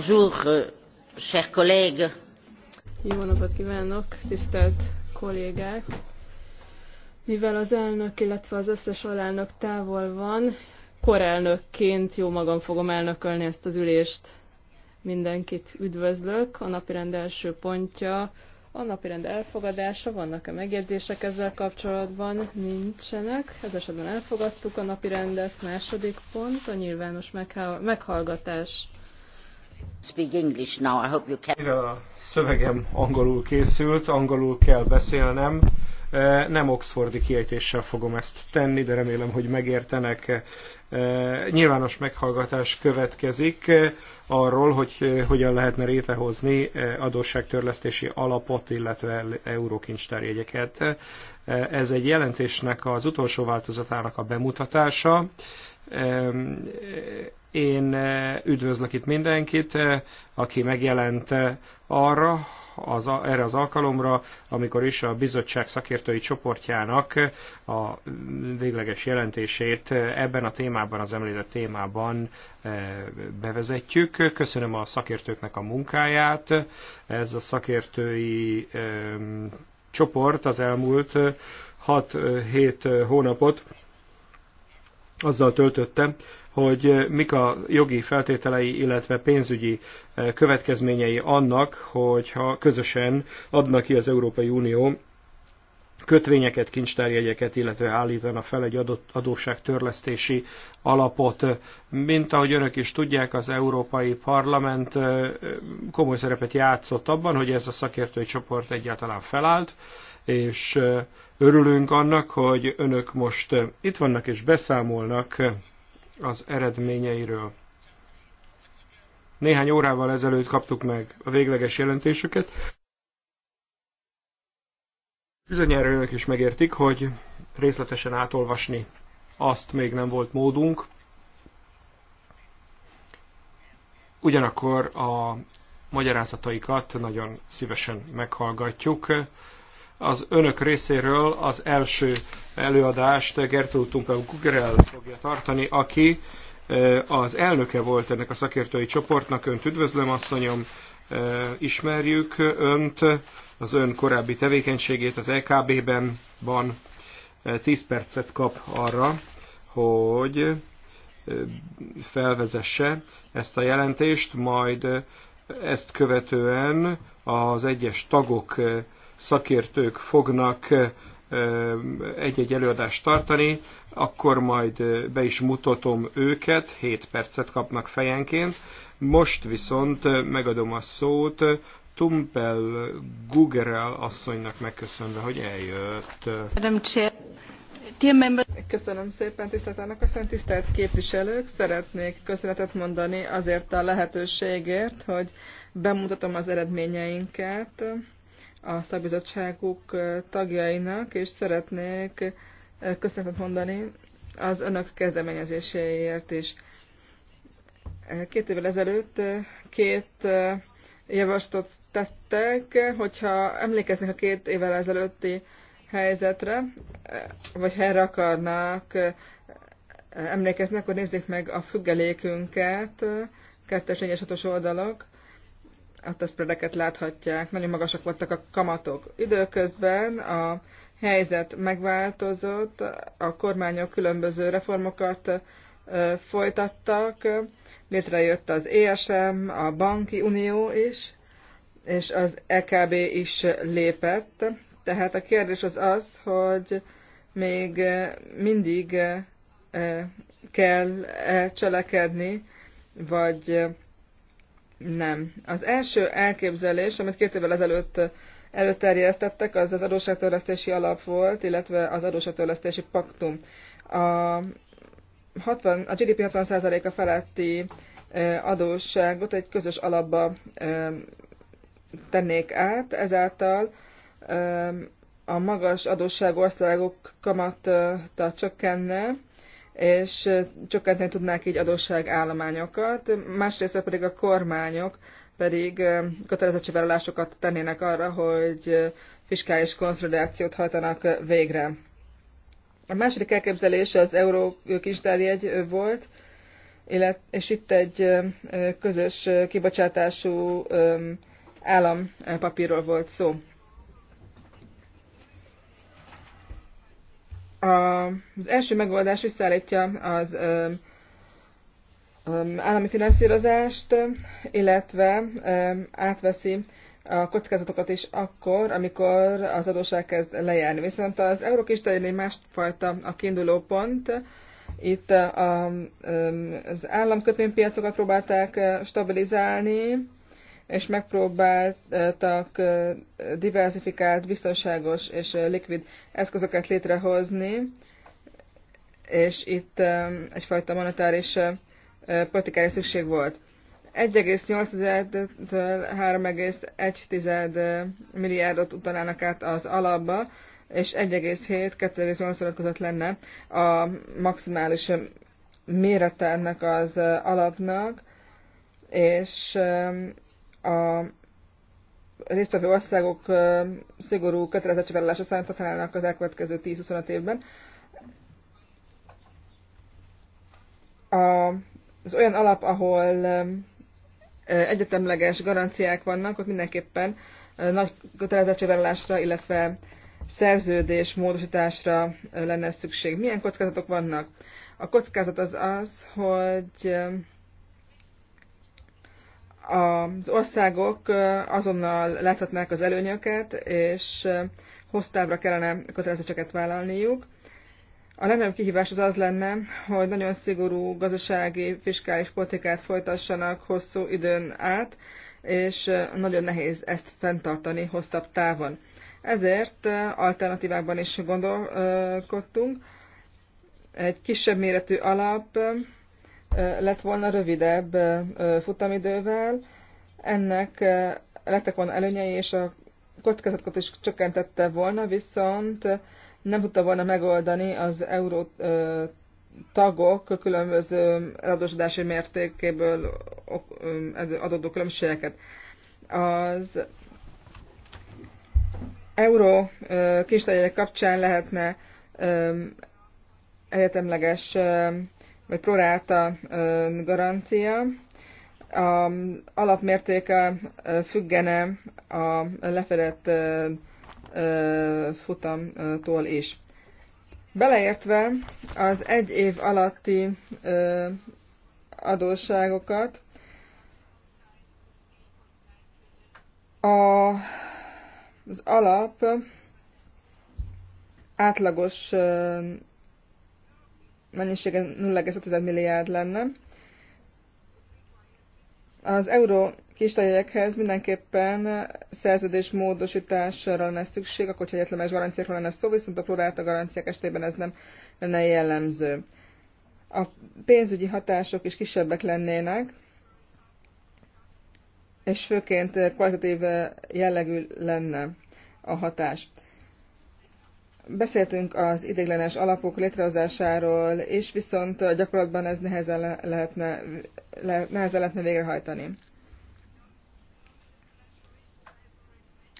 Bonjour, euh, Jó napot kívánok, tisztelt kollégák! Mivel az elnök, illetve az összes alelnök távol van, korelnökként jó magam fogom elnökölni ezt az ülést. Mindenkit üdvözlök. A napirend első pontja a napirend elfogadása, vannak-e megjegyzések ezzel kapcsolatban? Nincsenek. Ez esetben elfogadtuk a napirendet. Második pont, a nyilvános meghallgatás. Speak A szövegem angolul készült, angolul kell beszélnem. E, nem oxfordi kiejtéssel fogom ezt tenni, de remélem, hogy megértenek. E, nyilvános meghallgatás következik e, arról, hogy hogyan lehetne rétehozni adósságtörlesztési alapot, illetve eurókincstárjegyeket. Ez egy jelentésnek az utolsó változatának a bemutatása én eh, üdvözlök itt mindenkit, eh, aki megjelent eh, arra, az, erre az alkalomra, amikor is a bizottság szakértői csoportjának a végleges jelentését ebben a témában, az említett témában bevezetjük. Köszönöm a szakértőknek a munkáját. Ez a szakértői csoport az elmúlt 6-7 hónapot azzal töltötte, hogy eh, mik a jogi feltételei, illetve pénzügyi eh, következményei annak, hogyha közösen adnak ki az Európai Unió kötvényeket, kincstárjegyeket, illetve állítana fel egy adott adósságtörlesztési alapot. Mint ahogy önök is tudják, az Európai Parlament eh, komoly szerepet játszott abban, hogy ez a szakértői csoport egyáltalán felállt, és örülünk annak, hogy önök most itt vannak és beszámolnak az eredményeiről. Néhány órával ezelőtt kaptuk meg a végleges jelentésüket. Bizonyára önök is megértik, hogy részletesen átolvasni azt még nem volt módunk. Ugyanakkor a magyarázataikat nagyon szívesen meghallgatjuk az önök részéről az első előadást Gertrud Tumpel Gugerel fogja tartani, aki az elnöke volt ennek a szakértői csoportnak. Önt üdvözlöm, asszonyom, ismerjük önt, az ön korábbi tevékenységét az EKB-ben van. 10 percet kap arra, hogy felvezesse ezt a jelentést, majd ezt követően az egyes tagok szakértők fognak egy-egy előadást tartani, akkor majd be is mutatom őket, 7 percet kapnak fejenként. Most viszont megadom a szót Tumpel Gugerel asszonynak megköszönve, hogy eljött. Köszönöm szépen, tisztelt elnök asszony, tisztelt képviselők! Szeretnék köszönetet mondani azért a lehetőségért, hogy bemutatom az eredményeinket a szakbizottságuk tagjainak, és szeretnék köszönetet mondani az önök kezdeményezéséért is. Két évvel ezelőtt két javaslatot tettek, hogyha emlékeznek a két évvel ezelőtti helyzetre, vagy ha erre akarnak, emlékezni, akkor nézzék meg a függelékünket, kettes, egyes, hatos oldalak a tesztpredeket láthatják, nagyon magasak voltak a kamatok. Időközben a helyzet megváltozott, a kormányok különböző reformokat folytattak, létrejött az ESM, a Banki Unió is, és az EKB is lépett. Tehát a kérdés az az, hogy még mindig kell cselekedni, vagy nem. Az első elképzelés, amit két évvel ezelőtt előterjesztettek, az az adósságtörlesztési alap volt, illetve az adósságtörlesztési paktum. A, 60, a GDP 60%-a feletti adósságot egy közös alapba tennék át, ezáltal a magas adósságországok kamata csökkenne, és csökkentni tudnák így adósságállományokat, másrészt pedig a kormányok pedig kötelezettségvállalásokat tennének arra, hogy fiskális konszolidációt hajtanak végre. A második elképzelés az euró egy volt, és itt egy közös kibocsátású állampapírról volt szó. az első megoldás visszaállítja az állami finanszírozást, illetve átveszi a kockázatokat is akkor, amikor az adóság kezd lejárni. Viszont az eurokistelén egy másfajta a kiinduló pont. Itt a, az államkötvénypiacokat próbálták stabilizálni, és megpróbáltak diversifikált, biztonságos és likvid eszközöket létrehozni, és itt egyfajta monetáris politikára szükség volt. 1,8-től 3,1 milliárdot utalának át az alapba, és 1,7-2,8 között lenne a maximális mérete ennek az alapnak, és a résztvevő országok szigorú kötelezettségvállalása találnak az elkövetkező 10-25 évben. A, az olyan alap, ahol egyetemleges garanciák vannak, ott mindenképpen nagy kötelezettségvállalásra, illetve szerződés módosításra lenne szükség. Milyen kockázatok vannak? A kockázat az az, hogy az országok azonnal láthatnák az előnyöket, és hosszávra kellene kötelezettséget vállalniuk. A legnagyobb kihívás az az lenne, hogy nagyon szigorú gazdasági, fiskális politikát folytassanak hosszú időn át, és nagyon nehéz ezt fenntartani hosszabb távon. Ezért alternatívákban is gondolkodtunk. Egy kisebb méretű alap, lett volna rövidebb futamidővel. Ennek lettek volna előnyei, és a kockázatot is csökkentette volna, viszont nem tudta volna megoldani az euró tagok különböző adósodási mértékéből adódó különbségeket. Az euró kis kapcsán lehetne egyetemleges vagy prorálta garancia. A alapmértéke függene a lefedett futamtól is. Beleértve az egy év alatti adósságokat, a, az alap átlagos mennyisége 0,5 milliárd lenne. Az euró kistajegyekhez mindenképpen szerződés módosításra lenne szükség, akkor hogyha egyetlenes garanciákról lenne szó, viszont a próbálta garanciák esetében ez nem lenne jellemző. A pénzügyi hatások is kisebbek lennének, és főként kvalitatív jellegű lenne a hatás. Beszéltünk az ideiglenes alapok létrehozásáról, és viszont gyakorlatban ez nehezen lehetne, le nehezen lehetne végrehajtani.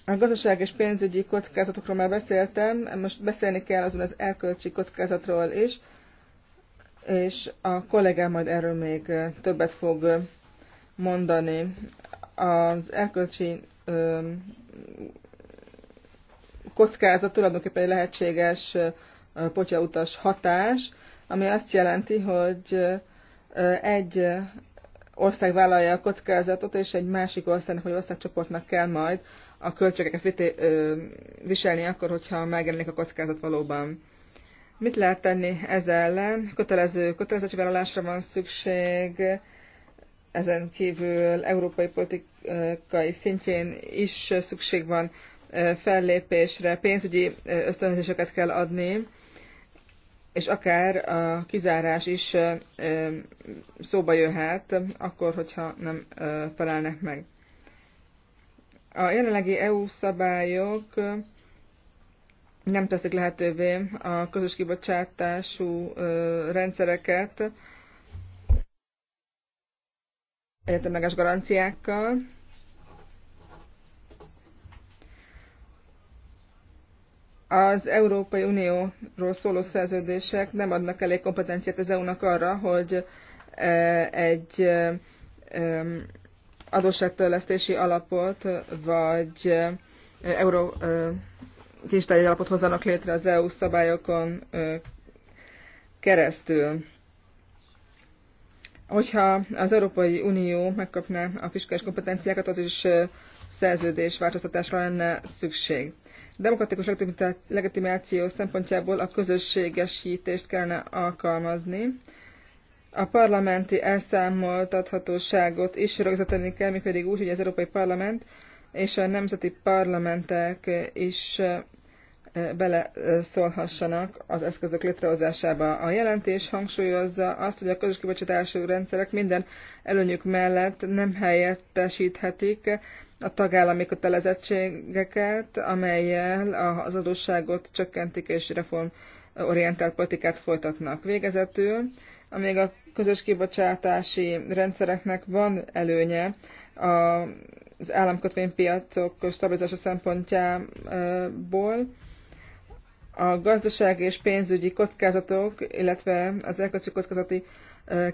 A gazdaság és pénzügyi kockázatokról már beszéltem, most beszélni kell azon az erkölcsi kockázatról is, és a kollégám majd erről még többet fog mondani. Az erkölcsi kockázat tulajdonképpen egy lehetséges potyautas hatás, ami azt jelenti, hogy egy ország vállalja a kockázatot, és egy másik országnak vagy országcsoportnak kell majd a költségeket viselni akkor, hogyha megjelenik a kockázat valóban. Mit lehet tenni ez ellen? Kötelező kötelezettségvállalásra van szükség, ezen kívül európai politikai szintjén is szükség van fellépésre pénzügyi ösztönzéseket kell adni, és akár a kizárás is szóba jöhet, akkor, hogyha nem felelnek meg. A jelenlegi EU szabályok nem teszik lehetővé a közös kibocsátású rendszereket egyetemleges garanciákkal, az Európai Unióról szóló szerződések nem adnak elég kompetenciát az EU-nak arra, hogy e, egy e, e, adósságtörlesztési alapot, vagy euró kincstári alapot hozzanak létre az EU szabályokon keresztül. Hogyha az Európai Unió megkapná a fiskális kompetenciákat, az is szerződés változtatásra lenne szükség. Demokratikus legitimáció szempontjából a közösségesítést kellene alkalmazni. A parlamenti elszámoltathatóságot is rögzíteni kell, pedig úgy, hogy az Európai Parlament és a nemzeti parlamentek is beleszólhassanak az eszközök létrehozásába. A jelentés hangsúlyozza azt, hogy a közös kibocsátású rendszerek minden előnyük mellett nem helyettesíthetik a tagállami kötelezettségeket, amelyel az adósságot csökkentik és reformorientált politikát folytatnak. Végezetül, amíg a közös kibocsátási rendszereknek van előnye az államkötvénypiacok stabilizása szempontjából, a gazdasági és pénzügyi kockázatok, illetve az erkölcsi kockázati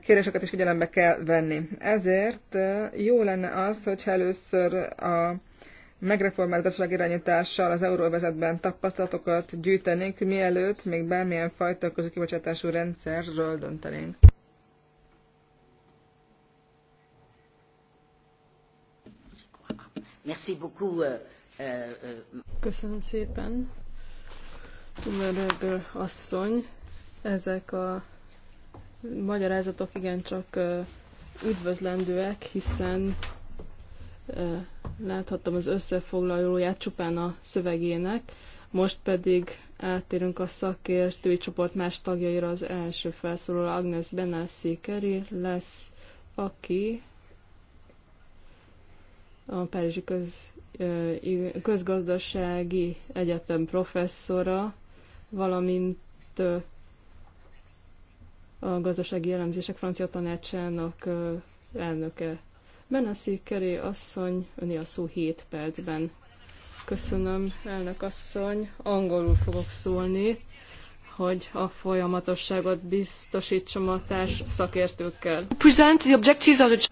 kérdéseket is figyelembe kell venni. Ezért jó lenne az, hogyha először a megreformált irányítással az euróvezetben tapasztalatokat gyűjtenénk, mielőtt még bármilyen fajta közökibocsátású rendszerről döntenénk. Euh, euh, euh. Köszönöm szépen. Tumerögr asszony, ezek a magyarázatok igencsak üdvözlendőek, hiszen láthattam az összefoglalóját csupán a szövegének, most pedig áttérünk a szakértői csoport más tagjaira. Az első felszólaló Agnes Benassi Keri lesz, aki a Párizsi Köz, Közgazdasági Egyetem professzora, valamint a gazdasági jellemzések francia tanácsának elnöke. Menaszi Keré asszony, öné a szó 7 percben. Köszönöm, elnök asszony, angolul fogok szólni hogy a folyamatosságot biztosítsam a társ szakértőkkel. Present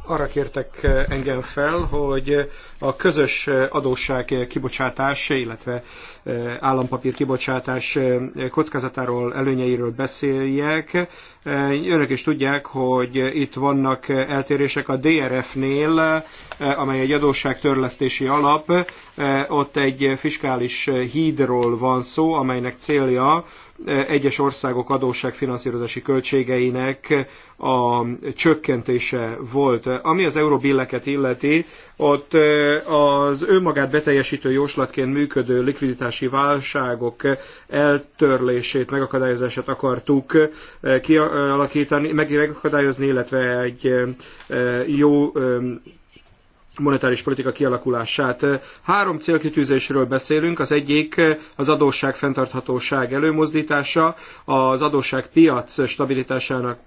Arra kértek eh, engem fel, hogy eh, a közös eh, adósság kibocsátás, illetve állampapír kibocsátás kockázatáról, előnyeiről beszéljek. Önök is tudják, hogy itt vannak eltérések a DRF-nél, amely egy adósságtörlesztési alap. Ott egy fiskális hídról van szó, amelynek célja, egyes országok adósságfinanszírozási költségeinek a csökkentése volt. Ami az euróbilleket illeti, ott az önmagát beteljesítő jóslatként működő likviditási válságok eltörlését, megakadályozását akartuk kialakítani, megakadályozni, illetve egy jó monetáris politika kialakulását. Három célkitűzésről beszélünk, az egyik az adósság fenntarthatóság előmozdítása, az adósság piac stabilitásának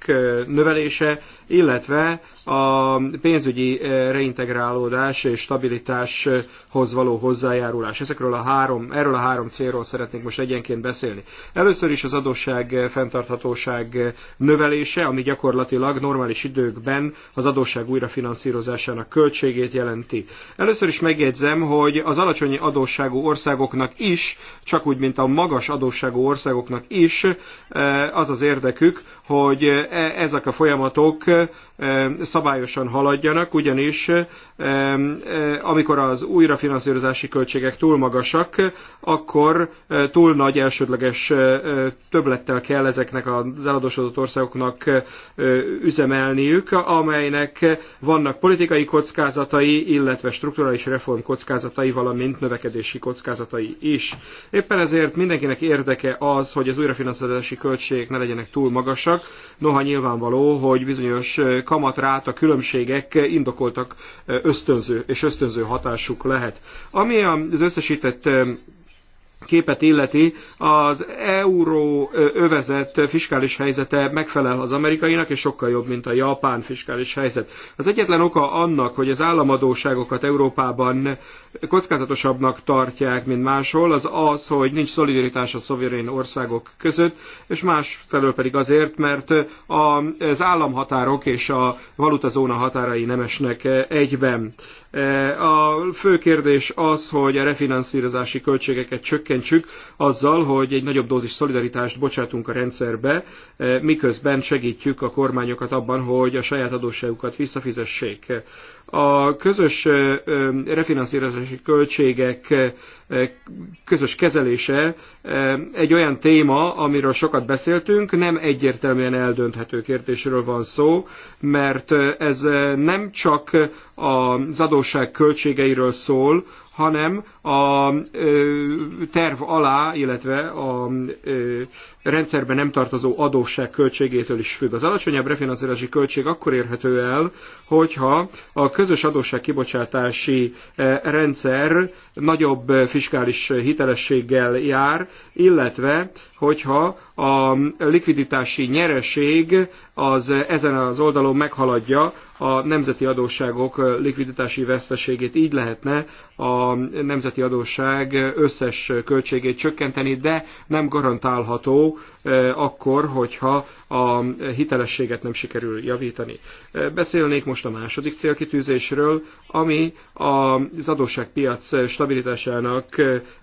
növelése, illetve a pénzügyi reintegrálódás és stabilitáshoz való hozzájárulás. Ezekről a három, erről a három célról szeretnék most egyenként beszélni. Először is az adósság fenntarthatóság növelése, ami gyakorlatilag normális időkben az adósság újrafinanszírozásának költségét jelenti. Először is megjegyzem, hogy az alacsony adósságú országoknak is, csak úgy, mint a magas adósságú országoknak is eh, az az érdekük, hogy eh, ezek a folyamatok szabályosan haladjanak, ugyanis amikor az újrafinanszírozási költségek túl magasak, akkor túl nagy elsődleges töblettel kell ezeknek az eladósodott országoknak üzemelniük, amelynek vannak politikai kockázatai, illetve strukturális reform kockázatai, valamint növekedési kockázatai is. Éppen ezért mindenkinek érdeke az, hogy az újrafinanszírozási költségek ne legyenek túl magasak, noha nyilvánvaló, hogy bizonyos kamatráta különbségek indokoltak ösztönző és ösztönző hatásuk lehet. Ami az összesített képet illeti, az euró övezet fiskális helyzete megfelel az amerikainak, és sokkal jobb, mint a japán fiskális helyzet. Az egyetlen oka annak, hogy az államadóságokat Európában kockázatosabbnak tartják, mint máshol, az az, hogy nincs szolidaritás a szoverén országok között, és más pedig azért, mert az államhatárok és a valutazóna határai nem esnek egyben. Eh, a fő kérdés az, hogy a refinanszírozási költségeket csökkentsük azzal, hogy egy nagyobb dózis szolidaritást bocsátunk a rendszerbe, eh, miközben segítjük a kormányokat abban, hogy a saját adósságukat visszafizessék. A közös eh, refinanszírozási költségek közös kezelése egy olyan téma, amiről sokat beszéltünk, nem egyértelműen eldönthető kérdésről van szó, mert ez nem csak az adósság költségeiről szól, hanem a terv alá, illetve a rendszerben nem tartozó adósság költségétől is függ. Az alacsonyabb refinanszírozási költség akkor érhető el, hogyha a közös adósság kibocsátási rendszer nagyobb fiskális hitelességgel jár, illetve hogyha a likviditási nyereség az ezen az oldalon meghaladja a nemzeti adósságok likviditási veszteségét. Így lehetne a nemzeti adósság összes költségét csökkenteni, de nem garantálható akkor, hogyha a hitelességet nem sikerül javítani. Beszélnék most a második célkitűzésről, ami az adósságpiac stabilitásának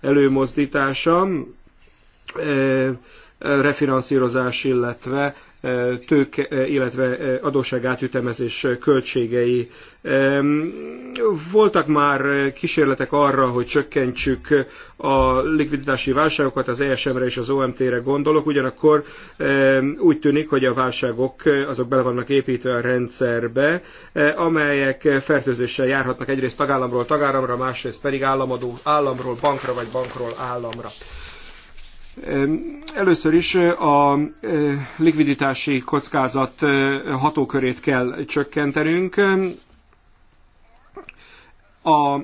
előmozdítása refinanszírozás, illetve tőke, illetve adósságátütemezés költségei. Voltak már kísérletek arra, hogy csökkentsük a likviditási válságokat, az ESM-re és az OMT-re gondolok, ugyanakkor úgy tűnik, hogy a válságok azok bele vannak építve a rendszerbe, amelyek fertőzéssel járhatnak egyrészt tagállamról tagállamra, másrészt pedig államadó, államról bankra vagy bankról államra. Először is a likviditási kockázat hatókörét kell csökkentenünk. a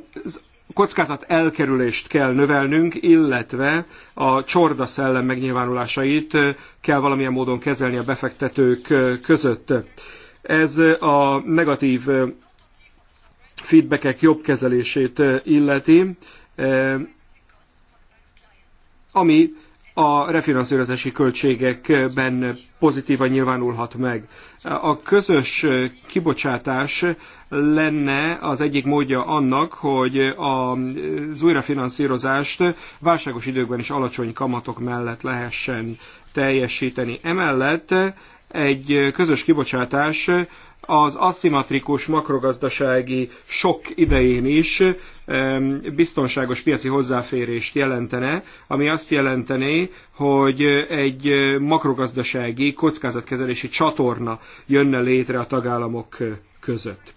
kockázat elkerülést kell növelnünk, illetve a csorda szellem megnyilvánulásait kell valamilyen módon kezelni a befektetők között. Ez a negatív feedbackek jobb kezelését illeti, ami a refinanszírozási költségekben pozitívan nyilvánulhat meg. A közös kibocsátás lenne az egyik módja annak, hogy az újrafinanszírozást válságos időkben is alacsony kamatok mellett lehessen teljesíteni. Emellett egy közös kibocsátás az aszimmetrikus makrogazdasági sok idején is biztonságos piaci hozzáférést jelentene, ami azt jelentené, hogy egy makrogazdasági kockázatkezelési csatorna jönne létre a tagállamok között.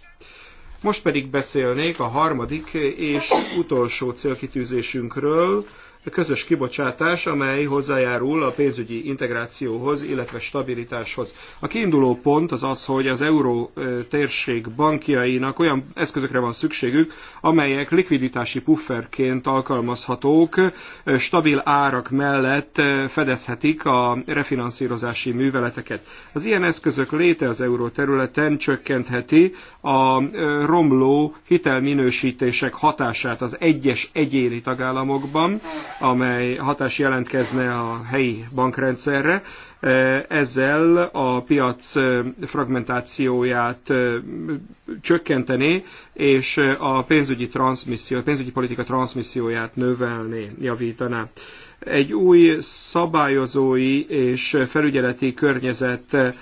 Most pedig beszélnék a harmadik és utolsó célkitűzésünkről, közös kibocsátás, amely hozzájárul a pénzügyi integrációhoz, illetve stabilitáshoz. A kiinduló pont az az, hogy az euró térség bankjainak olyan eszközökre van szükségük, amelyek likviditási pufferként alkalmazhatók, stabil árak mellett fedezhetik a refinanszírozási műveleteket. Az ilyen eszközök léte az euró területen csökkentheti a romló hitelminősítések hatását az egyes egyéni tagállamokban, amely hatás jelentkezne a helyi bankrendszerre. E, ezzel a piac e, fragmentációját e, csökkentené, és a pénzügyi transmisszió, a pénzügyi politika transmisszióját növelné, javítaná egy új szabályozói és felügyeleti környezetre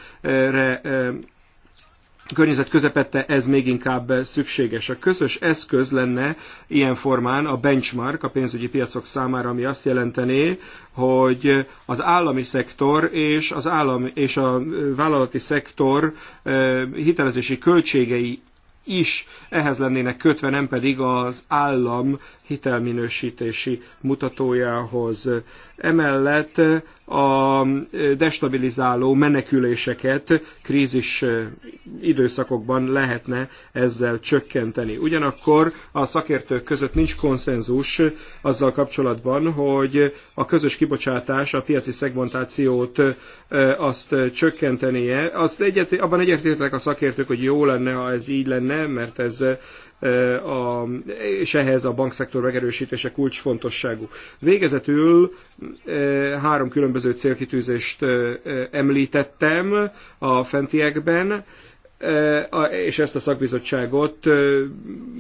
környezet közepette ez még inkább szükséges. A közös eszköz lenne ilyen formán a benchmark a pénzügyi piacok számára, ami azt jelentené, hogy az állami szektor és, az állami és a vállalati szektor hitelezési költségei is ehhez lennének kötve, nem pedig az állam hitelminősítési mutatójához. Emellett a destabilizáló meneküléseket krízis időszakokban lehetne ezzel csökkenteni. Ugyanakkor a szakértők között nincs konszenzus azzal kapcsolatban, hogy a közös kibocsátás, a piaci szegmentációt azt csökkentenie. Azt egyet, abban egyetértek a szakértők, hogy jó lenne, ha ez így lenne, mert ez a, és ehhez a bankszektor megerősítése kulcsfontosságú. Végezetül három különböző különböző célkitűzést említettem a fentiekben, és ezt a szakbizottságot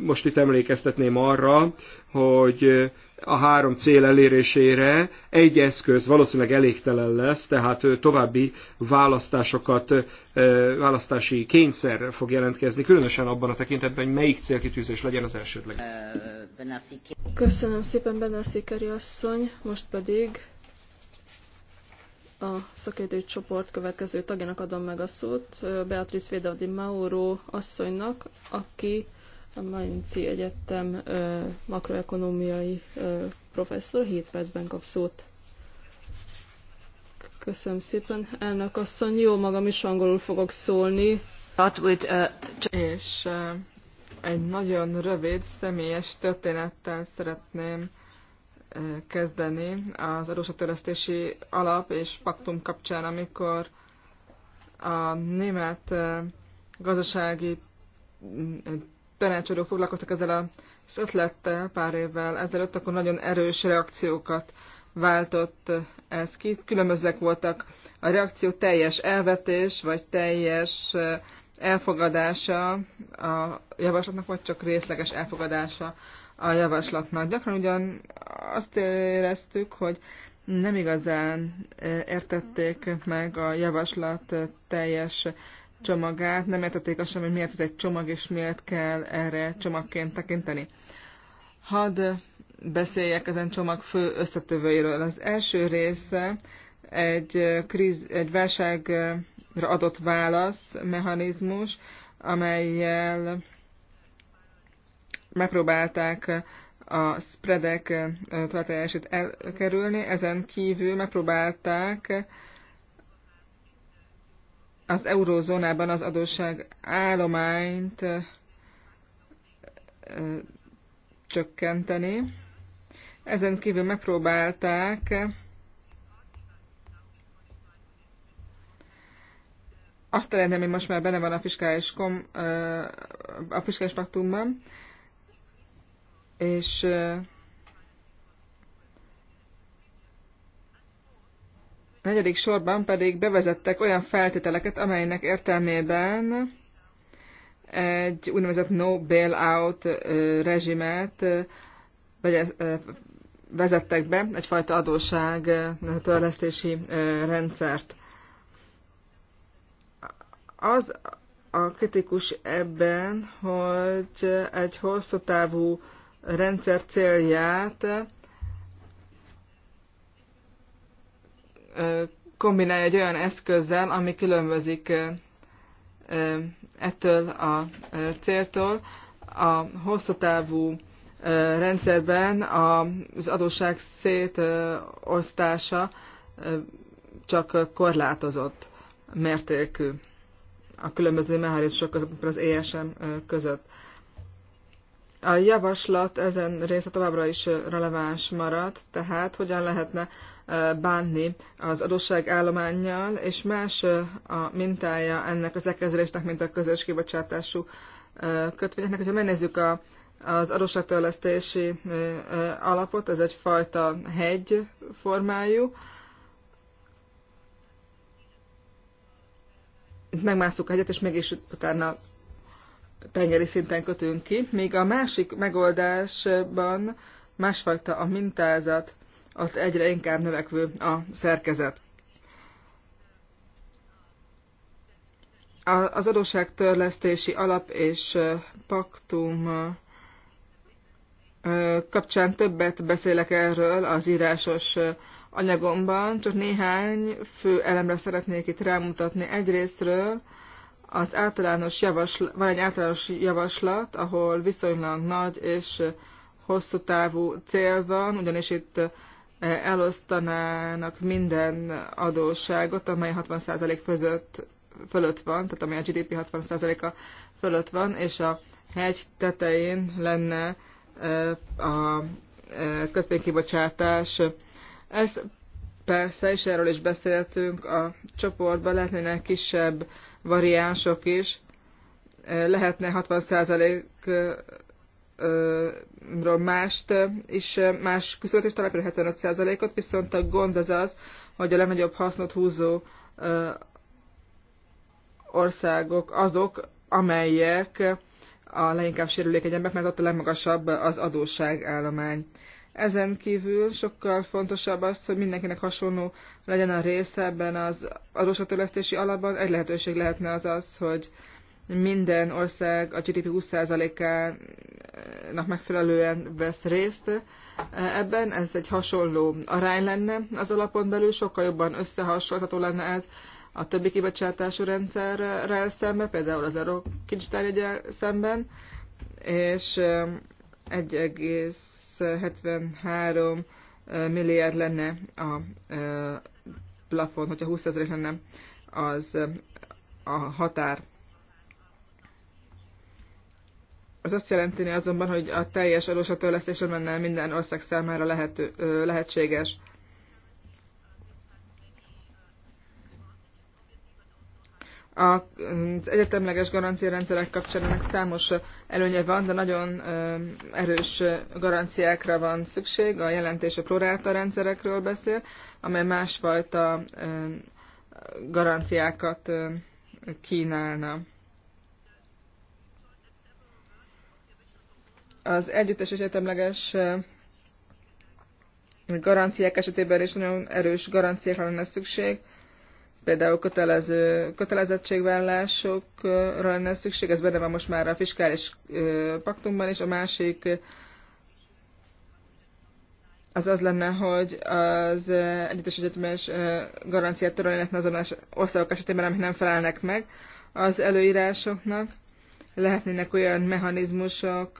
most itt emlékeztetném arra, hogy a három cél elérésére egy eszköz valószínűleg elégtelen lesz, tehát további választásokat, választási kényszer fog jelentkezni, különösen abban a tekintetben, hogy melyik célkitűzés legyen az elsődleg. Köszönöm szépen, Benassi asszony, most pedig a szakértői csoport következő tagjának adom meg a szót, Beatrice Védaudi Mauro asszonynak, aki a Mainci Egyetem makroekonomiai professzor, 7 percben kap szót. Köszönöm szépen, elnök asszony, jó magam is angolul fogok szólni. És egy nagyon rövid személyes történettel szeretném kezdeni az adósatörlesztési alap és paktum kapcsán, amikor a német gazdasági tanácsadók foglalkoztak ezzel az ötlettel pár évvel ezelőtt, akkor nagyon erős reakciókat váltott ez ki. Különbözőek voltak a reakció teljes elvetés, vagy teljes elfogadása a javaslatnak, vagy csak részleges elfogadása a javaslatnak. Gyakran ugyan azt éreztük, hogy nem igazán e, értették meg a javaslat teljes csomagát, nem értették azt sem, hogy miért ez egy csomag, és miért kell erre csomagként tekinteni. Hadd beszéljek ezen csomag fő összetövőiről. Az első része egy, e, kríz, egy válságra adott válasz mechanizmus, amelyel megpróbálták a spreadek tartályását elkerülni, ezen kívül megpróbálták az eurózónában az adósság állományt csökkenteni. Ezen kívül megpróbálták azt lenni, ami most már benne van a fiskális, kom, a fiskális paktumban, és negyedik sorban pedig bevezettek olyan feltételeket, amelynek értelmében egy úgynevezett no bailout rezsimet vezettek be, egyfajta adóság törlesztési rendszert. Az a kritikus ebben, hogy egy hosszú távú rendszer célját kombinálja egy olyan eszközzel, ami különbözik ettől a céltól. A hosszú távú rendszerben az adósság szétosztása csak korlátozott mértékű a különböző mechanizmusok az ESM között. A javaslat ezen része továbbra is releváns marad, tehát hogyan lehetne bánni az adósság állományjal, és más a mintája ennek az elkezelésnek, mint a közös kibocsátású kötvényeknek. ha megnézzük a, az adósságtörlesztési alapot, ez egyfajta hegy formájú, megmászuk egyet, és mégis utána tengeri szinten kötünk ki, míg a másik megoldásban másfajta a mintázat, ott egyre inkább növekvő a szerkezet. Az adósságtörlesztési alap és paktum kapcsán többet beszélek erről az írásos anyagomban, csak néhány fő elemre szeretnék itt rámutatni. Egyrésztről az általános javaslat, van egy általános javaslat, ahol viszonylag nagy és hosszú távú cél van, ugyanis itt eh, elosztanának minden adósságot, amely 60% fölött, fölött van, tehát amely a GDP 60%-a fölött van, és a hegy tetején lenne eh, a eh, közpénkibocsátás. Ez persze, és erről is beszéltünk a csoportban, lehetnének kisebb variánsok is, lehetne 60%-ról mást is, más küszöbet is találni, 75%-ot, viszont a gond az az, hogy a legnagyobb hasznot húzó országok azok, amelyek a leginkább sérülékenyebbek, mert ott a legmagasabb az adósságállomány. Ezen kívül sokkal fontosabb az, hogy mindenkinek hasonló legyen a része ebben az adósatörlesztési alapban. Egy lehetőség lehetne az az, hogy minden ország a GDP 20%-ának megfelelően vesz részt ebben. Ez egy hasonló arány lenne az alapon belül, sokkal jobban összehasonlítható lenne ez a többi kibocsátású rendszerrel szemben, például az Eurokincstárjegyel szemben, és 1, 273 milliárd lenne a plafon, hogyha 20 ezer lenne az a határ. Az azt jelenti, azonban, hogy a teljes adósatörlesztésre menne minden ország számára lehető, lehetséges. az egyetemleges garanciarendszerek kapcsán ennek számos előnye van, de nagyon erős garanciákra van szükség. A jelentés a proráta rendszerekről beszél, amely másfajta garanciákat kínálna. Az együttes egyetemleges garanciák esetében is nagyon erős garanciákra lenne szükség például kötelező kötelezettségvállásokra lenne szükség, ez benne van most már a fiskális paktumban, és a másik az az lenne, hogy az egyetes egyetemes garanciát törölnének azon az országok esetében, amik nem felelnek meg az előírásoknak. Lehetnének olyan mechanizmusok,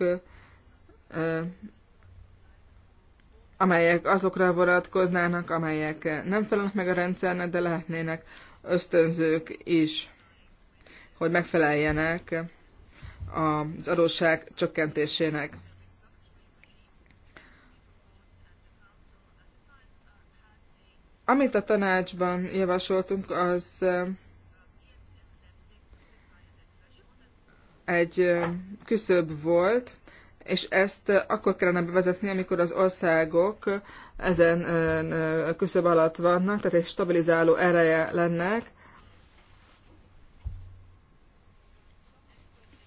amelyek azokra vonatkoznának, amelyek nem felelnek meg a rendszernek, de lehetnének ösztönzők is, hogy megfeleljenek az adósság csökkentésének. Amit a tanácsban javasoltunk, az egy küszöb volt, és ezt akkor kellene bevezetni, amikor az országok ezen küszöb alatt vannak, tehát egy stabilizáló ereje lennek.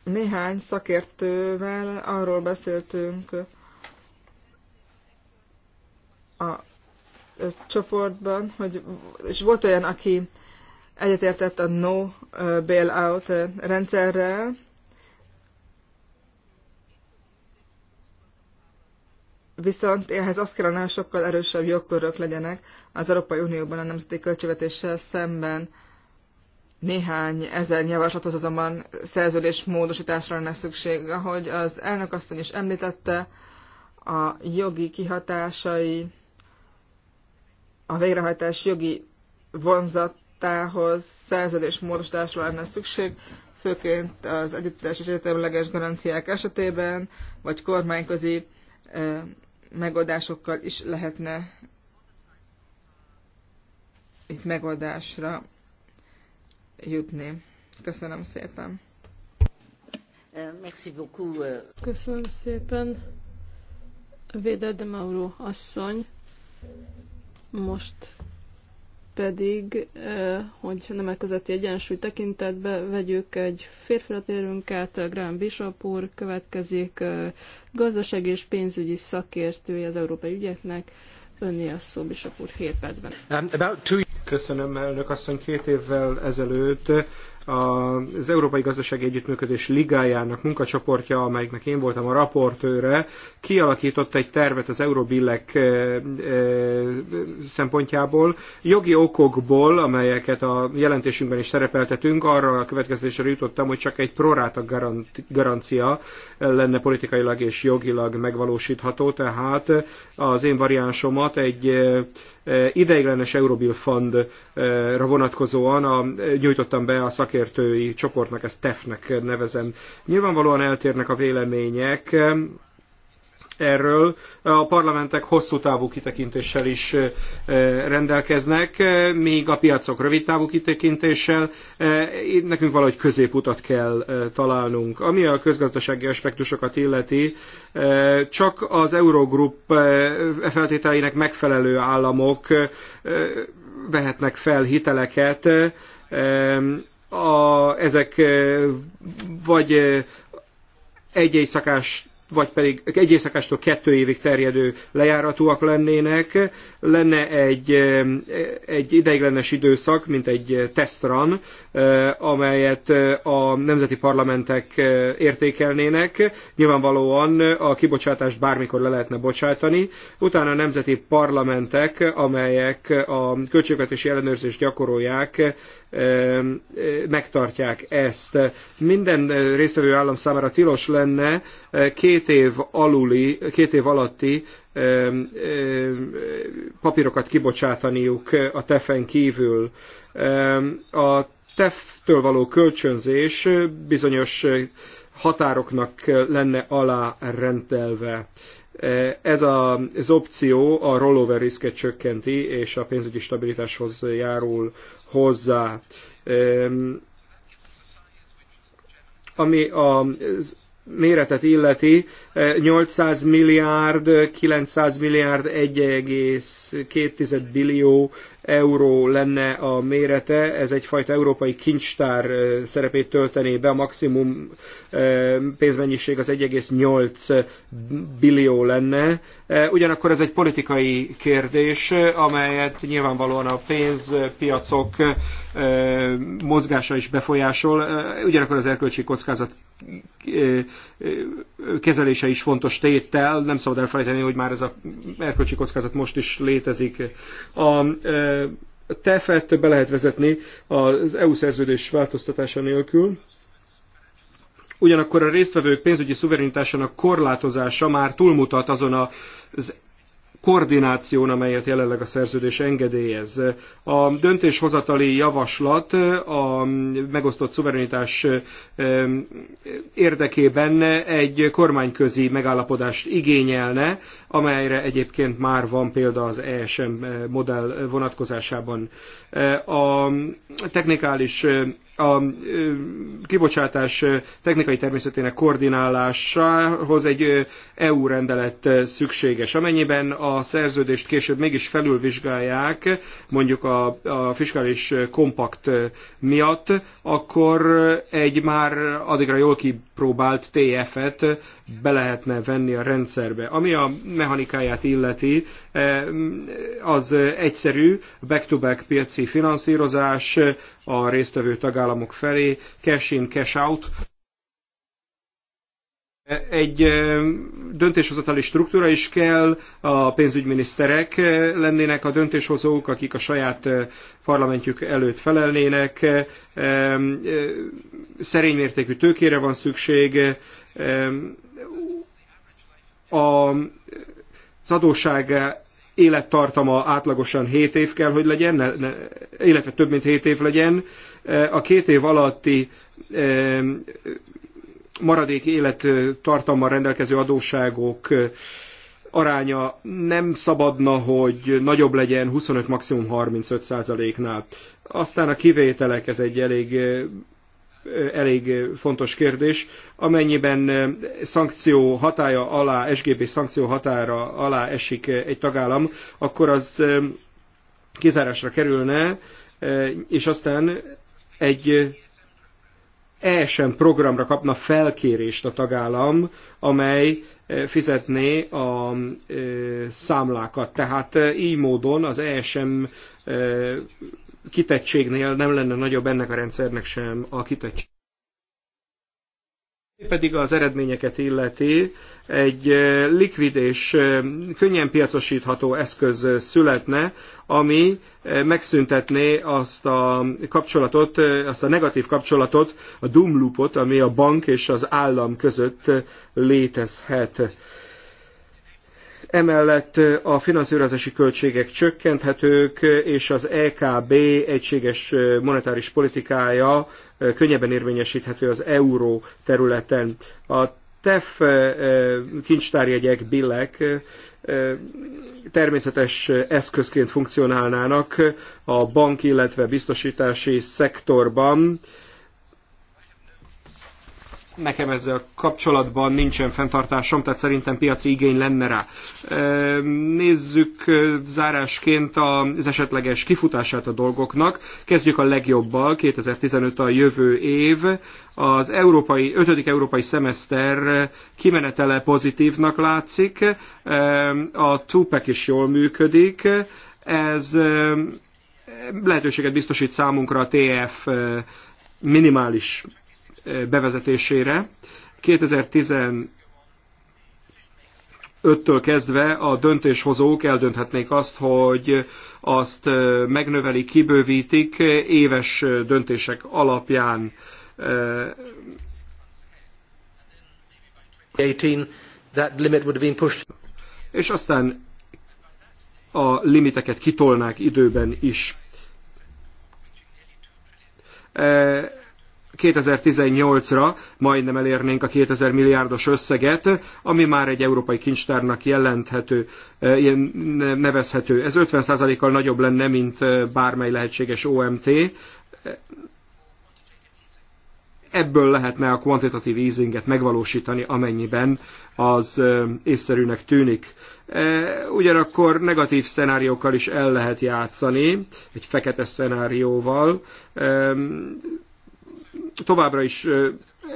Néhány szakértővel arról beszéltünk a csoportban, hogy, és volt olyan, aki egyetértett a no bailout rendszerrel, Viszont ehhez azt kellene, hogy sokkal erősebb jogkörök legyenek az Európai Unióban a nemzeti költségvetéssel szemben. Néhány ezer javaslathoz azonban szerződés módosításra lenne szükség. Ahogy az elnök asszony is említette, a jogi kihatásai a végrehajtás jogi vonzatához szerződés módosításra lenne szükség, főként az együttes és egyetemleges garanciák esetében, vagy kormányközi eh, megoldásokkal is lehetne itt megoldásra jutni. Köszönöm szépen. Eh, eh. Köszönöm szépen. Védel de Mauro asszony. Most pedig, hogy nemek közötti egyensúly tekintetbe vegyük, egy férfira térünk át, Graham Bishop úr következik, gazdasági és pénzügyi szakértője az európai ügyeknek, önné a szó, Bishop úr, 7 percben. Um, Köszönöm, elnök asszony, két évvel ezelőtt az Európai Gazdasági Együttműködés Ligájának munkacsoportja, amelyiknek én voltam a raportőre, kialakított egy tervet az Eurobillek eh, eh, szempontjából, jogi okokból, amelyeket a jelentésünkben is szerepeltetünk, arra a következésre jutottam, hogy csak egy proráta garancia lenne politikailag és jogilag megvalósítható, tehát az én variánsomat egy eh, Eh, ideiglenes Eurobill Fundra vonatkozóan a, nyújtottam be a szakértői csoportnak, ezt TEF-nek nevezem. Nyilvánvalóan eltérnek a vélemények, erről. A parlamentek hosszú távú kitekintéssel is rendelkeznek, még a piacok rövid távú kitekintéssel. Nekünk valahogy középutat kell találnunk. Ami a közgazdasági aspektusokat illeti, csak az Eurogroup feltételeinek megfelelő államok vehetnek fel hiteleket, a, ezek vagy egy éjszakás vagy pedig egy éjszakástól kettő évig terjedő lejáratúak lennének. Lenne egy, eh, egy ideiglenes időszak, mint egy eh, tesztran, amelyet a nemzeti parlamentek értékelnének. Nyilvánvalóan a kibocsátást bármikor le lehetne bocsátani. Utána a nemzeti parlamentek, amelyek a költségvetési ellenőrzést gyakorolják, megtartják ezt. Minden résztvevő állam számára tilos lenne két év aluli, két év alatti papírokat kibocsátaniuk a tefen kívül. A TEF-től való kölcsönzés bizonyos határoknak lenne alárendelve. Ez az opció a rollover riszket csökkenti, és a pénzügyi stabilitáshoz járul hozzá. Ami a méretet illeti, 800 milliárd, 900 milliárd, 1,2 billió euró lenne a mérete, ez egyfajta európai kincstár szerepét töltené be, a maximum pénzmennyiség az 1,8 billió lenne. Ugyanakkor ez egy politikai kérdés, amelyet nyilvánvalóan a pénzpiacok mozgása is befolyásol, ugyanakkor az erkölcsi kockázat kezelése is fontos tétel, nem szabad elfelejteni, hogy már ez az erkölcsi kockázat most is létezik. A tefet e be lehet vezetni az EU szerződés változtatása nélkül. Ugyanakkor a résztvevők pénzügyi szuverenitásának korlátozása már túlmutat azon az koordináción, amelyet jelenleg a szerződés engedélyez. A döntéshozatali javaslat a megosztott szuverenitás érdekében egy kormányközi megállapodást igényelne, amelyre egyébként már van példa az ESM modell vonatkozásában. A technikális a kibocsátás technikai természetének koordinálásához egy EU rendelet szükséges. Amennyiben a szerződést később mégis felülvizsgálják, mondjuk a, a fiskális kompakt miatt, akkor egy már addigra jól ki Próbált TF-et be lehetne venni a rendszerbe. Ami a mechanikáját illeti, eh, az egyszerű, back-to-back -back piaci finanszírozás a résztvevő tagállamok felé, cash in, cash out egy döntéshozatali struktúra is kell, a pénzügyminiszterek lennének a döntéshozók, akik a saját parlamentjük előtt felelnének, szerény mértékű tőkére van szükség, a, az adóság élettartama átlagosan 7 év kell, hogy legyen, ne, ne, illetve több mint 7 év legyen. A két év alatti maradék élettartammal rendelkező adósságok aránya nem szabadna, hogy nagyobb legyen 25, maximum 35 százaléknál. Aztán a kivételek, ez egy elég elég fontos kérdés. Amennyiben szankció hatája alá, SGB szankció határa alá esik egy tagállam, akkor az kizárásra kerülne, és aztán egy ESM programra kapna felkérést a tagállam, amely e, fizetné a e, számlákat. Tehát e, így módon az ESM kitettségnél nem lenne nagyobb ennek a rendszernek sem a kitettség pedig az eredményeket illeti, egy likvid és könnyen piacosítható eszköz születne, ami megszüntetné azt a kapcsolatot, azt a negatív kapcsolatot, a doom loopot, ami a bank és az állam között létezhet Emellett a finanszírozási költségek csökkenthetők, és az EKB egységes monetáris politikája könnyebben érvényesíthető az euró területen. A TEF kincstárjegyek, billek természetes eszközként funkcionálnának a bank, illetve biztosítási szektorban, nekem ezzel kapcsolatban nincsen fenntartásom, tehát szerintem piaci igény lenne rá. Nézzük zárásként az esetleges kifutását a dolgoknak. Kezdjük a legjobbal, 2015 a jövő év. Az európai, 5. európai szemeszter kimenetele pozitívnak látszik, a túpek is jól működik, ez lehetőséget biztosít számunkra a TF minimális bevezetésére. 2015-től kezdve a döntéshozók eldönthetnék azt, hogy azt megnövelik, kibővítik éves döntések alapján. 18, that limit would have been pushed. És aztán a limiteket kitolnák időben is. 2018-ra majdnem elérnénk a 2000 milliárdos összeget, ami már egy európai kincstárnak jelenthető, eh, ilyen nevezhető. Ez 50%-kal nagyobb lenne, mint eh, bármely lehetséges OMT. Ebből lehetne a kvantitatív easinget megvalósítani, amennyiben az eh, észszerűnek tűnik. Ugyanakkor negatív szenáriókkal is el lehet játszani, egy fekete szenárióval továbbra is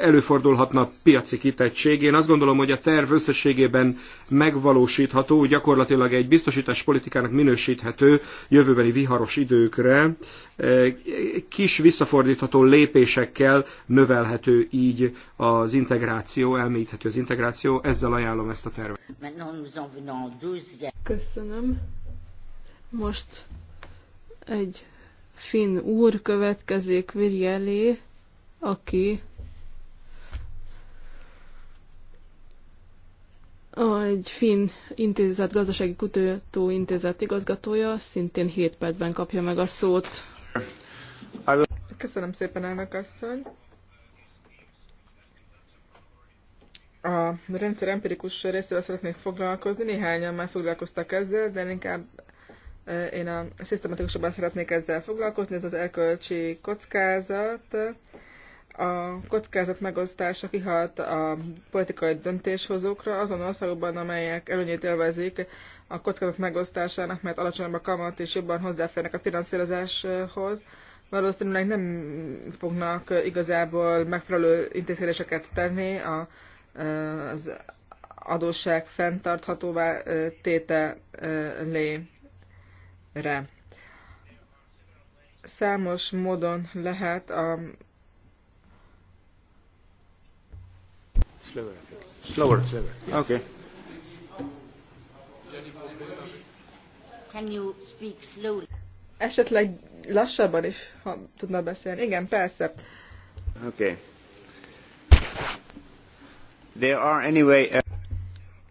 előfordulhatna piaci kitettség. Én azt gondolom, hogy a terv összességében megvalósítható, gyakorlatilag egy biztosítás politikának minősíthető jövőbeni viharos időkre, kis visszafordítható lépésekkel növelhető így az integráció, elmélyíthető az integráció. Ezzel ajánlom ezt a tervet. Köszönöm. Most egy finn úr következik Virjelé aki egy finn intézet, gazdasági kutató intézet igazgatója szintén 7 percben kapja meg a szót. Köszönöm szépen, elnök asszony. A rendszer empirikus részével szeretnék foglalkozni, néhányan már foglalkoztak ezzel, de inkább e, én a szisztematikusabban szeretnék ezzel foglalkozni, ez az erkölcsi kockázat, a kockázat megosztása kihat a politikai döntéshozókra azon országokban, amelyek előnyét élvezik a kockázat megosztásának, mert alacsonyabb a kamat és jobban hozzáférnek a finanszírozáshoz. Valószínűleg nem fognak igazából megfelelő intézkedéseket tenni a, az adósság fenntarthatóvá lére. Számos módon lehet a Slower, I think. Slower. Slower. Yes. Okay. Can you speak slowly? Esetleg lassabban is, ha tudna beszélni. Igen, persze. Okay. There are anyway... Uh,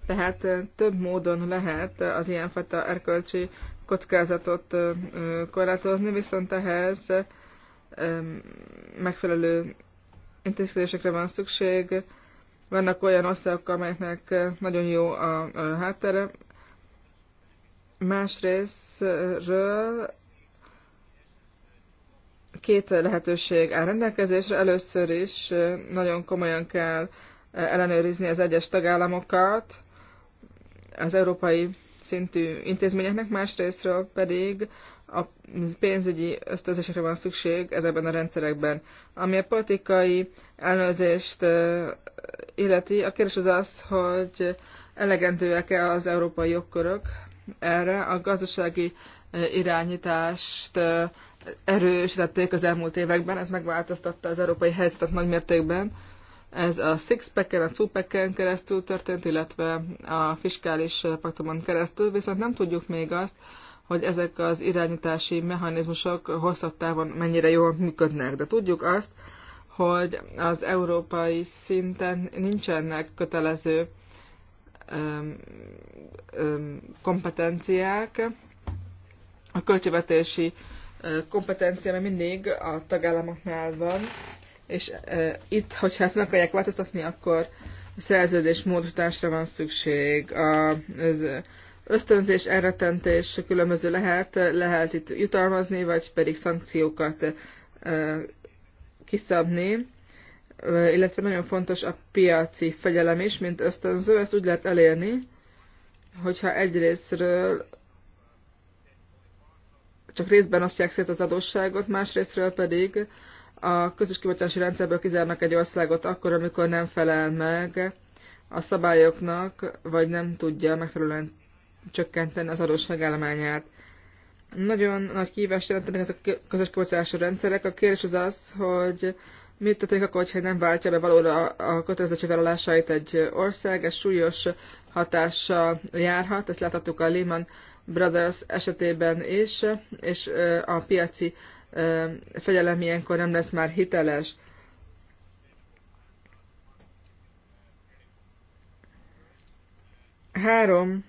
Tehát uh, több módon lehet uh, az ilyenfajta erkölcsi kockázatot korlátozni, viszont ehhez um, megfelelő intézkedésekre van szükség, vannak olyan országok, amelyeknek eh, nagyon jó a, a háttere. Másrésztről két lehetőség áll rendelkezésre. Először is eh, nagyon komolyan kell eh, ellenőrizni az egyes tagállamokat, az európai szintű intézményeknek, másrésztről pedig a pénzügyi ösztönzésekre van szükség ezekben a rendszerekben. Ami a politikai ellenőrzést illeti, a kérdés az az, hogy elegendőek-e az európai jogkörök erre. A gazdasági irányítást erősítették az elmúlt években, ez megváltoztatta az európai helyzetet nagymértékben. Ez a pack a pack keresztül történt, illetve a fiskális paktumon keresztül, viszont nem tudjuk még azt, hogy ezek az irányítási mechanizmusok hosszabb távon mennyire jól működnek. De tudjuk azt, hogy az európai szinten nincsenek kötelező öm, öm, kompetenciák. A költségvetési kompetencia még mindig a tagállamoknál van, és e, itt, hogyha ezt meg akarják változtatni, akkor szerződés módosításra van szükség. A, ez, ösztönzés, elretentés különböző lehet, lehet itt jutalmazni, vagy pedig szankciókat kiszabni, illetve nagyon fontos a piaci fegyelem is, mint ösztönző, ezt úgy lehet elérni, hogyha egyrésztről csak részben osztják szét az adósságot, másrésztről pedig a közös kibocsási rendszerből kizárnak egy országot akkor, amikor nem felel meg a szabályoknak, vagy nem tudja megfelelően csökkenteni az adósságállományát. Nagyon nagy kihívást jelentenek ezek a közös kibocsátási rendszerek. A kérdés az az, hogy mit történik akkor, hogyha nem váltja be valóra a vállalásait egy ország, ez súlyos hatása járhat, ezt láthattuk a Lehman Brothers esetében is, és a piaci fegyelem ilyenkor nem lesz már hiteles. Három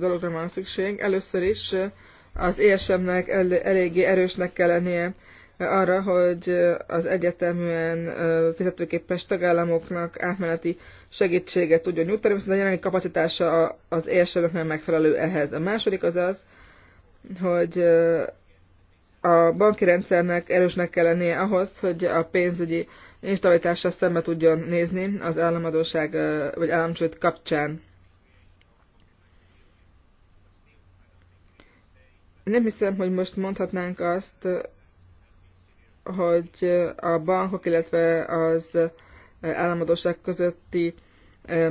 dologra van szükség. Először is az ESM-nek el, eléggé erősnek kell lennie arra, hogy az egyeteműen fizetőképes tagállamoknak átmeneti segítséget tudjon nyújtani, viszont a jelenlegi kapacitása az ESM-nek nem megfelelő ehhez. A második az az, hogy a banki rendszernek erősnek kell lennie ahhoz, hogy a pénzügyi instabilitással szembe tudjon nézni az államadóság vagy államcsőd kapcsán. nem hiszem, hogy most mondhatnánk azt, hogy a bankok, illetve az államadóság közötti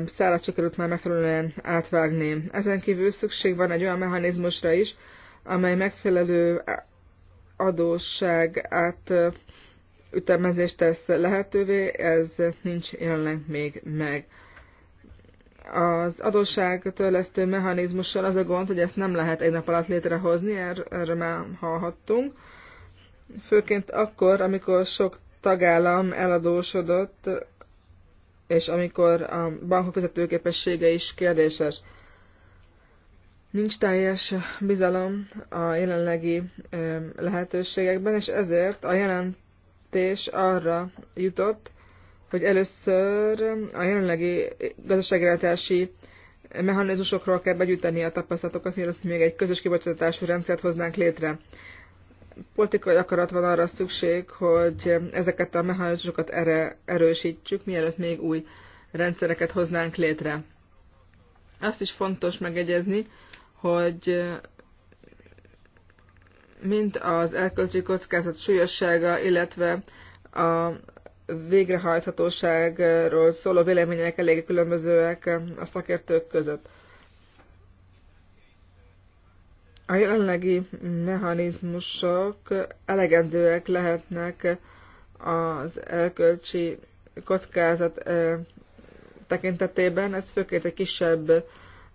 szállat sikerült már megfelelően átvágni. Ezen kívül szükség van egy olyan mechanizmusra is, amely megfelelő adósság ütemezést tesz lehetővé, ez nincs jelenleg még meg az adósságtörlesztő mechanizmussal az a gond, hogy ezt nem lehet egy nap alatt létrehozni, er-, erről már hallhattunk. Főként akkor, amikor sok tagállam eladósodott, és amikor a bankok fizetőképessége is kérdéses. Nincs teljes bizalom a jelenlegi lehetőségekben, és ezért a jelentés arra jutott, hogy először a jelenlegi gazdaságirányítási mechanizmusokról kell begyűjteni a tapasztalatokat, mielőtt még egy közös kibocsátású rendszert hoznánk létre. Politikai akarat van arra szükség, hogy ezeket a mechanizmusokat erre erősítsük, mielőtt még új rendszereket hoznánk létre. Azt is fontos megegyezni, hogy mint az elköltségi kockázat súlyossága, illetve a végrehajthatóságról szóló vélemények elég különbözőek a szakértők között. A jelenlegi mechanizmusok elegendőek lehetnek az elkölcsi kockázat tekintetében, ez főként egy kisebb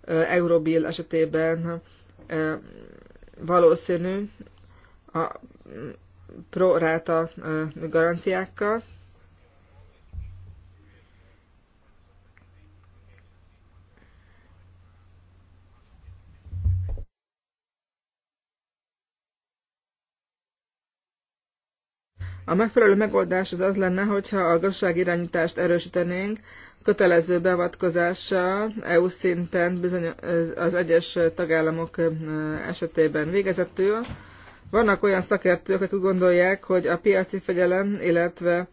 Eurobill esetében valószínű a proráta garanciákkal. A megfelelő megoldás az az lenne, hogyha a gazdaságirányítást erősítenénk, kötelező beavatkozással EU szinten bizony az egyes tagállamok esetében végezetül. Vannak olyan szakértők, akik gondolják, hogy a piaci fegyelem, illetve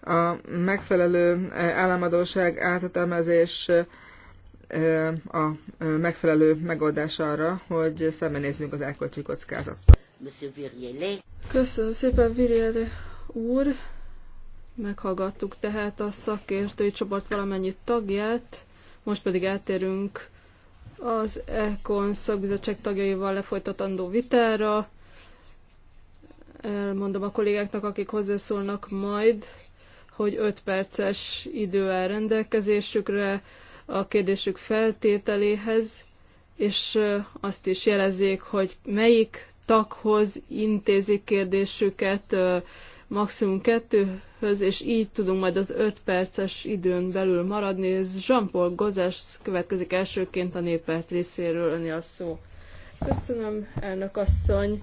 a megfelelő államadóság átetemezés a megfelelő megoldás arra, hogy szembenézzünk az elköltsi kockázattal. Köszönöm szépen, virjelé úr. Meghallgattuk tehát a szakértői csoport valamennyi tagját, most pedig eltérünk az ECON szakbizottság tagjaival lefolytatandó vitára. Elmondom a kollégáknak, akik hozzászólnak majd, hogy 5 perces idő áll rendelkezésükre a kérdésük feltételéhez, és azt is jelezzék, hogy melyik taghoz intézik kérdésüket maximum kettőhöz, és így tudunk majd az öt perces időn belül maradni. Ez Jean-Paul Gozes következik elsőként a néppárt részéről, önni a szó. Köszönöm, elnök asszony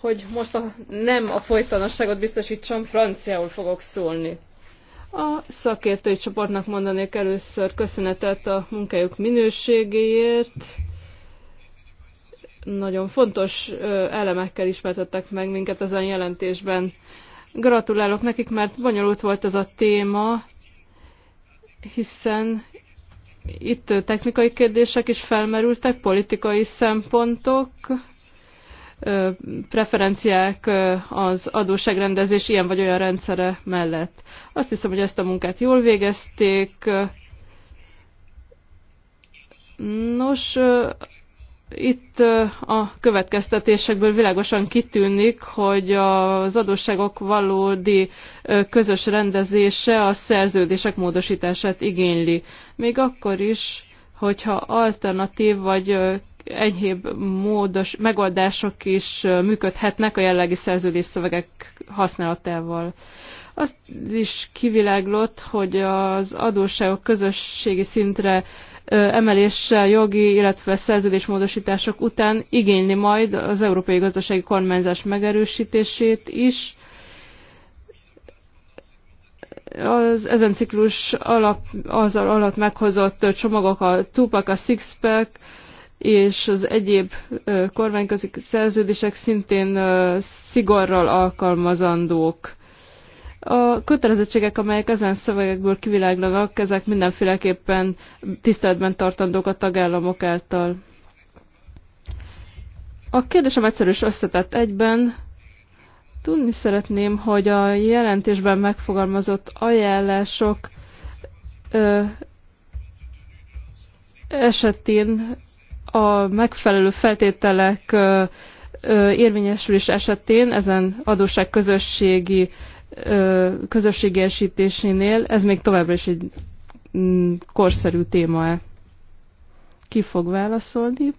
hogy most a, nem a folytonosságot biztosítsam, franciául fogok szólni. A szakértői csoportnak mondanék először köszönetet a munkájuk minőségéért, nagyon fontos elemekkel ismertettek meg minket ezen jelentésben. Gratulálok nekik, mert bonyolult volt ez a téma, hiszen itt technikai kérdések is felmerültek, politikai szempontok, preferenciák az adósságrendezés ilyen vagy olyan rendszere mellett. Azt hiszem, hogy ezt a munkát jól végezték. Nos, itt a következtetésekből világosan kitűnik, hogy az adósságok valódi közös rendezése a szerződések módosítását igényli. Még akkor is, hogyha alternatív vagy enyhébb módos megoldások is működhetnek a jellegi szerződés szövegek használatával. Azt is kiviláglott, hogy az adósságok közösségi szintre emeléssel jogi, illetve szerződésmódosítások után igényli majd az európai gazdasági kormányzás megerősítését is. Az ezen ciklus alap, az alatt meghozott csomagok a Tupac, a Sixpack, és az egyéb kormányközi szerződések szintén szigorral alkalmazandók. A kötelezettségek, amelyek ezen szövegekből kiviláglanak, ezek mindenféleképpen tiszteletben tartandók a tagállamok által. A kérdésem és összetett egyben. Tudni szeretném, hogy a jelentésben megfogalmazott ajánlások ö, esetén a megfelelő feltételek ö, ö, érvényesülés esetén ezen adósság közösségi közösségesítésénél ez még továbbra is egy mm, korszerű téma -e. Ki fog válaszolni?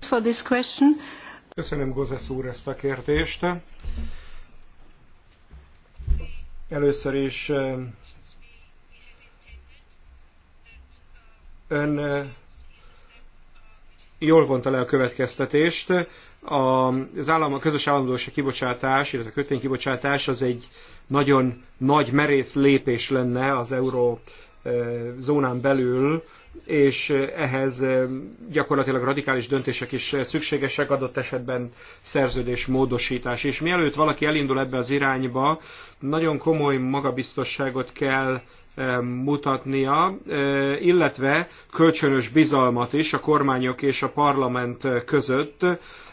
For this question. Köszönöm Gozesz úr ezt a kérdést. Először is ön jól vonta le a következtetést, az állam, a közös állandóság kibocsátás, illetve a kibocsátás az egy nagyon nagy merész lépés lenne az euró e, zónán belül, és ehhez e, gyakorlatilag radikális döntések is szükségesek, adott esetben szerződés módosítás. És mielőtt valaki elindul ebbe az irányba, nagyon komoly magabiztosságot kell e, mutatnia, illetve kölcsönös bizalmat is a kormányok és a parlament között,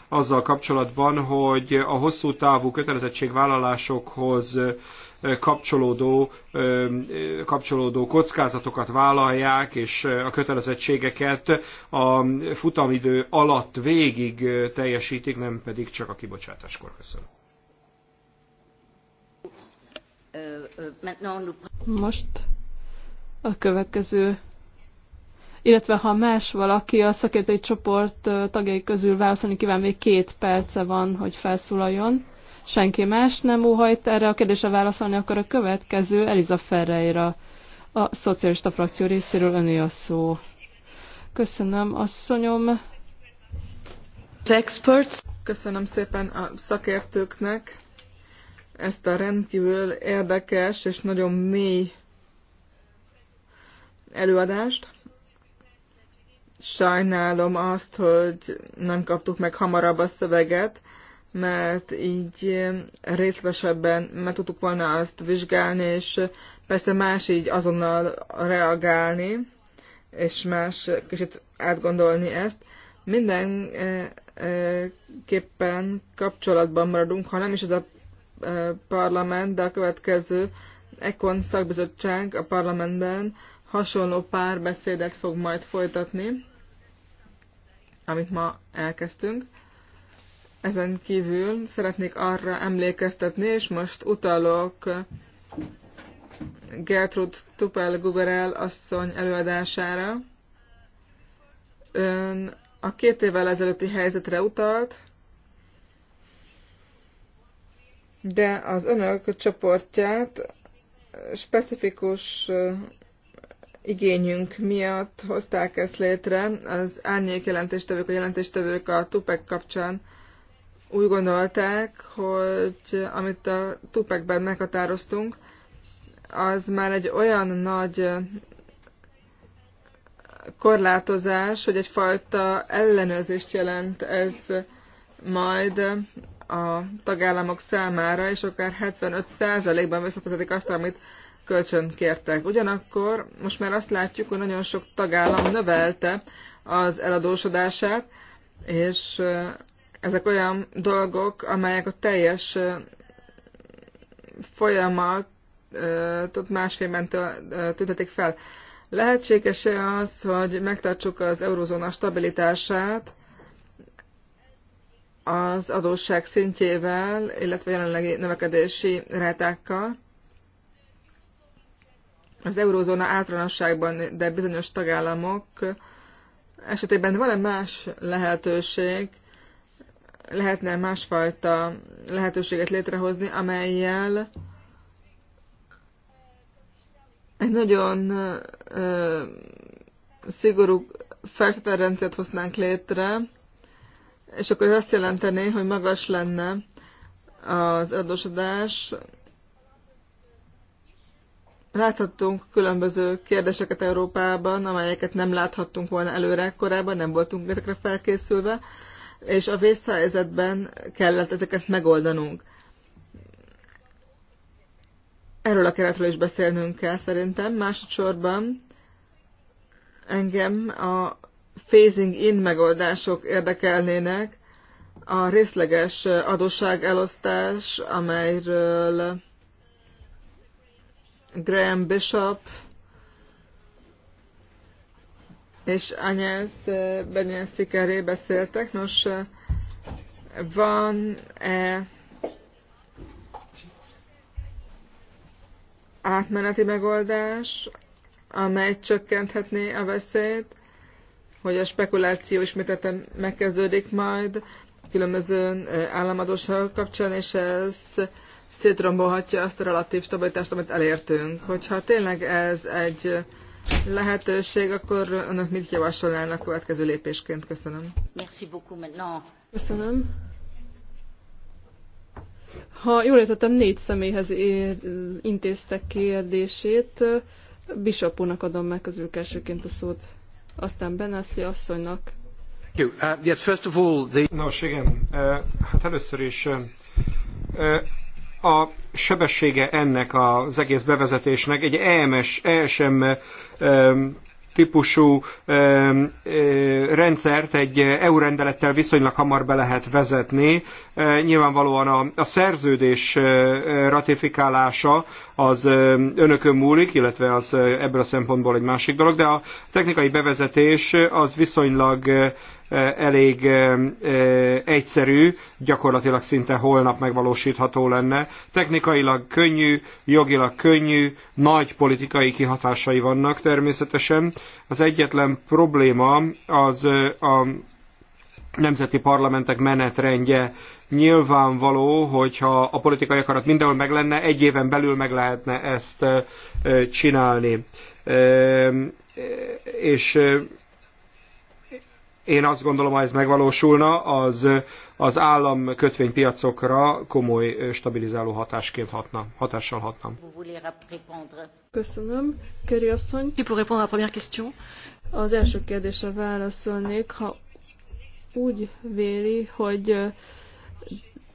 azzal kapcsolatban, hogy a hosszú távú kötelezettségvállalásokhoz kapcsolódó, kapcsolódó kockázatokat vállalják, és a kötelezettségeket a futamidő alatt végig teljesítik, nem pedig csak a kibocsátáskor. Köszönöm. Most a következő illetve ha más valaki a szakértői csoport tagjai közül válaszolni kíván, még két perce van, hogy felszólaljon. Senki más nem óhajt erre a kérdésre válaszolni, akkor a következő Eliza Ferreira, a szocialista frakció részéről öné a szó. Köszönöm, asszonyom. Experts. Köszönöm szépen a szakértőknek ezt a rendkívül érdekes és nagyon mély előadást sajnálom azt, hogy nem kaptuk meg hamarabb a szöveget, mert így részlesebben meg tudtuk volna azt vizsgálni, és persze más így azonnal reagálni, és más kicsit átgondolni ezt. Mindenképpen eh, eh, kapcsolatban maradunk, ha nem is ez a eh, parlament, de a következő Ekon szakbizottság a parlamentben hasonló párbeszédet fog majd folytatni amit ma elkezdtünk. Ezen kívül szeretnék arra emlékeztetni, és most utalok Gertrud Tupel Guberel asszony előadására. Ön a két évvel ezelőtti helyzetre utalt, de az önök csoportját specifikus igényünk miatt hozták ezt létre. Az árnyék jelentéstevők, a jelentéstevők a tupek kapcsán úgy gondolták, hogy amit a tupekben meghatároztunk, az már egy olyan nagy korlátozás, hogy egyfajta ellenőrzést jelent ez majd a tagállamok számára, és akár 75%-ban visszafizetik azt, amit kölcsön kértek. Ugyanakkor most már azt látjuk, hogy nagyon sok tagállam növelte az eladósodását, és ezek olyan dolgok, amelyek a teljes folyamatot másfél tüntetik fel. Lehetséges-e az, hogy megtartsuk az eurozóna stabilitását az adósság szintjével, illetve jelenlegi növekedési rátákkal? az eurózóna általánosságban, de bizonyos tagállamok esetében van-e más lehetőség, lehetne másfajta lehetőséget létrehozni, amelyel egy nagyon ö, szigorú feltételrendszert hoznánk létre, és akkor ez azt jelenteni, hogy magas lenne az adósodás, Láthattunk különböző kérdéseket Európában, amelyeket nem láthattunk volna előre korábban, nem voltunk ezekre felkészülve, és a vészhelyzetben kellett ezeket megoldanunk. Erről a keretről is beszélnünk kell szerintem. Másodszorban engem a phasing in megoldások érdekelnének, a részleges adósságelosztás, amelyről Graham Bishop és Anyász eh, benyel eré beszéltek. Nos, eh, van -e átmeneti megoldás, amely csökkenthetné a veszélyt, hogy a spekuláció ismételten megkezdődik majd különböző eh, államadóságok kapcsán, és ez szétrombolhatja azt a relatív stabilitást, amit elértünk. Hogyha tényleg ez egy lehetőség, akkor önök mit javasolnának következő lépésként? Köszönöm. Köszönöm. Ha jól értettem, négy személyhez intéztek kérdését. Bishopónak adom meg közül elsőként a szót, aztán Benassi asszonynak. Uh, Nos igen, uh, hát először is uh, a sebessége ennek az egész bevezetésnek egy EMS, ESM um, típusú um, um, rendszert egy EU rendelettel viszonylag hamar be lehet vezetni. Uh, nyilvánvalóan a, a szerződés uh, ratifikálása az önökön múlik, illetve az ebből a szempontból egy másik dolog, de a technikai bevezetés az viszonylag elég egyszerű, gyakorlatilag szinte holnap megvalósítható lenne. Technikailag könnyű, jogilag könnyű, nagy politikai kihatásai vannak természetesen. Az egyetlen probléma az a nemzeti parlamentek menetrendje Nyilvánvaló, hogyha a politikai akarat mindenhol meg lenne, egy éven belül meg lehetne ezt csinálni. És én azt gondolom, ha ez megvalósulna, az, az állam kötvénypiacokra komoly stabilizáló hatásként hatna, hatással hatna. Köszönöm. Kéri asszony. Az első kérdésre válaszolnék, ha úgy véli, hogy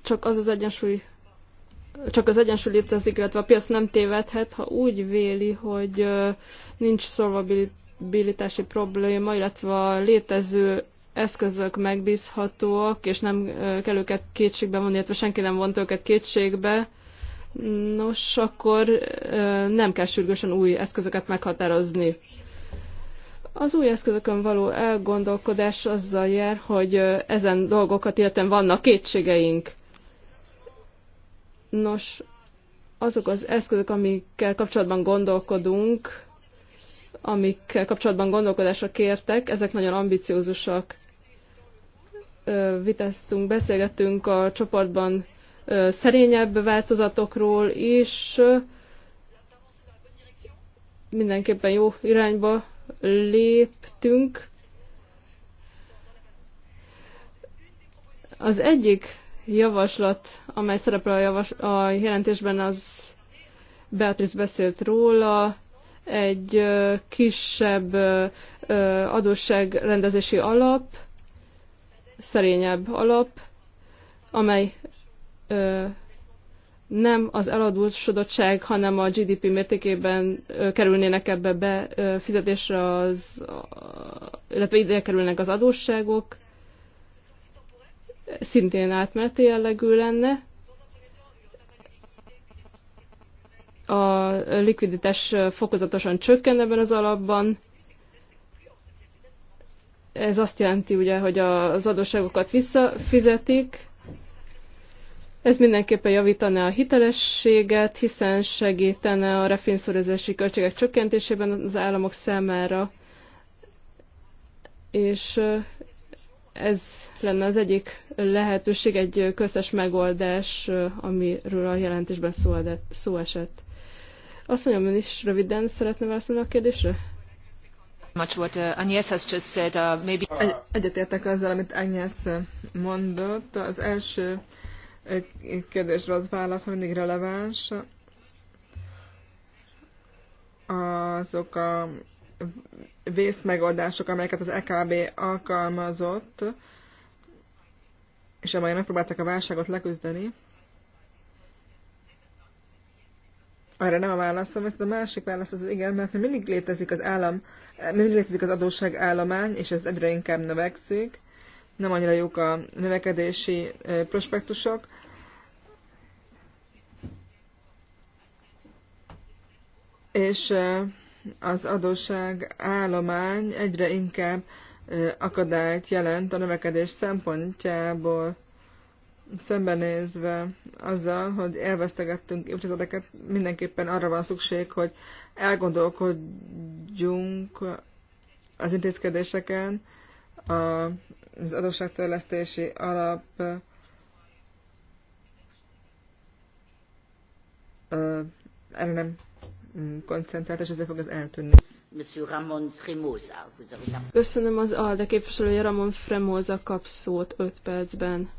csak az az egyensúly csak az egyensúly létezik, illetve a piac nem tévedhet, ha úgy véli, hogy nincs szolvabilitási probléma, illetve a létező eszközök megbízhatóak, és nem kell őket kétségbe vonni, illetve senki nem vont őket kétségbe, nos, akkor nem kell sürgősen új eszközöket meghatározni. Az új eszközökön való elgondolkodás azzal jár, hogy ezen dolgokat illetve vannak kétségeink Nos, azok az eszközök, amikkel kapcsolatban gondolkodunk, amikkel kapcsolatban gondolkodásra kértek, ezek nagyon ambiciózusak. Viteztünk, beszélgettünk a csoportban szerényebb változatokról is. Mindenképpen jó irányba léptünk. Az egyik javaslat, amely szerepel a, javas, a jelentésben, az Beatrice beszélt róla, egy kisebb adósságrendezési alap, szerényebb alap, amely nem az eladósodottság, hanem a GDP mértékében kerülnének ebbe be fizetésre az, illetve ide kerülnek az adósságok, szintén átmeneti jellegű lenne. A likviditás fokozatosan csökken ebben az alapban. Ez azt jelenti ugye, hogy az adósságokat visszafizetik, ez mindenképpen javítaná a hitelességet, hiszen segítene a refinszorozási költségek csökkentésében az államok számára, és ez lenne az egyik lehetőség, egy köztes megoldás, amiről a jelentésben szó, adett, szó esett. Azt mondjam, ön is röviden szeretne válaszolni a kérdésre? Much what uh, just said, uh, maybe... egyetértek azzal, amit Agnes mondott. Az első eh, kérdésre az válasz, mindig releváns. Azok a vészmegoldások, amelyeket az EKB alkalmazott, és amelyek megpróbáltak a válságot leküzdeni, Erre nem a válaszom, ezt a másik válasz az igen, mert mindig létezik az állam, mindig létezik az adósság állomány, és ez egyre inkább növekszik. Nem annyira jók a növekedési prospektusok. És az adósság állomány egyre inkább akadályt jelent a növekedés szempontjából szembenézve azzal, hogy elvesztegettünk évtizedeket, mindenképpen arra van szükség, hogy elgondolkodjunk az intézkedéseken, az adósságtörlesztési alap erre nem Mm, koncentrált, és ezzel fog az eltűnni. Ramon Köszönöm az ALDE képviselője Ramon Fremosa kap szót 5 percben.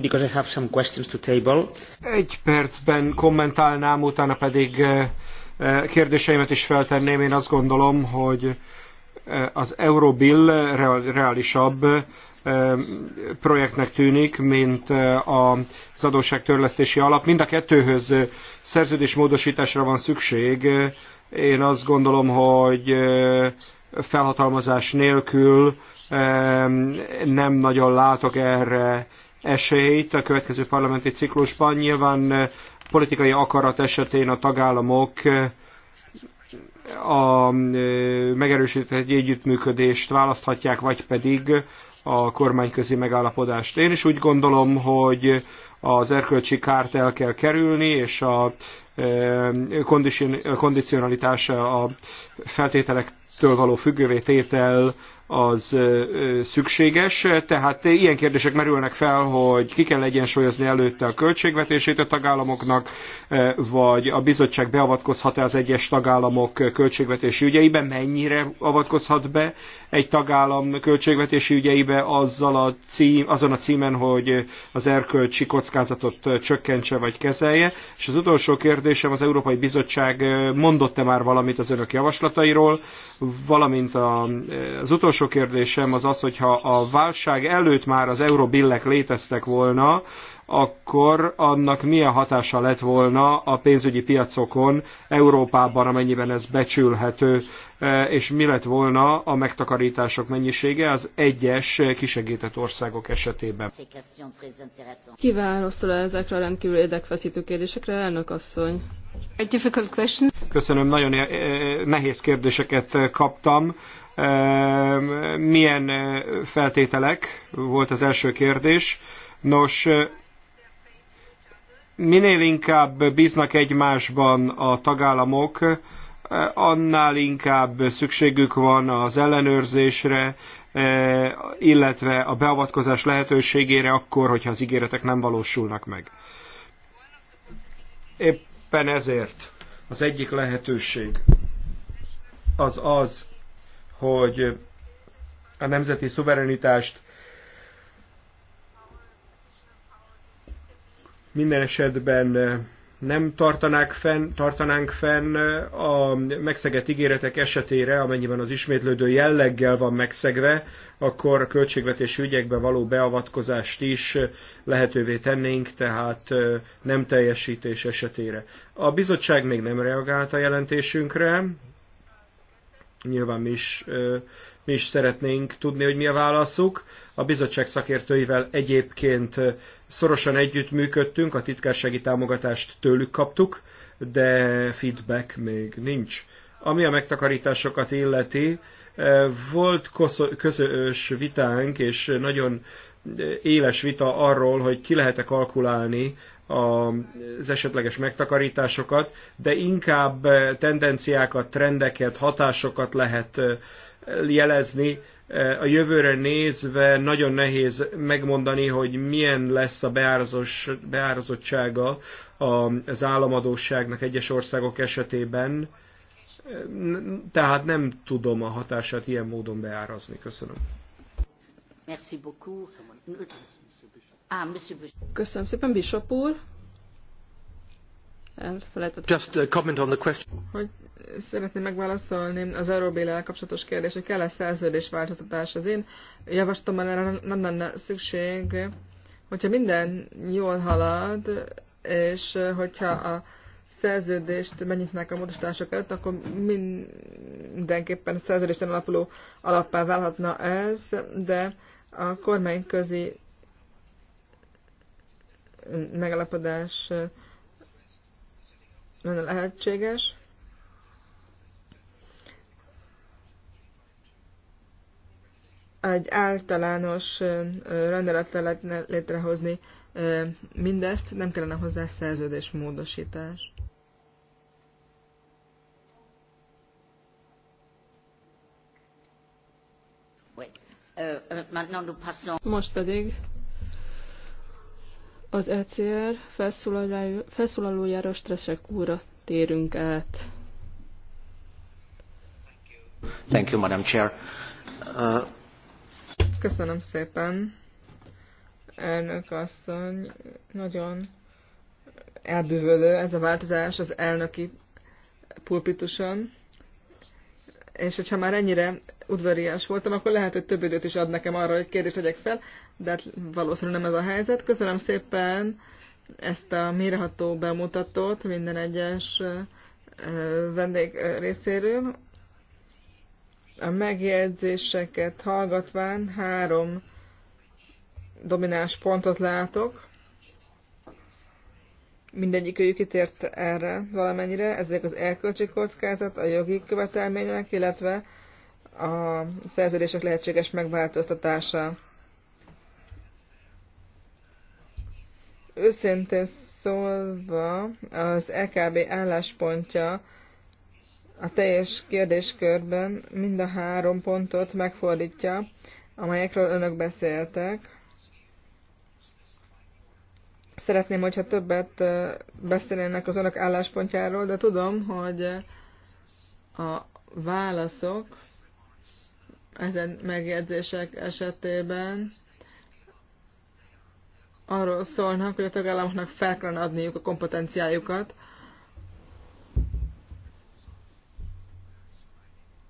Because I have some questions to table. Egy percben kommentálnám, utána pedig eh, eh, kérdéseimet is feltenném. Én azt gondolom, hogy eh, az Eurobill reálisabb projektnek tűnik, mint az adósságtörlesztési alap. Mind a kettőhöz szerződésmódosításra van szükség. Én azt gondolom, hogy felhatalmazás nélkül nem nagyon látok erre esélyt a következő parlamenti ciklusban. Nyilván politikai akarat esetén a tagállamok a megerősített együttműködést választhatják, vagy pedig a kormányközi megállapodást. Én is úgy gondolom, hogy az erkölcsi kárt el kell kerülni, és a e, kondicionalitása a feltételektől való függővé tétel az szükséges. Tehát ilyen kérdések merülnek fel, hogy ki kell egyensúlyozni előtte a költségvetését a tagállamoknak, vagy a bizottság beavatkozhat-e az egyes tagállamok költségvetési ügyeibe, mennyire avatkozhat be egy tagállam költségvetési ügyeibe azzal a cím, azon a címen, hogy az erkölcsi kockázatot csökkentse vagy kezelje. És az utolsó kérdésem, az Európai Bizottság mondott-e már valamit az önök javaslatairól, valamint az utolsó utolsó kérdésem az az, hogyha a válság előtt már az eurobillek léteztek volna, akkor annak milyen hatása lett volna a pénzügyi piacokon Európában, amennyiben ez becsülhető, e, és mi lett volna a megtakarítások mennyisége az egyes kisegített országok esetében. Kiváló ezekre a rendkívül érdekfeszítő kérdésekre, elnök asszony. Köszönöm, nagyon e, e, nehéz kérdéseket kaptam. Milyen feltételek volt az első kérdés. Nos, minél inkább bíznak egymásban a tagállamok, annál inkább szükségük van az ellenőrzésre, illetve a beavatkozás lehetőségére akkor, hogyha az ígéretek nem valósulnak meg. Éppen ezért az egyik lehetőség az az, hogy a nemzeti szuverenitást minden esetben nem tartanák fenn, tartanánk fenn a megszegett ígéretek esetére, amennyiben az ismétlődő jelleggel van megszegve, akkor a költségvetési ügyekbe való beavatkozást is lehetővé tennénk, tehát nem teljesítés esetére. A bizottság még nem reagált a jelentésünkre, Nyilván mi is, mi is szeretnénk tudni, hogy mi a válaszuk. A bizottság szakértőivel egyébként szorosan együttműködtünk, a titkársági támogatást tőlük kaptuk, de feedback még nincs. Ami a megtakarításokat illeti, volt közös vitánk, és nagyon éles vita arról, hogy ki lehet-e kalkulálni az esetleges megtakarításokat, de inkább tendenciákat, trendeket, hatásokat lehet jelezni. A jövőre nézve nagyon nehéz megmondani, hogy milyen lesz a beárazos, beárazottsága az államadóságnak egyes országok esetében. Tehát nem tudom a hatását ilyen módon beárazni. Köszönöm. Ah, Köszönöm szépen, Bishop úr. Just a comment on the question. Hogy szeretném megválaszolni az Euróbéle kapcsolatos kérdést, hogy kell-e szerződés változtatás. Az én javaslatomban erre nem lenne szükség, hogyha minden jól halad, és hogyha a szerződést megnyitnák a módosítások előtt, akkor mindenképpen szerződésen alapuló alappá válhatna ez, de a kormányközi megalapodás lenne lehetséges. Egy általános rendelettel lehetne létrehozni mindezt, nem kellene hozzá szerződésmódosítás. Most pedig az ECR felszólalójára Stresek úra térünk át. Thank you, Madam Chair. Uh... Köszönöm szépen, elnök asszony. Nagyon elbűvölő ez a változás az elnöki pulpituson és hogyha már ennyire udvarias voltam, akkor lehet, hogy több időt is ad nekem arra, hogy kérdést tegyek fel, de hát valószínűleg nem ez a helyzet. Köszönöm szépen ezt a mérható bemutatót minden egyes vendég részéről. A megjegyzéseket hallgatván három domináns pontot látok. Mindegyikőjük kitért erre valamennyire, ezek az elköltség kockázat, a jogi követelmények, illetve a szerződések lehetséges megváltoztatása. Őszintén szólva, az EKB álláspontja a teljes kérdéskörben mind a három pontot megfordítja, amelyekről önök beszéltek. Szeretném, hogyha többet beszélnének az önök álláspontjáról, de tudom, hogy a válaszok ezen megjegyzések esetében arról szólnak, hogy a tagállamoknak fel kellene adniuk a kompetenciájukat.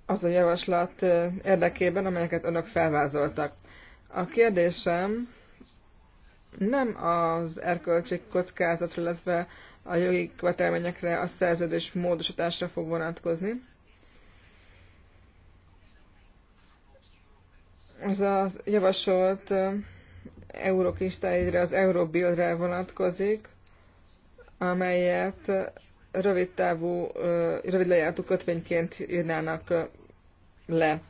Az a javaslat érdekében, amelyeket önök felvázoltak. A kérdésem nem az erkölcsi kockázatra, illetve a jogi követelményekre, a szerződés módosításra fog vonatkozni. Ez a javasolt eurokista az Eurobillre vonatkozik, amelyet rövid távú, rövid lejártó kötvényként írnának le.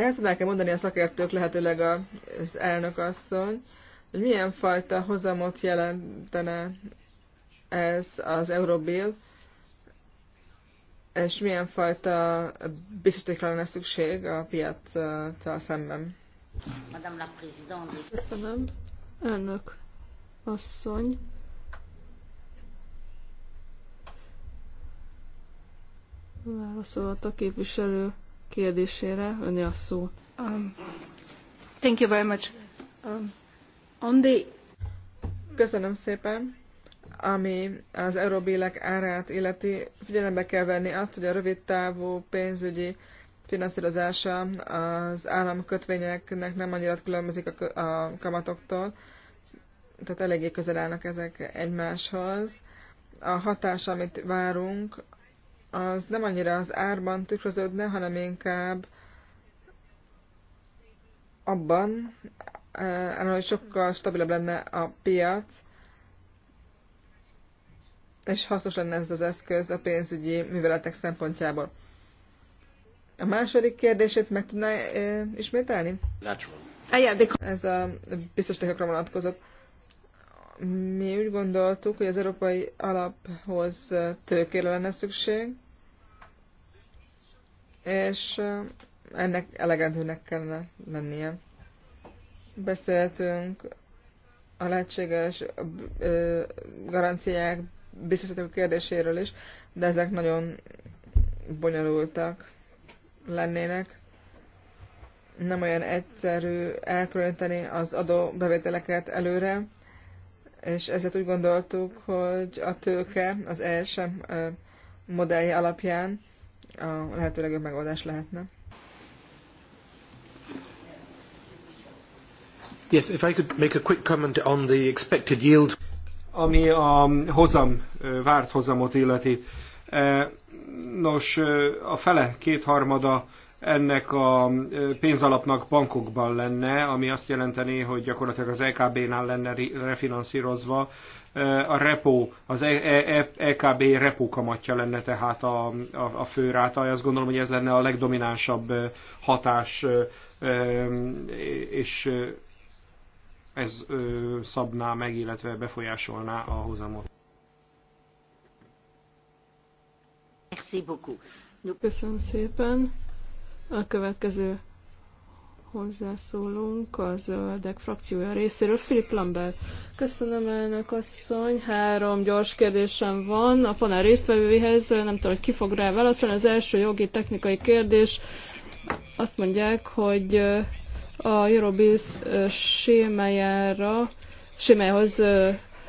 El tudnák -e mondani a szakértők, lehetőleg az elnök asszony, hogy milyen fajta hozamot jelentene ez az Eurobill, és milyen fajta biztosítékra lenne szükség a piaccal szemben? Madame la Présidente. Köszönöm. Elnök asszony. Válaszolhat a képviselő kérdésére. Öné a szó. Um, thank you very much. Um, on the... Köszönöm szépen. Ami az euróbélek árát illeti, figyelembe kell venni azt, hogy a rövid távú pénzügyi finanszírozása az államkötvényeknek nem annyira különbözik a, a kamatoktól, tehát eléggé közel állnak ezek egymáshoz. A hatás, amit várunk, az nem annyira az árban tükröződne, hanem inkább abban, eh, hogy sokkal stabilabb lenne a piac, és hasznos lenne ez az eszköz a pénzügyi műveletek szempontjából. A második kérdését meg tudná e, ismételni? Ah, ez a biztos technikra vonatkozott mi úgy gondoltuk, hogy az európai alaphoz tőkére lenne szükség, és ennek elegendőnek kellene lennie. Beszéltünk a lehetséges garanciák biztosítók kérdéséről is, de ezek nagyon bonyolultak lennének. Nem olyan egyszerű elkülöníteni az adóbevételeket előre, és ezért úgy gondoltuk, hogy a tőke az első modellje alapján a lehető legjobb megoldás lehetne. Yes, if I could make a quick comment on the expected yield. Ami a hozam, várt hozamot illeti. Nos, a fele, kétharmada ennek a pénzalapnak bankokban lenne, ami azt jelenteni, hogy gyakorlatilag az EKB-nál lenne refinanszírozva, a repo, az EKB e-, e-, e repo kamatja lenne tehát a, a, a fő ráta. Azt gondolom, hogy ez lenne a legdominánsabb hatás, és ez szabná meg, illetve befolyásolná a hozamot. Köszönöm szépen. A következő hozzászólunk a zöldek frakciója részéről. Filip Lambert. Köszönöm elnök asszony. Három gyors kérdésem van a panel résztvevőihez. Nem tudom, hogy ki fog rá válaszolni. Az első jogi technikai kérdés. Azt mondják, hogy a Eurobiz sémájára, sémájához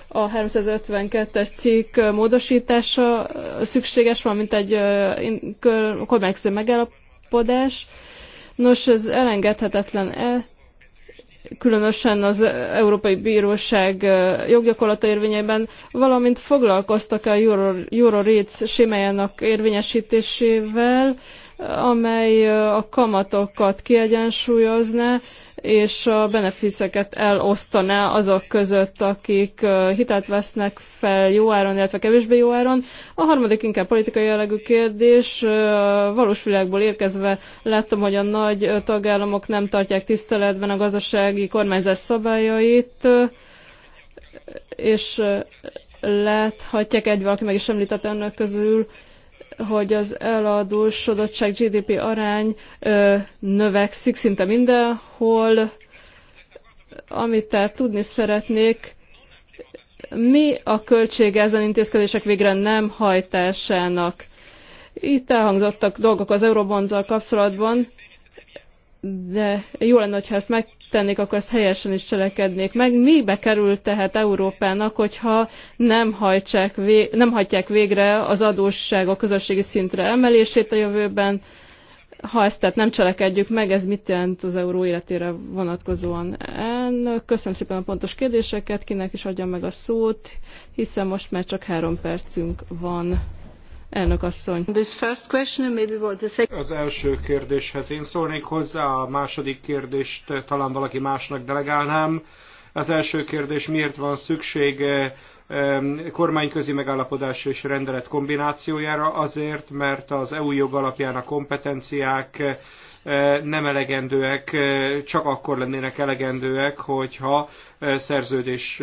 a 352-es cikk módosítása szükséges, valamint egy kormányközi megállapodás gyarapodás. Nos, ez elengedhetetlen -e? különösen az Európai Bíróság e, joggyakorlata érvényeiben, valamint foglalkoztak a Euro, sémájának érvényesítésével, amely e, a kamatokat kiegyensúlyozná, és a benefiszeket elosztaná azok között, akik hitelt vesznek fel jó áron, illetve kevésbé jó áron. A harmadik inkább politikai jellegű kérdés. Valós világból érkezve láttam, hogy a nagy tagállamok nem tartják tiszteletben a gazdasági kormányzás szabályait, és láthatják, egy valaki meg is említett önök közül, hogy az eladósodottság GDP arány ö, növekszik szinte mindenhol. Amit tehát tudni szeretnék, mi a költség ezen intézkedések végre nem hajtásának? Itt elhangzottak dolgok az eurobondzal kapcsolatban, de jó lenne, hogyha ezt megtennék, akkor ezt helyesen is cselekednék meg. Mibe kerül tehát Európának, hogyha nem, hajtsák nem hagyják végre az adósság a közösségi szintre emelését a jövőben? Ha ezt tehát nem cselekedjük meg, ez mit jelent az euró életére vonatkozóan? Én köszönöm szépen a pontos kérdéseket, kinek is adjam meg a szót, hiszen most már csak három percünk van. Elnök asszony. Az első kérdéshez én szólnék hozzá, a második kérdést talán valaki másnak delegálnám. Az első kérdés, miért van szükség kormányközi megállapodás és rendelet kombinációjára? Azért, mert az EU jog alapján a kompetenciák Eh, nem elegendőek, eh, csak akkor lennének elegendőek, hogyha eh, szerződés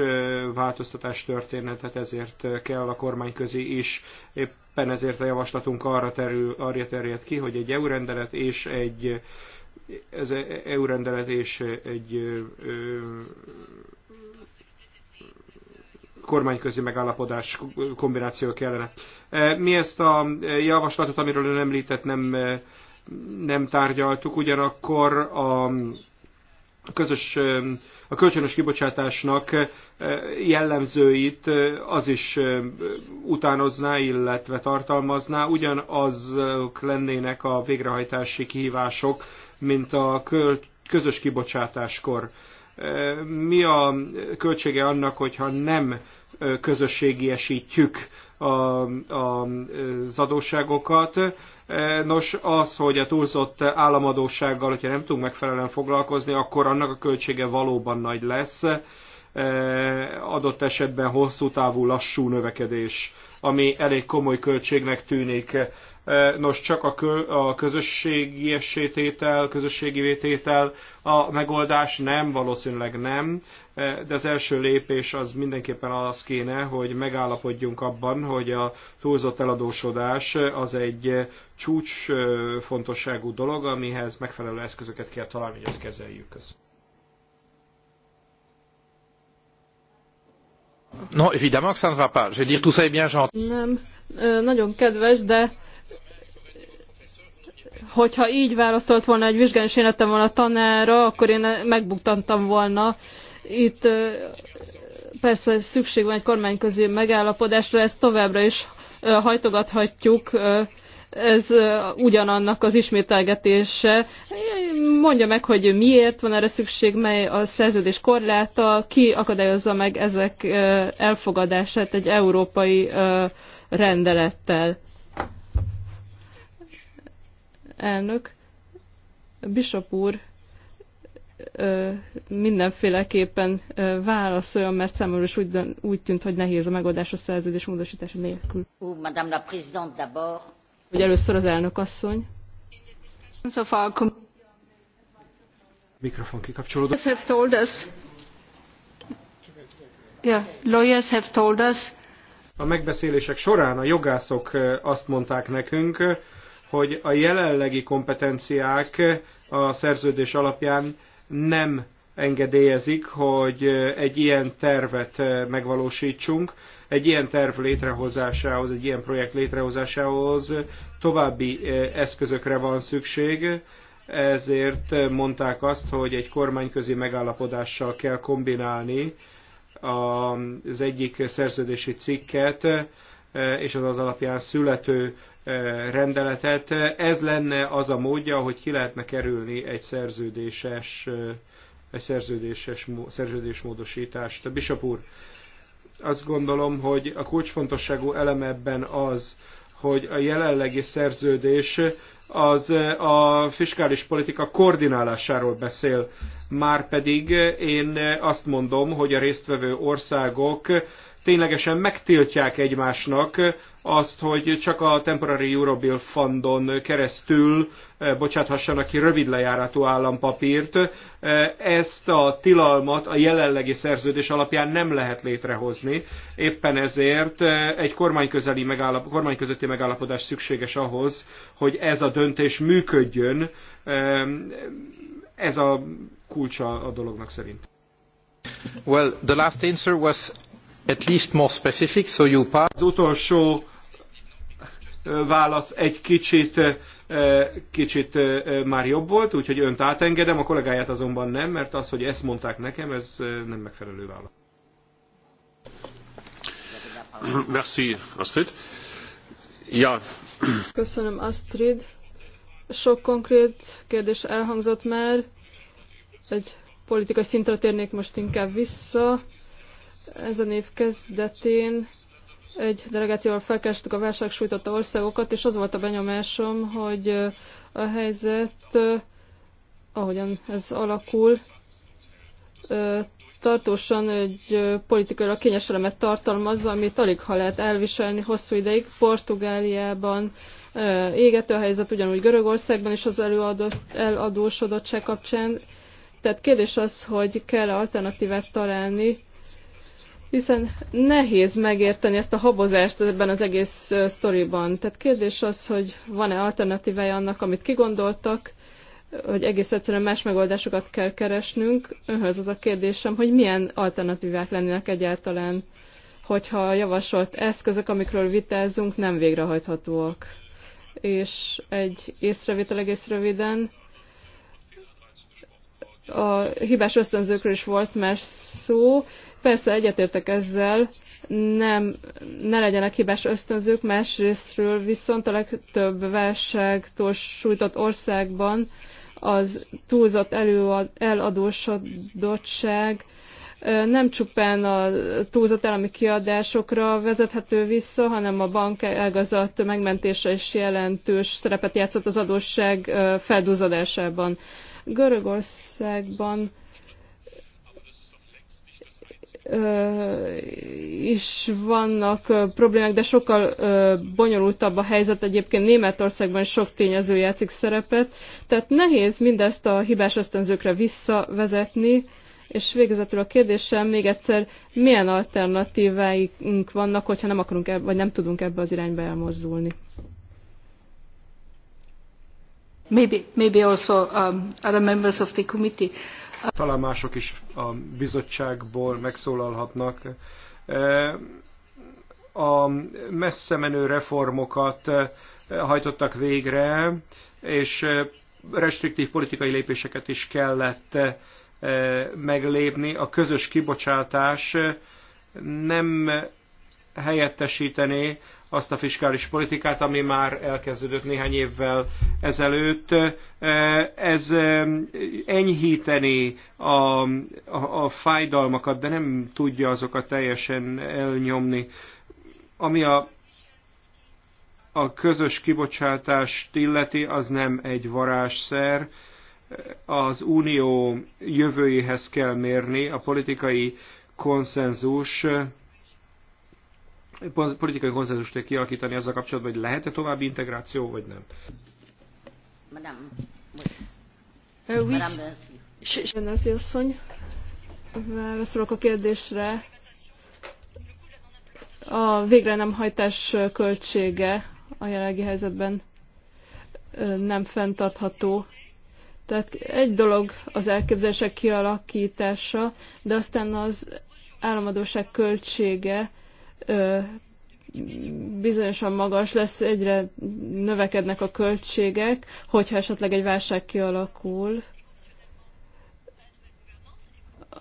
változtatás történne, tehát ezért kell a kormányközi is. Éppen ezért a javaslatunk arra, terül, arra terjed ki, hogy egy EU rendelet és egy ez e-, EU rendelet és egy kormányközi megállapodás kombináció kellene. Mi ezt a javaslatot, amiről ön említett, nem nem tárgyaltuk, ugyanakkor a közös, a kölcsönös kibocsátásnak jellemzőit az is utánozná, illetve tartalmazná, ugyanaz lennének a végrehajtási kihívások, mint a közös kibocsátáskor mi a költsége annak, hogyha nem közösségiesítjük a, a, az adósságokat. Nos, az, hogy a túlzott államadósággal, hogyha nem tudunk megfelelően foglalkozni, akkor annak a költsége valóban nagy lesz. Adott esetben hosszú távú lassú növekedés, ami elég komoly költségnek tűnik. E, nos, csak a, kö, a közösségi tétel, közösségi tétel a megoldás nem, valószínűleg nem, e, de az első lépés az mindenképpen az kéne, hogy megállapodjunk abban, hogy a túlzott eladósodás az egy csúcs e, fontosságú dolog, amihez megfelelő eszközöket kell találni, hogy ezt kezeljük. Köszönöm. Non, évidemment que ça ne va pas. Je veux dire, tout ça est bien gentil. Nem, nagyon kedves, de hogyha így válaszolt volna egy vizsgán, és én lettem volna tanára, akkor én megbuktattam volna. Itt persze szükség van egy kormányközi megállapodásra, ezt továbbra is hajtogathatjuk, ez ugyanannak az ismételgetése. Mondja meg, hogy miért van erre szükség, mely a szerződés korláta, ki akadályozza meg ezek elfogadását egy európai rendelettel elnök, Bishop úr ö, mindenféleképpen ö, válaszoljon, mert számomra is úgy, úgy tűnt, hogy nehéz a megoldás a szerződés módosítása nélkül. Hogy először az elnök asszony. Mikrofon kikapcsolódott. Have told us. Yeah, lawyers have told us. A megbeszélések során a jogászok azt mondták nekünk, hogy a jelenlegi kompetenciák a szerződés alapján nem engedélyezik, hogy egy ilyen tervet megvalósítsunk. Egy ilyen terv létrehozásához, egy ilyen projekt létrehozásához további eh, eszközökre van szükség, ezért mondták azt, hogy egy kormányközi megállapodással kell kombinálni az egyik szerződési cikket, eh, és az az alapján születő rendeletet. Ez lenne az a módja, hogy ki lehetne kerülni egy szerződéses, egy szerződéses szerződésmódosítást. A Bishop úr, azt gondolom, hogy a kulcsfontosságú elem ebben az, hogy a jelenlegi szerződés az a fiskális politika koordinálásáról beszél. Márpedig én azt mondom, hogy a résztvevő országok ténylegesen megtiltják egymásnak azt, hogy csak a Temporary Eurobill Fundon keresztül eh, bocsáthassanak ki rövid lejáratú állampapírt. Eh, ezt a tilalmat a jelenlegi szerződés alapján nem lehet létrehozni. Éppen ezért eh, egy kormányközeli megállap, kormányközötti megállapodás szükséges ahhoz, hogy ez a döntés működjön. Ez a kulcsa a dolognak szerint. Well, the last answer was at least more specific, so you pass... Az utolsó válasz egy kicsit, kicsit már jobb volt, úgyhogy önt átengedem, a kollégáját azonban nem, mert az, hogy ezt mondták nekem, ez nem megfelelő válasz. Merci, Astrid. Ja. Köszönöm, Astrid. Sok konkrét kérdés elhangzott már. Egy politikai szintre térnék most inkább vissza. Ezen év kezdetén egy delegációval felkerestük a válság sújtotta országokat, és az volt a benyomásom, hogy a helyzet, ahogyan ez alakul, tartósan egy politikailag kényes elemet tartalmaz, amit alig ha lehet elviselni hosszú ideig. Portugáliában égető a helyzet, ugyanúgy Görögországban is az előadott, eladósodottság kapcsán. Tehát kérdés az, hogy kell alternatívát találni, hiszen nehéz megérteni ezt a habozást ebben az egész sztoriban. Tehát kérdés az, hogy van-e alternatívája annak, amit kigondoltak, hogy egész egyszerűen más megoldásokat kell keresnünk. Önhöz az a kérdésem, hogy milyen alternatívák lennének egyáltalán, hogyha a javasolt eszközök, amikről vitázunk, nem végrehajthatóak. És egy észrevétel egész röviden, a hibás ösztönzőkről is volt más szó, Persze egyetértek ezzel, nem, ne legyenek hibás ösztönzők, másrésztről viszont a legtöbb válságtól sújtott országban az túlzott előad, eladósodottság nem csupán a túlzott állami kiadásokra vezethető vissza, hanem a bank elgazadt megmentése is jelentős szerepet játszott az adósság feldúzadásában. Görögországban is vannak problémák, de sokkal bonyolultabb a helyzet. Egyébként Németországban sok tényező játszik szerepet, tehát nehéz mindezt a hibás ösztönzőkre visszavezetni, és végezetül a kérdésem még egyszer, milyen alternatíváink vannak, hogyha nem akarunk, ebbe, vagy nem tudunk ebbe az irányba elmozdulni? Maybe, maybe also um, other members of the committee. Talán mások is a bizottságból megszólalhatnak. E, a messze menő reformokat e, hajtottak végre, és e, restriktív politikai lépéseket is kellett meglépni. A közös kibocsátás nem helyettesítené azt a fiskális politikát, ami már elkezdődött néhány évvel ezelőtt. Ez enyhíteni a, a, a fájdalmakat, de nem tudja azokat teljesen elnyomni. Ami a a közös kibocsátást illeti, az nem egy varázsszer. Az unió jövőjéhez kell mérni, a politikai konszenzus politikai konszenzust kialakítani azzal kapcsolatban, hogy lehet-e további integráció, vagy nem. Madame. Oui. Madame asszony, válaszolok a kérdésre. A végre nem hajtás költsége a jelenlegi helyzetben nem fenntartható. Tehát egy dolog az elképzelések kialakítása, de aztán az államadóság költsége, bizonyosan magas lesz, egyre növekednek a költségek, hogyha esetleg egy válság kialakul.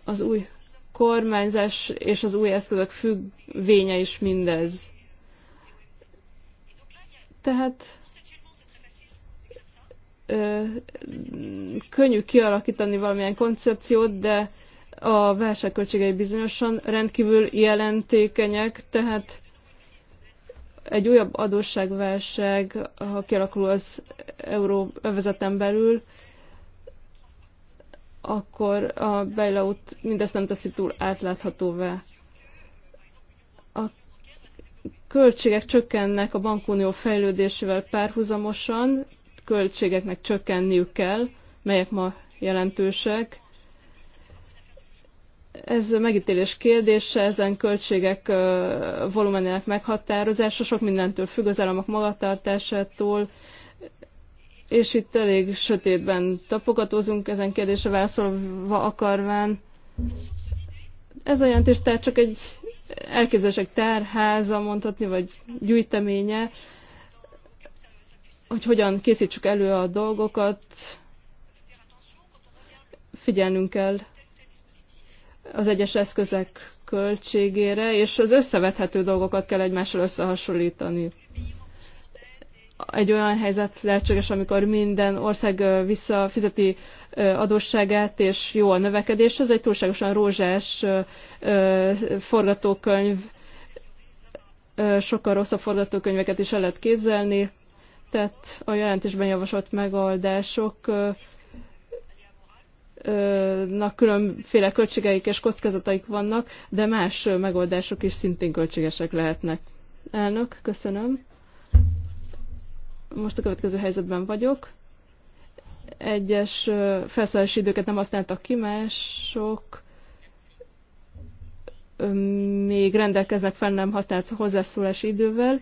Az új kormányzás és az új eszközök függvénye is mindez. Tehát ö, könnyű kialakítani valamilyen koncepciót, de ö, a válságköltségei költségei bizonyosan rendkívül jelentékenyek, tehát egy újabb adósságválság, ha kialakul az euróvezeten belül, akkor a bailout mindezt nem teszi túl átláthatóvá. A költségek csökkennek a bankunió fejlődésével párhuzamosan, költségeknek csökkenniük kell, melyek ma jelentősek, ez megítélés kérdése, ezen költségek volumenének meghatározása, sok mindentől függ az államok magatartásától, és itt elég sötétben tapogatózunk ezen kérdésre válaszolva akarván. Ez olyan jelentés tehát csak egy elképzelések tárháza mondhatni, vagy gyűjteménye, hogy hogyan készítsük elő a dolgokat, figyelnünk kell az egyes eszközek költségére, és az összevethető dolgokat kell egymással összehasonlítani. Egy olyan helyzet lehetséges, amikor minden ország visszafizeti adósságát, és jó a növekedés, ez egy túlságosan rózsás forgatókönyv, sokkal rosszabb forgatókönyveket is el lehet képzelni, tehát a jelentésben javasolt megoldások na különféle költségeik és kockázataik vannak, de más megoldások is szintén költségesek lehetnek. Elnök, köszönöm. Most a következő helyzetben vagyok. Egyes felszállási időket nem használtak ki, mások még rendelkeznek fel nem használt hozzászólási idővel.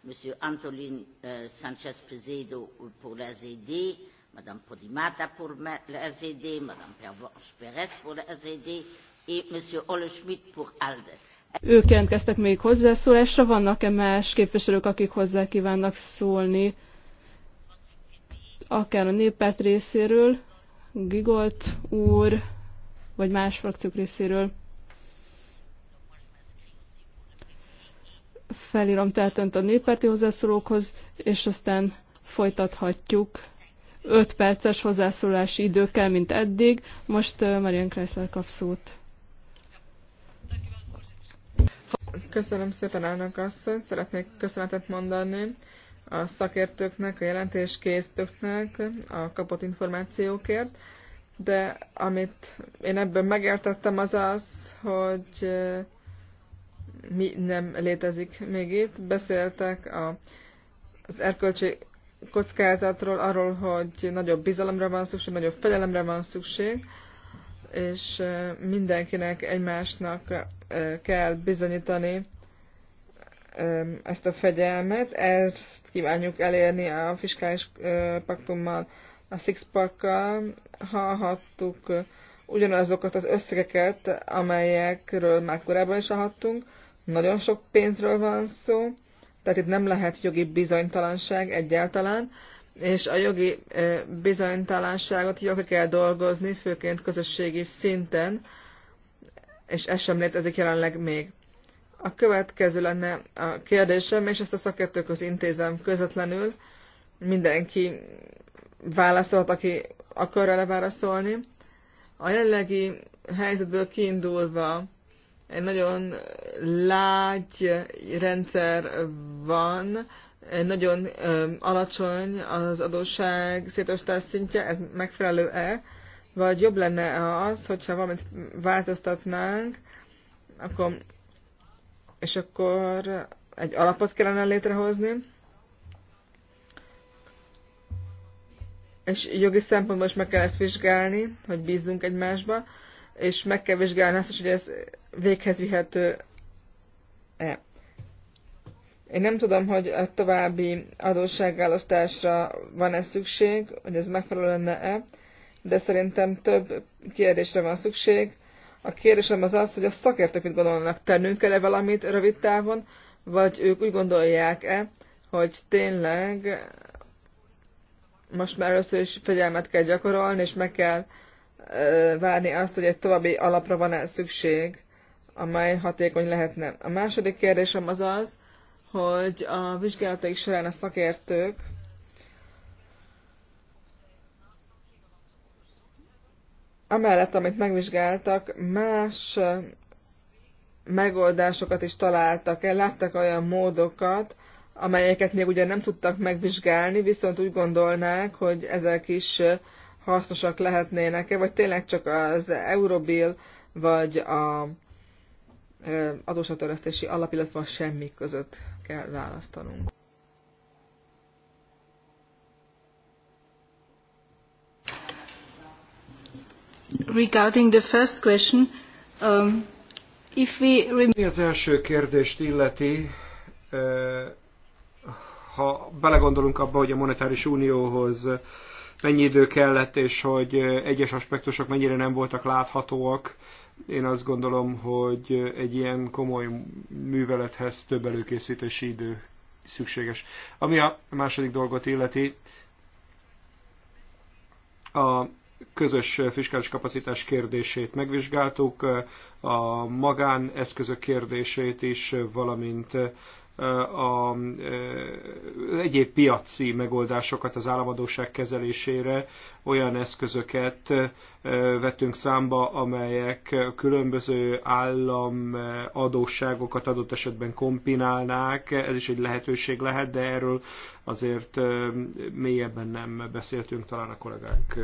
Monsieur Antolin euh, Sanchez-Prezedo pour la ZD, Madame Podimata pour le SED, Madame Pérez pour le SED et Monsieur Ole Schmidt pour ALDE. Ők jelentkeztek még hozzászólásra, vannak-e más képviselők, akik hozzá kívánnak szólni, akár a néppárt részéről, Gigolt úr, vagy más frakciók részéről? Felírom tehát önt a néppárti hozzászólókhoz, és aztán folytathatjuk 5 perces hozzászólási idő kell, mint eddig. Most Marian Kreisler kap szót. Köszönöm szépen, elnök asszony. Szeretnék köszönetet mondani a szakértőknek, a jelentéskészítőknek a kapott információkért, de amit én ebből megértettem az az, hogy mi nem létezik még itt. Beszéltek a, az erkölcsi kockázatról, arról, hogy nagyobb bizalomra van szükség, nagyobb fegyelemre van szükség, és mindenkinek egymásnak kell bizonyítani ezt a fegyelmet. Ezt kívánjuk elérni a fiskális paktummal, a six-pakkal. Hallhattuk ugyanazokat az összegeket, amelyekről már korábban is hallhattunk. Nagyon sok pénzről van szó tehát itt nem lehet jogi bizonytalanság egyáltalán, és a jogi bizonytalanságot jogi kell dolgozni, főként közösségi szinten, és ez sem létezik jelenleg még. A következő lenne a kérdésem, és ezt a szakértőköz intézem közvetlenül. Mindenki válaszolt, aki akar vele válaszolni. A jelenlegi helyzetből kiindulva egy nagyon lágy rendszer van, egy nagyon alacsony az adósság szétosztás szintje, ez megfelelő-e, vagy jobb lenne az, hogyha valamit változtatnánk, akkor, és akkor egy alapot kellene létrehozni, és jogi szempontból is meg kell ezt vizsgálni, hogy bízzunk egymásba, és meg kell vizsgálni azt is, hogy ez véghez vihető-e. Én nem tudom, hogy a további adósságválasztásra van-e szükség, hogy ez megfelelő lenne-e, de szerintem több kérdésre van szükség. A kérdésem az az, hogy a szakértők mit gondolnak, tennünk kell-e valamit rövid távon, vagy ők úgy gondolják-e, hogy tényleg most már először is fegyelmet kell gyakorolni, és meg kell várni azt, hogy egy további alapra van-e szükség amely hatékony lehetne. A második kérdésem az az, hogy a vizsgálataik során a szakértők amellett, amit megvizsgáltak, más megoldásokat is találtak el, láttak olyan módokat, amelyeket még ugye nem tudtak megvizsgálni, viszont úgy gondolnák, hogy ezek is hasznosak lehetnének-e, vagy tényleg csak az Eurobill, vagy a adósatörlesztési alap, illetve a semmi között kell választanunk. Regarding the first question, um, if we... remember... Mi az első kérdést illeti, ha belegondolunk abba, hogy a monetáris unióhoz mennyi idő kellett, és hogy egyes aspektusok mennyire nem voltak láthatóak, én azt gondolom, hogy egy ilyen komoly művelethez több előkészítési idő szükséges. Ami a második dolgot illeti, a közös fiskális kapacitás kérdését megvizsgáltuk, a magán eszközök kérdését is, valamint a, egyéb piaci megoldásokat az államadóság kezelésére, olyan eszközöket vettünk számba, amelyek különböző állam adósságokat adott esetben kombinálnák. Ez is egy lehetőség lehet, de erről azért mélyebben nem beszéltünk, talán a kollégák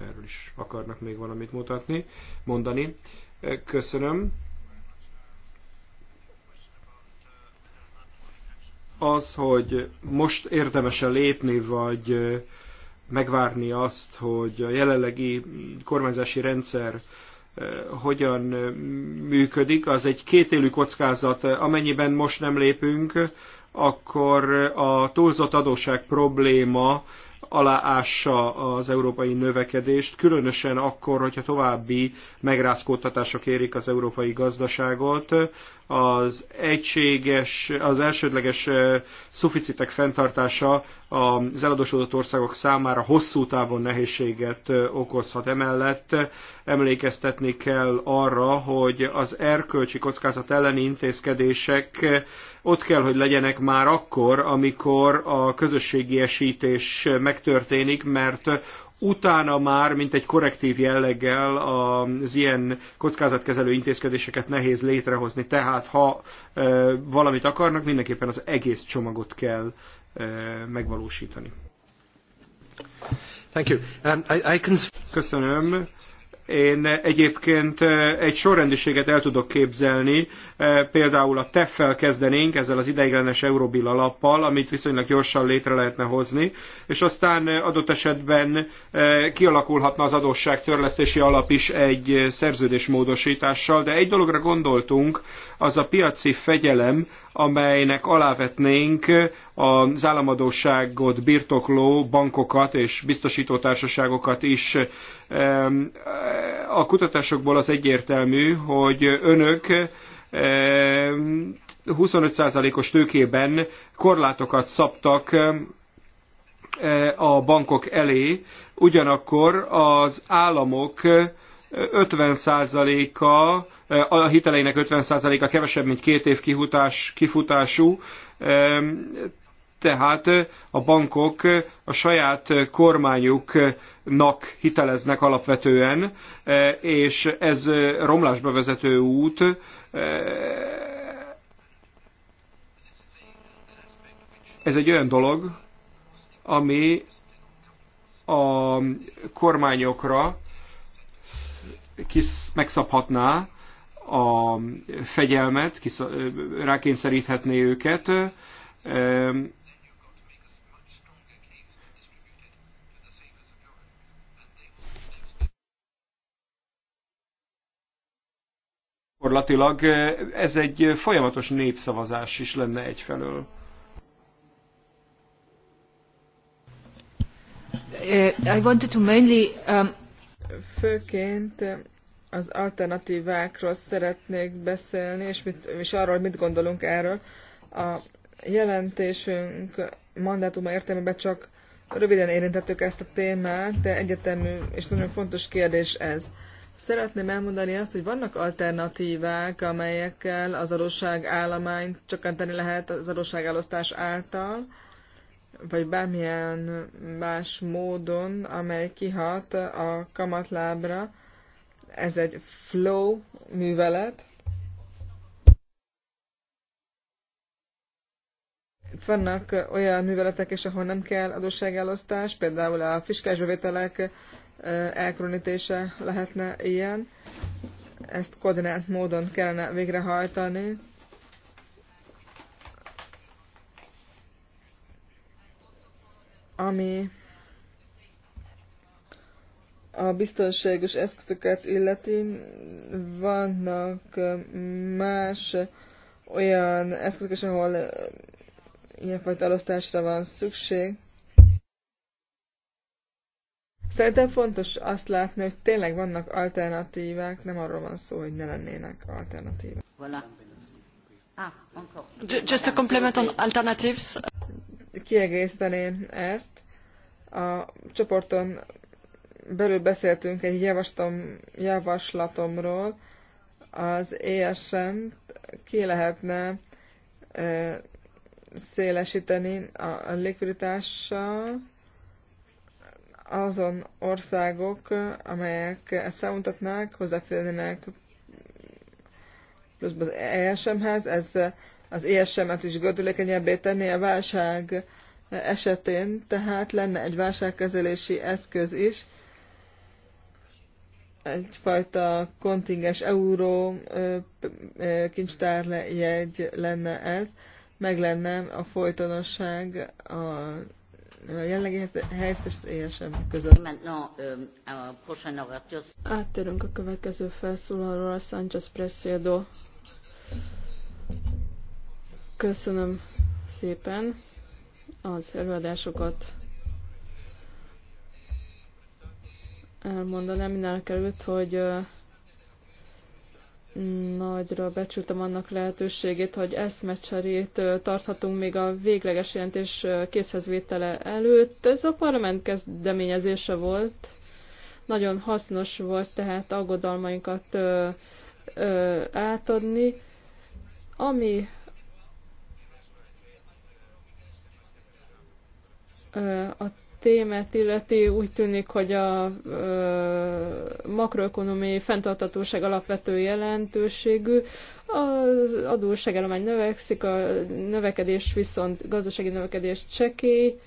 erről is akarnak még valamit mutatni, mondani. Köszönöm. az, hogy most érdemese lépni, vagy megvárni azt, hogy a jelenlegi kormányzási rendszer hogyan működik, az egy kétélű kockázat. Amennyiben most nem lépünk, akkor a túlzott adóság probléma aláássa az európai növekedést, különösen akkor, hogyha további megrázkódtatások érik az európai gazdaságot, az egységes, az elsődleges szuficitek fenntartása az eladósodott országok számára hosszú távon nehézséget okozhat. Emellett emlékeztetni kell arra, hogy az erkölcsi kockázat elleni intézkedések ott kell, hogy legyenek már akkor, amikor a közösségi esítés megtörténik, mert utána már, mint egy korrektív jelleggel az ilyen kockázatkezelő intézkedéseket nehéz létrehozni. Tehát ha valamit akarnak, mindenképpen az egész csomagot kell megvalósítani. Thank you. Um, I, I can... Köszönöm. Én egyébként eh, egy sorrendiséget el tudok képzelni, eh, például a TEF-fel kezdenénk, ezzel az ideiglenes Eurobill alappal, amit viszonylag gyorsan létre lehetne hozni, és aztán eh, adott esetben kialakulhatna az adósságtörlesztési alap is egy szerződésmódosítással, de egy dologra gondoltunk, az a piaci fegyelem, amelynek alávetnénk az államadóságot birtokló bankokat és biztosítótársaságokat is. A kutatásokból az egyértelmű, hogy önök 25%-os tőkében korlátokat szabtak a bankok elé, ugyanakkor az államok 50%-a, a hiteleinek 50%-a kevesebb, mint két év kihutás, kifutású, tehát a bankok a saját kormányuknak hiteleznek alapvetően, és ez romlásba vezető út, ez egy olyan dolog, ami a kormányokra kis megszabhatná a fegyelmet, kis, rákényszeríthetné őket, gyakorlatilag ez egy folyamatos népszavazás is lenne egyfelől. I wanted to mainly, um... Főként az alternatívákról szeretnék beszélni, és, mit, és arról, mit gondolunk erről. A jelentésünk mandátuma értelmében csak röviden érintettük ezt a témát, de egyetemű és nagyon fontos kérdés ez. Szeretném elmondani azt, hogy vannak alternatívák, amelyekkel az adósság állományt csökkenteni lehet az elosztás által, vagy bármilyen más módon, amely kihat a kamatlábra. Ez egy flow művelet. Itt vannak olyan műveletek is, ahol nem kell adósságálosztás, például a fiskális bevételek elkülönítése lehetne ilyen. Ezt koordinált módon kellene végrehajtani. Ami a biztonságos eszközöket illeti, vannak más olyan eszközök ahol ilyenfajta elosztásra van szükség. Szerintem fontos azt látni, hogy tényleg vannak alternatívák, nem arról van szó, hogy ne lennének alternatívák. Ah, just a compliment on alternatives. Kiegészteném ezt. A csoporton belül beszéltünk egy javaslatom, javaslatomról, az ESM ki lehetne e, szélesíteni a, a likviditással, azon országok, amelyek ezt felmutatnák, hozzáférnének plusz az ESM-hez, ez az ESM-et is gördülékenyebbé tenni a válság esetén, tehát lenne egy válságkezelési eszköz is, egyfajta kontingens euró kincstárjegy lenne ez, meg lenne a folytonosság a a jelenlegi helyzet és az ESM között. Áttérünk a következő felszólalóra, Sánchez Presedo. Köszönöm szépen az előadásokat. Elmondanám mindenek előtt, hogy nagyra becsültem annak lehetőségét, hogy eszmecserét tarthatunk még a végleges jelentés készhezvétele előtt. Ez a parlament kezdeményezése volt. Nagyon hasznos volt tehát aggodalmainkat ö, ö, átadni. Ami ö, a témát illeti, úgy tűnik, hogy a makroökonomiai fenntartatóság alapvető jelentőségű. Az adósságállomány növekszik, a növekedés viszont, gazdasági növekedés csekély,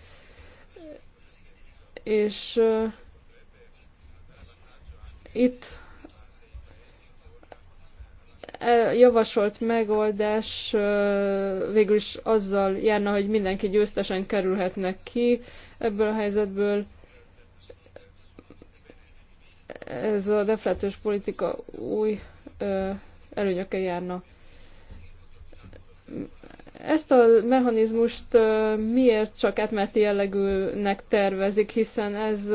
és itt E, javasolt megoldás e, végül is azzal járna, hogy mindenki győztesen kerülhetne ki ebből a helyzetből. Ez a deflációs politika új e, előnyöke járna. Ezt a mechanizmust miért csak etmeti jellegűnek tervezik, hiszen ez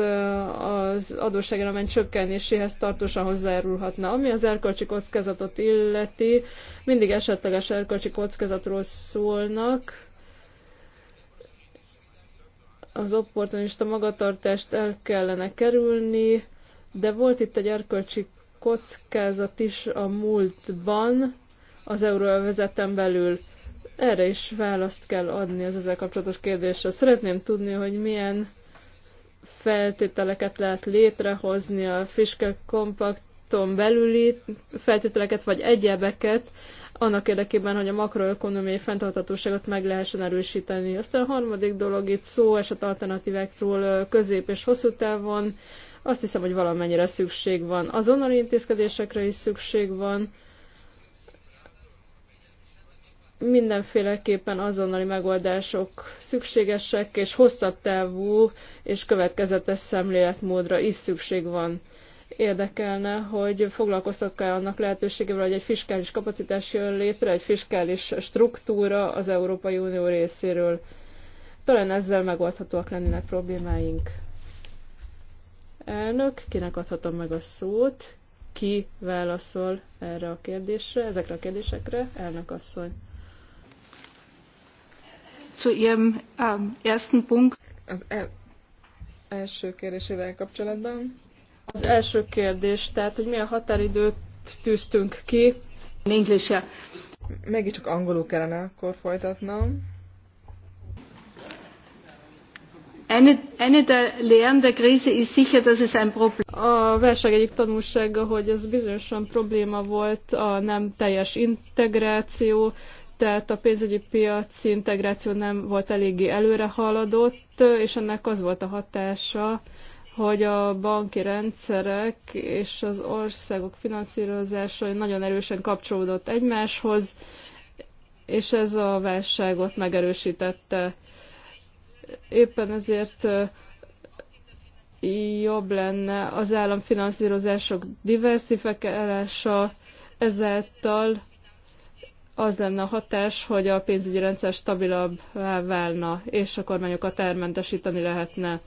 az adósságállomány csökkenéséhez tartósan hozzájárulhatna. Ami az erkölcsi kockázatot illeti, mindig esetleges erkölcsi kockázatról szólnak. Az opportunista magatartást el kellene kerülni, de volt itt egy erkölcsi kockázat is a múltban az euróvezeten belül erre is választ kell adni az ezzel kapcsolatos kérdésre. Szeretném tudni, hogy milyen feltételeket lehet létrehozni a Fiske kompakton belüli feltételeket, vagy egyebeket, annak érdekében, hogy a makroökonomiai fenntarthatóságot meg lehessen erősíteni. Aztán a harmadik dolog itt szó eset alternatívektról közép és hosszú távon. Azt hiszem, hogy valamennyire szükség van. Azonnali intézkedésekre is szükség van mindenféleképpen azonnali megoldások szükségesek, és hosszabb távú és következetes szemléletmódra is szükség van. Érdekelne, hogy foglalkoztak-e annak lehetőségével, hogy egy fiskális kapacitás jön létre, egy fiskális struktúra az Európai Unió részéről. Talán ezzel megoldhatóak lennének problémáink. Elnök, kinek adhatom meg a szót? Ki válaszol erre a kérdésre, ezekre a kérdésekre? Elnök asszony zu Ihrem ähm, ersten Punkt. Az el első kérdésével kapcsolatban. Az első kérdés, tehát hogy milyen határidőt tűztünk ki. English -e. csak angolul kellene akkor folytatnom. Eine, der Lehren der Krise ist sicher, dass es ein Problem A válság egyik tanulsága, hogy ez bizonyosan probléma volt a nem teljes integráció, tehát a pénzügyi piaci integráció nem volt eléggé előre haladott, és ennek az volt a hatása, hogy a banki rendszerek és az országok finanszírozása nagyon erősen kapcsolódott egymáshoz, és ez a válságot megerősítette. Éppen ezért jobb lenne az államfinanszírozások diversifikálása, ezáltal az lenne a hatás, hogy a pénzügyi rendszer stabilabb válna, és a kormányokat elmentesíteni lehetne.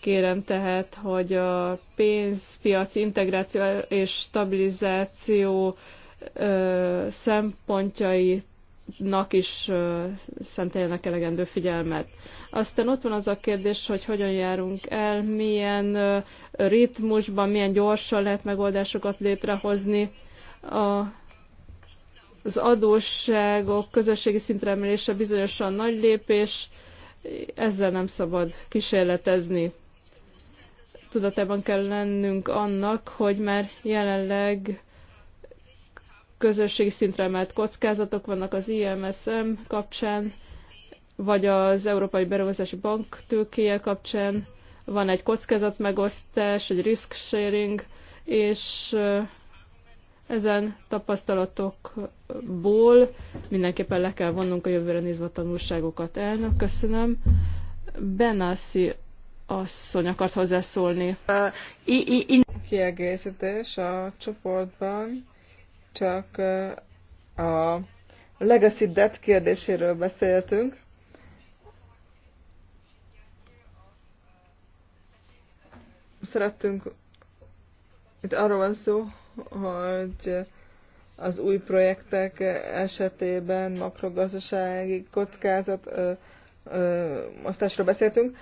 Kérem tehát, hogy a pénzpiaci integráció és stabilizáció ö, szempontjainak is ö, szenteljenek elegendő figyelmet. Aztán ott van az a kérdés, hogy hogyan járunk el, milyen ö, ritmusban, milyen gyorsan lehet megoldásokat létrehozni. A az adósságok közösségi szintre emelése bizonyosan nagy lépés, ezzel nem szabad kísérletezni. Tudatában kell lennünk annak, hogy már jelenleg közösségi szintre emelt kockázatok vannak az IMSM kapcsán, vagy az Európai Beruházási Bank tőkéje kapcsán, van egy kockázatmegosztás, egy risk sharing, és ezen tapasztalatokból mindenképpen le kell vonnunk a jövőre nézve a tanulságokat. Elnök, köszönöm. Benászi asszony akart hozzászólni. Uh, Kiegészítés a csoportban csak uh, a legacy debt kérdéséről beszéltünk. Szerettünk, itt arról van szó, hogy az új projektek esetében makrogazdasági kockázat osztásról beszéltünk.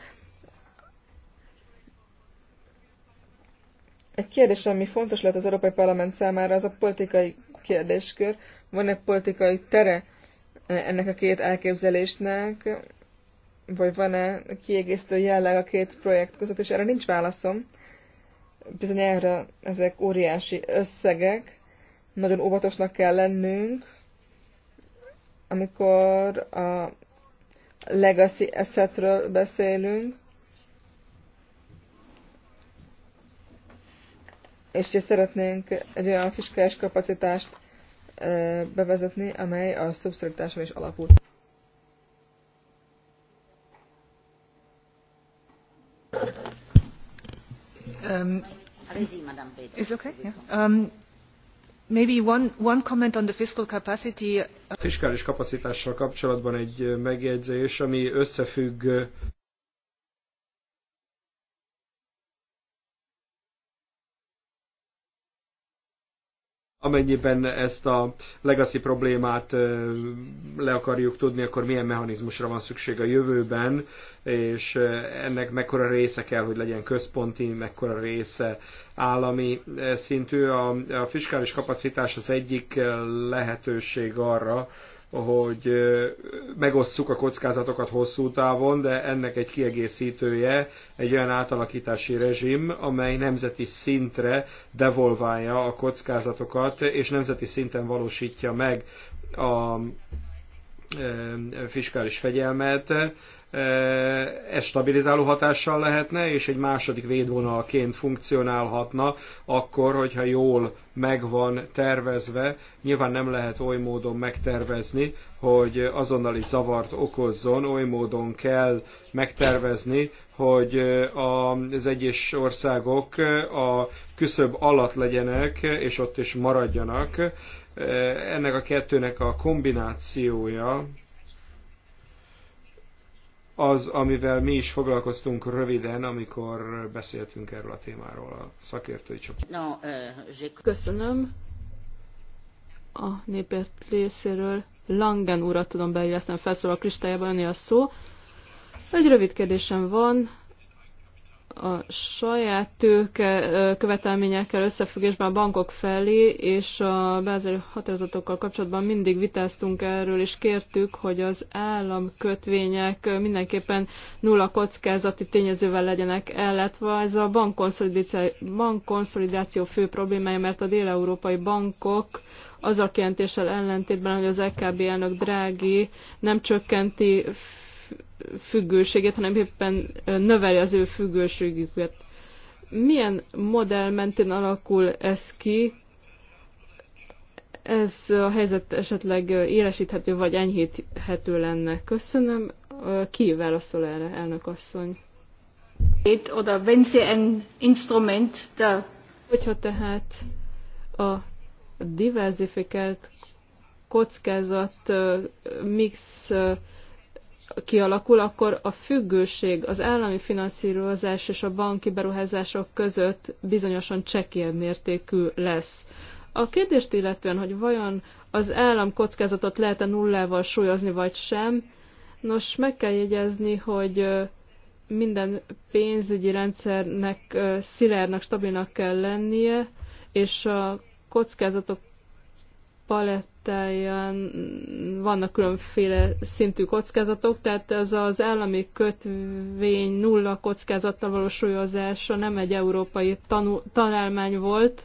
Egy kérdés, ami fontos lehet az Európai Parlament számára, az a politikai kérdéskör. Van-e politikai tere ennek a két elképzelésnek, vagy van-e kiegészítő jelleg a két projekt között, és erre nincs válaszom bizonyára ezek óriási összegek, nagyon óvatosnak kell lennünk, amikor a legacy assetről beszélünk, és hogy szeretnénk egy olyan fiskális kapacitást bevezetni, amely a szubszidiaritáson is alapult. Um, is okay? Yeah. Um, maybe one, one comment on the fiscal capacity. A fiskális kapacitással kapcsolatban egy megjegyzés, ami összefügg amennyiben ezt a legacy problémát le akarjuk tudni, akkor milyen mechanizmusra van szükség a jövőben, és ennek mekkora része kell, hogy legyen központi, mekkora része állami szintű. A, a fiskális kapacitás az egyik lehetőség arra, hogy megosszuk a kockázatokat hosszú távon, de ennek egy kiegészítője egy olyan átalakítási rezsim, amely nemzeti szintre devolválja a kockázatokat, és nemzeti szinten valósítja meg a fiskális fegyelmet, Eh, ez stabilizáló hatással lehetne, és egy második védvonalként funkcionálhatna, akkor, hogyha jól megvan tervezve, nyilván nem lehet oly módon megtervezni, hogy azonnali zavart okozzon, oly módon kell megtervezni, hogy eh, az egyes országok eh, a küszöb alatt legyenek, és ott is maradjanak. Ennek a kettőnek a kombinációja az, amivel mi is foglalkoztunk röviden, amikor beszéltünk erről a témáról a szakértői csoport. Eh, Köszönöm a népért részéről. Langen úrat tudom beilleszteni felszólal a kristályában a szó. Egy rövid kérdésem van, a saját tőke követelményekkel összefüggésben a bankok felé, és a bázeli határozatokkal kapcsolatban mindig vitáztunk erről, és kértük, hogy az államkötvények mindenképpen nulla kockázati tényezővel legyenek ellátva. Ez a bankkonszolidáció, bankkonszolidáció fő problémája, mert a déleurópai bankok az a kijelentéssel ellentétben, hogy az EKB elnök Drági nem csökkenti függőséget, hanem éppen növeli az ő függőségüket. Milyen modell mentén alakul ez ki? Ez a helyzet esetleg élesíthető vagy enyhíthető lenne. Köszönöm. Ki válaszol erre, elnök asszony? Oder wenn Sie ein Instrument der... Hogyha tehát a diversifikált kockázat mix kialakul, akkor a függőség az állami finanszírozás és a banki beruházások között bizonyosan csekély mértékű lesz. A kérdést illetően, hogy vajon az állam kockázatot lehet-e nullával súlyozni, vagy sem, nos, meg kell jegyezni, hogy minden pénzügyi rendszernek szilárdnak, stabilnak kell lennie, és a kockázatok palett táján vannak különféle szintű kockázatok, tehát ez az állami kötvény nulla kockázattal valósuljozása nem egy európai tanul, volt,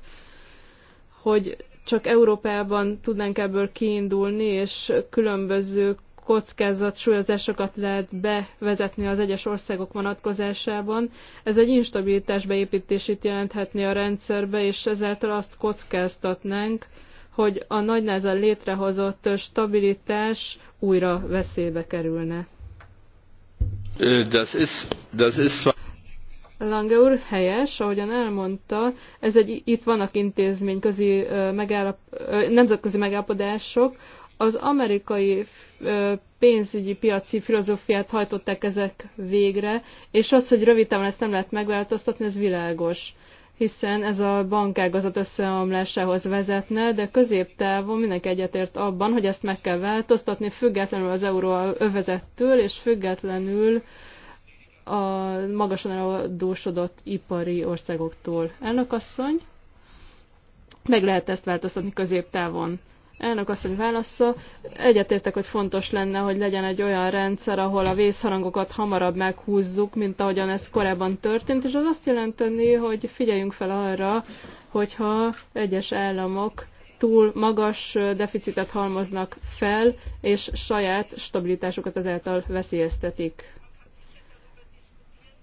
hogy csak Európában tudnánk ebből kiindulni, és különböző kockázat súlyozásokat lehet bevezetni az egyes országok vonatkozásában. Ez egy instabilitás beépítését jelenthetné a rendszerbe, és ezáltal azt kockáztatnánk, hogy a nagy nehezen létrehozott stabilitás újra veszélybe kerülne. Das ist, das ist... Lange úr, helyes, ahogyan elmondta, ez egy, itt vannak intézményközi megállap, nemzetközi megállapodások, az amerikai pénzügyi piaci filozófiát hajtották ezek végre, és az, hogy rövid távon ezt nem lehet megváltoztatni, ez világos hiszen ez a bankágazat összeomlásához vezetne, de középtávon mindenki egyetért abban, hogy ezt meg kell változtatni, függetlenül az euró övezettől, és függetlenül a magasan adósodott ipari országoktól. Elnök asszony, meg lehet ezt változtatni középtávon. Elnök asszony válasza. Egyetértek, hogy fontos lenne, hogy legyen egy olyan rendszer, ahol a vészharangokat hamarabb meghúzzuk, mint ahogyan ez korábban történt, és az azt jelenteni, hogy figyeljünk fel arra, hogyha egyes államok túl magas deficitet halmoznak fel, és saját stabilitásukat ezáltal veszélyeztetik.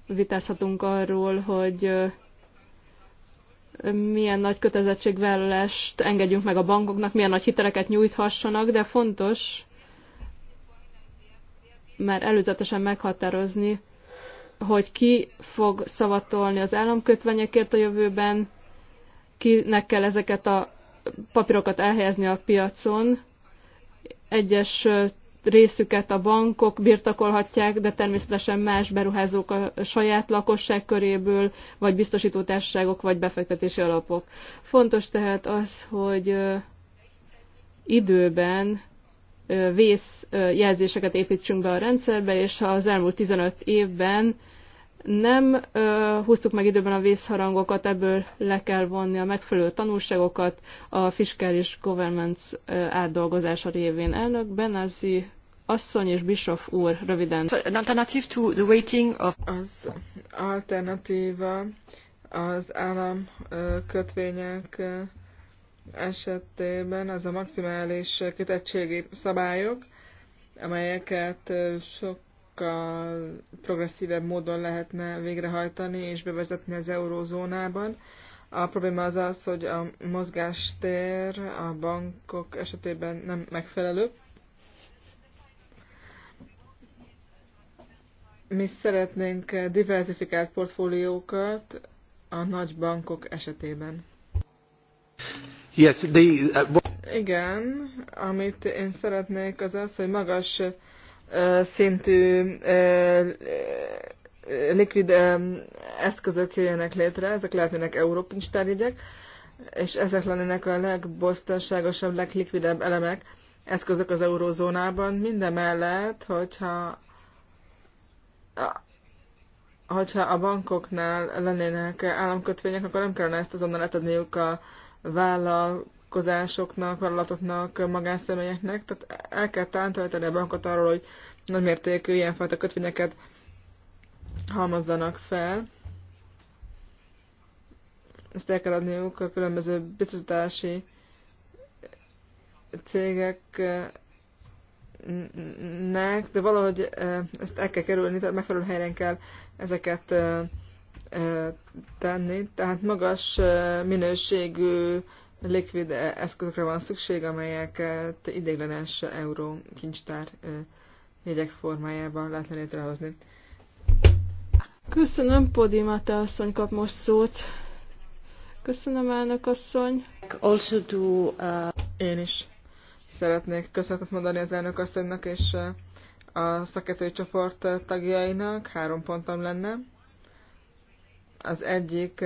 Vitázhatunk arról, hogy milyen nagy kötelezettségvállalást engedjünk meg a bankoknak, milyen nagy hiteleket nyújthassanak, de fontos már előzetesen meghatározni, hogy ki fog szavatolni az államkötvényekért a jövőben, kinek kell ezeket a papírokat elhelyezni a piacon. Egyes részüket a bankok birtokolhatják, de természetesen más beruházók a saját lakosság köréből, vagy biztosítótársaságok, vagy befektetési alapok. Fontos tehát az, hogy időben vészjelzéseket építsünk be a rendszerbe, és az elmúlt 15 évben nem ö, húztuk meg időben a vészharangokat, ebből le kell vonni a megfelelő tanulságokat a fiskális governments ö, átdolgozása révén. Elnök Benazi asszony és Bischoff úr röviden. So, an alternative to the waiting of... Az alternatíva az állam kötvények esetében az a maximális kitettségi szabályok, amelyeket sok sokkal progresszívebb módon lehetne végrehajtani és bevezetni az eurózónában. A probléma az az, hogy a mozgástér a bankok esetében nem megfelelő. Mi szeretnénk diversifikált portfóliókat a nagy bankok esetében. Yes, uh, Igen, amit én szeretnék az az, hogy magas szintű likvid eszközök jöjjenek létre, ezek lehetnének európincstárjegyek, és ezek lennének a legboztonságosabb, leglikvidebb elemek, eszközök az eurózónában, mindemellett, hogyha hogyha a bankoknál lennének államkötvények, akkor nem kellene ezt azonnal letadniuk a vállal vállalkozásoknak, vállalatoknak, magánszemélyeknek, tehát el kell tántalítani a bankot arról, hogy nagymértékű ilyenfajta kötvényeket halmozzanak fel. Ezt el kell adniuk a különböző biztosítási cégeknek, de valahogy ezt el kell kerülni, tehát megfelelő helyen kell ezeket tenni. Tehát magas minőségű likvid eszközökre van szükség, amelyeket ideiglenes euró kincstár jegyek formájában lehet létrehozni. Köszönöm, Mata asszony kap most szót. Köszönöm, elnök asszony. Also do, uh... Én is szeretnék köszönetet mondani az elnök asszonynak és a szakértői csoport tagjainak. Három pontom lenne. Az egyik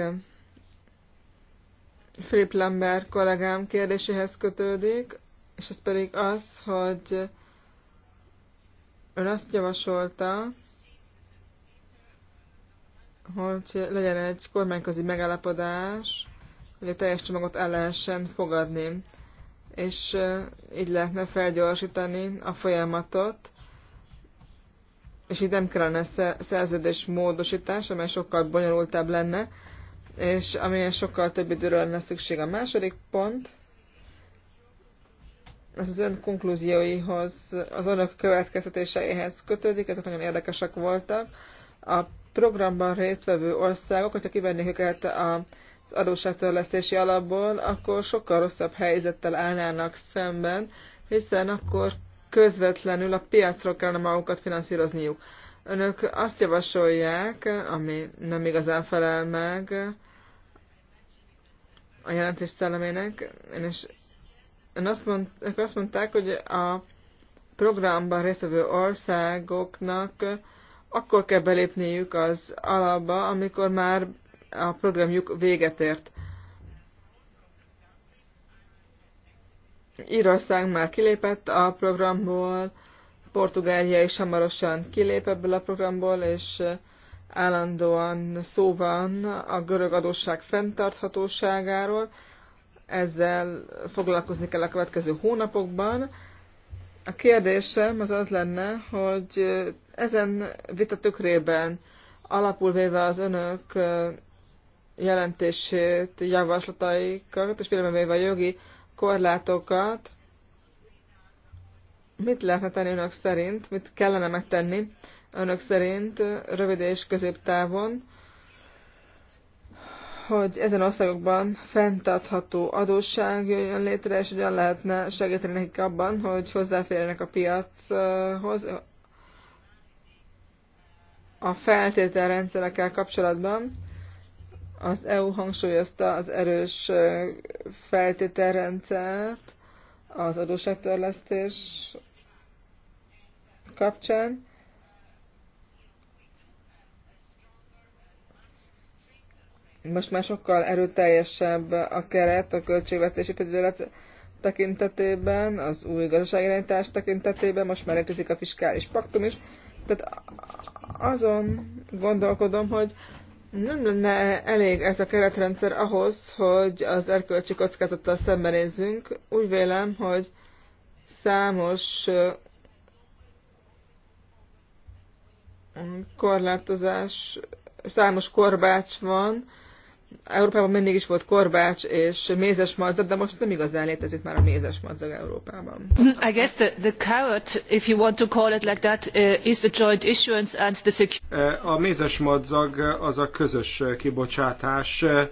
Philip Lember kollégám kérdéséhez kötődik, és ez pedig az, hogy ön azt javasolta, hogy legyen egy kormányközi megállapodás, hogy a teljes csomagot el lehessen fogadni, és így lehetne felgyorsítani a folyamatot, és így nem kellene szerződés módosítás, amely sokkal bonyolultabb lenne, és amilyen sokkal több időről lenne szükség. A második pont, ez az ön konklúzióihoz, az önök következtetéseihez kötődik, ezek nagyon érdekesek voltak. A programban résztvevő országok, hogyha kivennék őket az adósságtörlesztési alapból, akkor sokkal rosszabb helyzettel állnának szemben, hiszen akkor közvetlenül a piacra kellene magukat finanszírozniuk. Önök azt javasolják, ami nem igazán felel meg a jelentés szellemének, én is ön azt, mond, ők azt mondták, hogy a programban résztvevő országoknak akkor kell belépniük az alapba, amikor már a programjuk véget ért. Írország már kilépett a programból, Portugália is hamarosan kilép ebből a programból, és állandóan szó van a görög adósság fenntarthatóságáról. Ezzel foglalkozni kell a következő hónapokban. A kérdésem az az lenne, hogy ezen vita tükrében alapul véve az önök jelentését, javaslataikat, és figyelembe véve a jogi korlátokat. Mit lehetne tenni önök szerint, mit kellene megtenni önök szerint rövid és középtávon, hogy ezen országokban fenntartható adósság jöjjön létre, és hogyan lehetne segíteni nekik abban, hogy hozzáférjenek a piachoz, a feltételrendszerekkel kapcsolatban az EU hangsúlyozta az erős feltételrendszert az adósságtörlesztés kapcsán. Most már sokkal erőteljesebb a keret a költségvetési felügyelet tekintetében, az új gazdaságirányítás tekintetében, most már létezik a fiskális paktum is. Tehát azon gondolkodom, hogy nem lenne elég ez a keretrendszer ahhoz, hogy az erkölcsi kockázattal szembenézzünk. Úgy vélem, hogy számos korlátozás, számos korbács van, Európában mindig is volt korbács és mézes madzag, de most nem igazán létezik már a mézes madzag Európában. I guess the, the carrot, if you want to call it like that, uh, is the joint issuance and the security. Eh, a mézes madzag az a közös eh, kibocsátás, eh,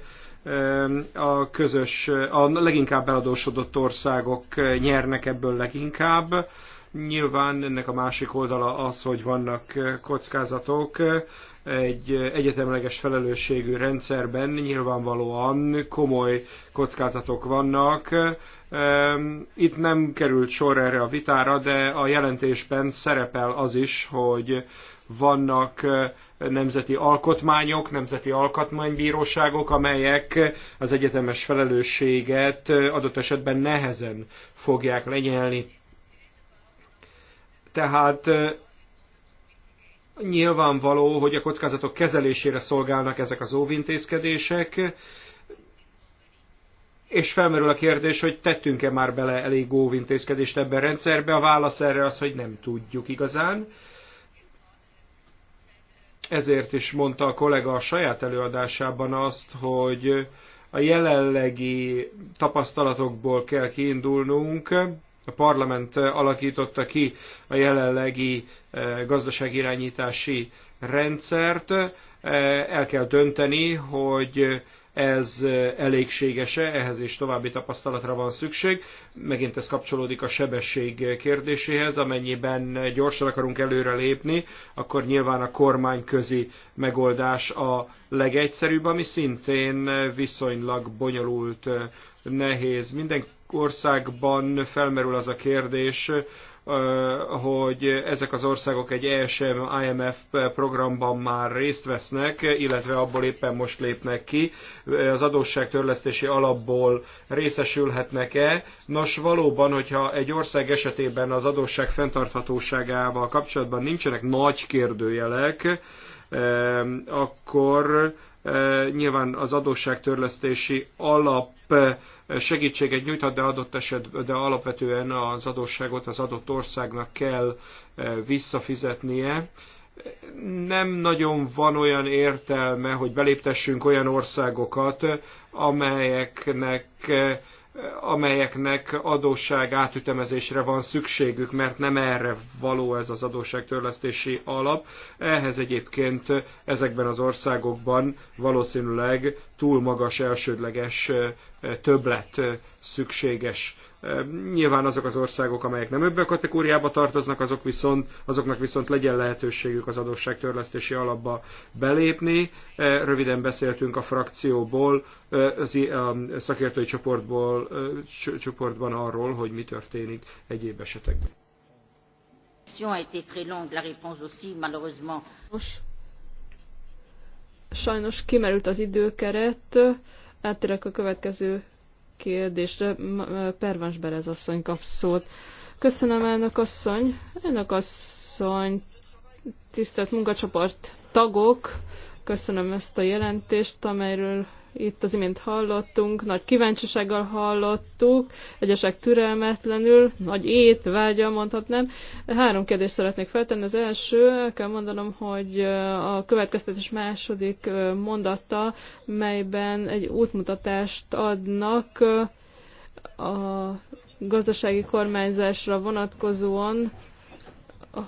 a közös, a leginkább eladósodott országok nyernek ebből leginkább. Nyilván ennek a másik oldala az, hogy vannak kockázatok, egy egyetemleges felelősségű rendszerben nyilvánvalóan komoly kockázatok vannak. Itt nem került sor erre a vitára, de a jelentésben szerepel az is, hogy vannak nemzeti alkotmányok, nemzeti alkotmánybíróságok, amelyek az egyetemes felelősséget adott esetben nehezen fogják lenyelni. Tehát Nyilvánvaló, hogy a kockázatok kezelésére szolgálnak ezek az óvintézkedések, és felmerül a kérdés, hogy tettünk-e már bele elég óvintézkedést ebben a rendszerbe. A válasz erre az, hogy nem tudjuk igazán. Ezért is mondta a kollega a saját előadásában azt, hogy a jelenlegi tapasztalatokból kell kiindulnunk, a parlament eh, alakította ki a jelenlegi eh, gazdaságirányítási rendszert. Eh, el kell dönteni, hogy ez elégséges-e, ehhez is további tapasztalatra van szükség. Megint ez kapcsolódik a sebesség kérdéséhez, amennyiben gyorsan akarunk előrelépni, akkor nyilván a kormányközi megoldás a legegyszerűbb, ami szintén viszonylag bonyolult, nehéz. Minden országban felmerül az a kérdés, hogy ezek az országok egy ESM, IMF programban már részt vesznek, illetve abból éppen most lépnek ki. Az adósság törlesztési alapból részesülhetnek-e? Nos, valóban, hogyha egy ország esetében az adósság fenntarthatóságával kapcsolatban nincsenek nagy kérdőjelek, akkor eh, nyilván az adósságtörlesztési alap eh, segítséget nyújthat, de adott esetben, de alapvetően az adósságot az adott országnak kell eh, visszafizetnie. Nem nagyon van olyan értelme, hogy beléptessünk olyan országokat, amelyeknek amelyeknek adósság átütemezésre van szükségük, mert nem erre való ez az adósságtörlesztési alap. Ehhez egyébként ezekben az országokban valószínűleg túl magas elsődleges többlet szükséges. Nyilván azok az országok, amelyek nem ebbe a kategóriába tartoznak, azok viszont, azoknak viszont legyen lehetőségük az adósságtörlesztési alapba belépni. Röviden beszéltünk a frakcióból, a szakértői csoportból, csoportban arról, hogy mi történik egyéb esetekben. sajnos kimerült az időkeret, áttérek a következő kérdésre Pervans Berez asszony kap szót. Köszönöm, elnök asszony. Elnök asszony, tisztelt munkacsoport tagok, köszönöm ezt a jelentést, amelyről itt az imént hallottunk, nagy kíváncsisággal hallottuk, egyesek türelmetlenül, nagy ét, vágya mondhatnám. Három kérdést szeretnék feltenni. Az első, el kell mondanom, hogy a következtetés második mondata, melyben egy útmutatást adnak a gazdasági kormányzásra vonatkozóan,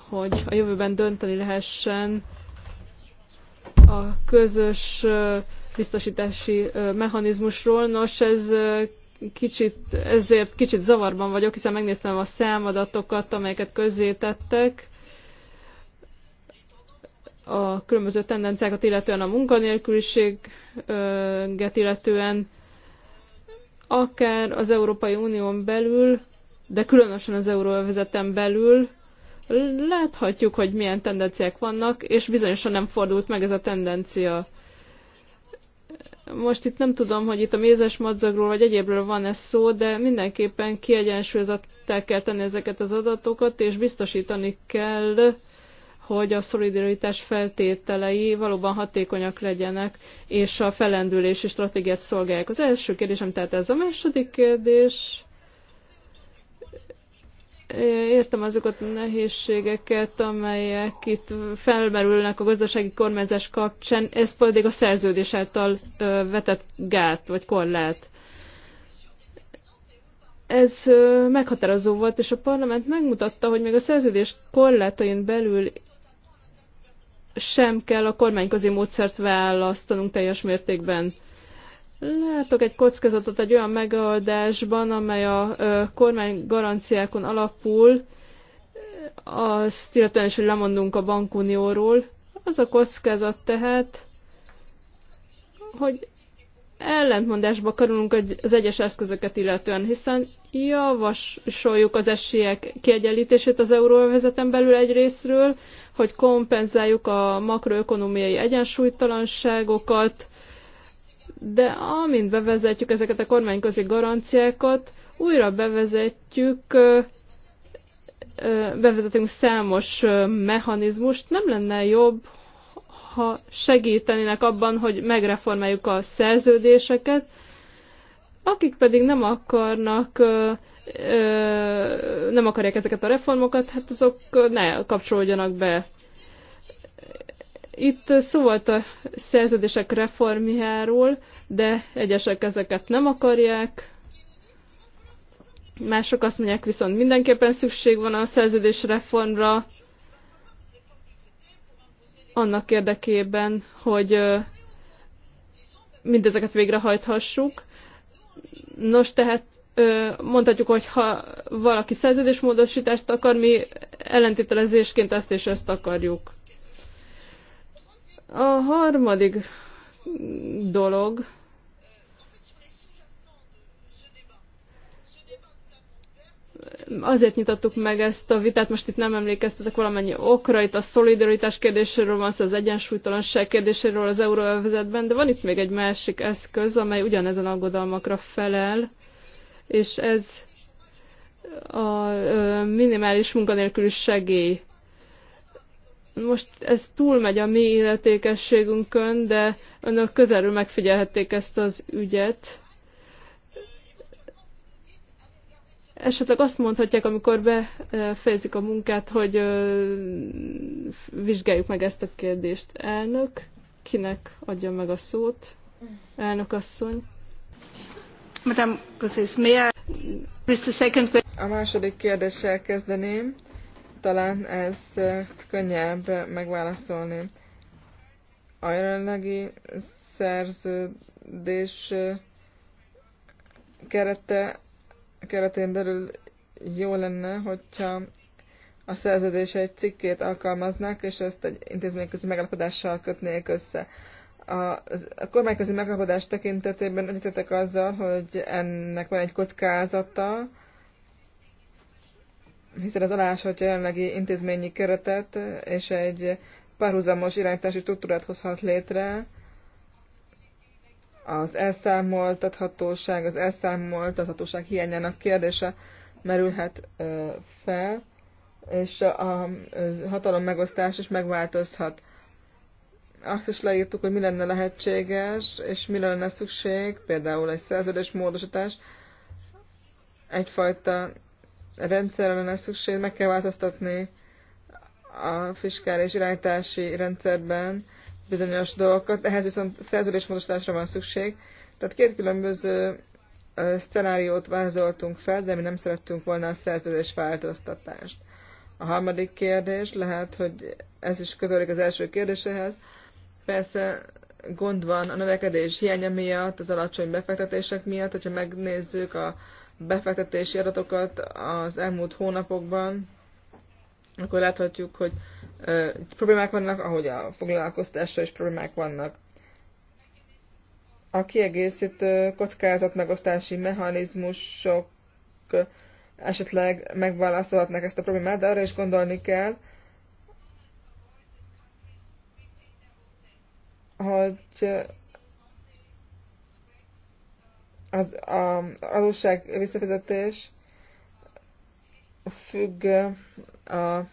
hogy a jövőben dönteni lehessen a közös biztosítási mechanizmusról. Nos, ez kicsit, ezért kicsit zavarban vagyok, hiszen megnéztem a számadatokat, amelyeket közzétettek a különböző tendenciákat, illetően a munkanélküliséget, illetően akár az Európai Unión belül, de különösen az euróvezeten belül láthatjuk, hogy milyen tendenciák vannak, és bizonyosan nem fordult meg ez a tendencia. Most itt nem tudom, hogy itt a mézes madzagról vagy egyébről van-e szó, de mindenképpen kiegyensúlyozattá kell tenni ezeket az adatokat, és biztosítani kell, hogy a szolidaritás feltételei valóban hatékonyak legyenek, és a felendülési stratégiát szolgálják. Az első kérdésem tehát ez a második kérdés Értem azokat a nehézségeket, amelyek itt felmerülnek a gazdasági kormányzás kapcsán, ez pedig a szerződés által vetett gát vagy korlát. Ez meghatározó volt, és a parlament megmutatta, hogy még a szerződés korlátain belül sem kell a kormányközi módszert választanunk teljes mértékben Látok egy kockázatot egy olyan megoldásban, amely a kormány garanciákon alapul, azt illetően is, hogy lemondunk a bankunióról. Az a kockázat tehát, hogy ellentmondásba kerülünk az egyes eszközöket illetően, hiszen javasoljuk az esélyek kiegyenlítését az euróvezeten belül egy részről, hogy kompenzáljuk a makroökonomiai egyensúlytalanságokat, de amint bevezetjük ezeket a kormányközi garanciákat, újra bevezetjük, bevezetünk számos mechanizmust, nem lenne jobb, ha segítenének abban, hogy megreformáljuk a szerződéseket, akik pedig nem akarnak, nem akarják ezeket a reformokat, hát azok ne kapcsolódjanak be itt szó volt a szerződések reformjáról, de egyesek ezeket nem akarják. Mások azt mondják, viszont mindenképpen szükség van a szerződés reformra, annak érdekében, hogy mindezeket végrehajthassuk. Nos, tehát mondhatjuk, hogy ha valaki szerződésmódosítást akar, mi ellentételezésként ezt és ezt akarjuk. A harmadik dolog, azért nyitottuk meg ezt a vitát, most itt nem emlékeztetek valamennyi okra, itt a szolidaritás kérdéséről van szó, az egyensúlytalanság kérdéséről az euróövezetben, de van itt még egy másik eszköz, amely ugyanezen aggodalmakra felel, és ez a minimális munkanélküli segély most ez túlmegy a mi illetékességünkön, de önök közelről megfigyelhették ezt az ügyet. Esetleg azt mondhatják, amikor befejezik a munkát, hogy vizsgáljuk meg ezt a kérdést. Elnök, kinek adja meg a szót? Elnök asszony. Madame, A második kérdéssel kezdeném talán ezt könnyebb megválaszolni. A jelenlegi szerződés kerete, keretén belül jó lenne, hogyha a szerződés egy cikkét alkalmaznak, és ezt egy intézményközi megalapodással kötnék össze. A, a kormányközi megalapodás tekintetében egyetetek azzal, hogy ennek van egy kockázata, hiszen ez aláshatja jelenlegi intézményi keretet, és egy párhuzamos irányítási struktúrát hozhat létre. Az elszámoltathatóság, az elszámoltathatóság hiányának kérdése merülhet fel, és a hatalom megosztás is megváltozhat. Azt is leírtuk, hogy mi lenne lehetséges, és mi lenne szükség, például egy szerződés módosítás, egyfajta rendszerre lenne szükség, meg kell változtatni a fiskális irányítási rendszerben bizonyos dolgokat, ehhez viszont szerződésmódosításra van szükség. Tehát két különböző szcenáriót vázoltunk fel, de mi nem szerettünk volna a szerződés változtatást. A harmadik kérdés, lehet, hogy ez is közölik az első kérdésehez. Persze gond van a növekedés hiánya miatt, az alacsony befektetések miatt, hogyha megnézzük a befektetési adatokat az elmúlt hónapokban, akkor láthatjuk, hogy uh, problémák vannak, ahogy a foglalkoztásra is problémák vannak. A kiegészítő kockázatmegosztási mechanizmusok esetleg megválaszolhatnak ezt a problémát, de arra is gondolni kell, hogy az a, adósság visszafizetés függ a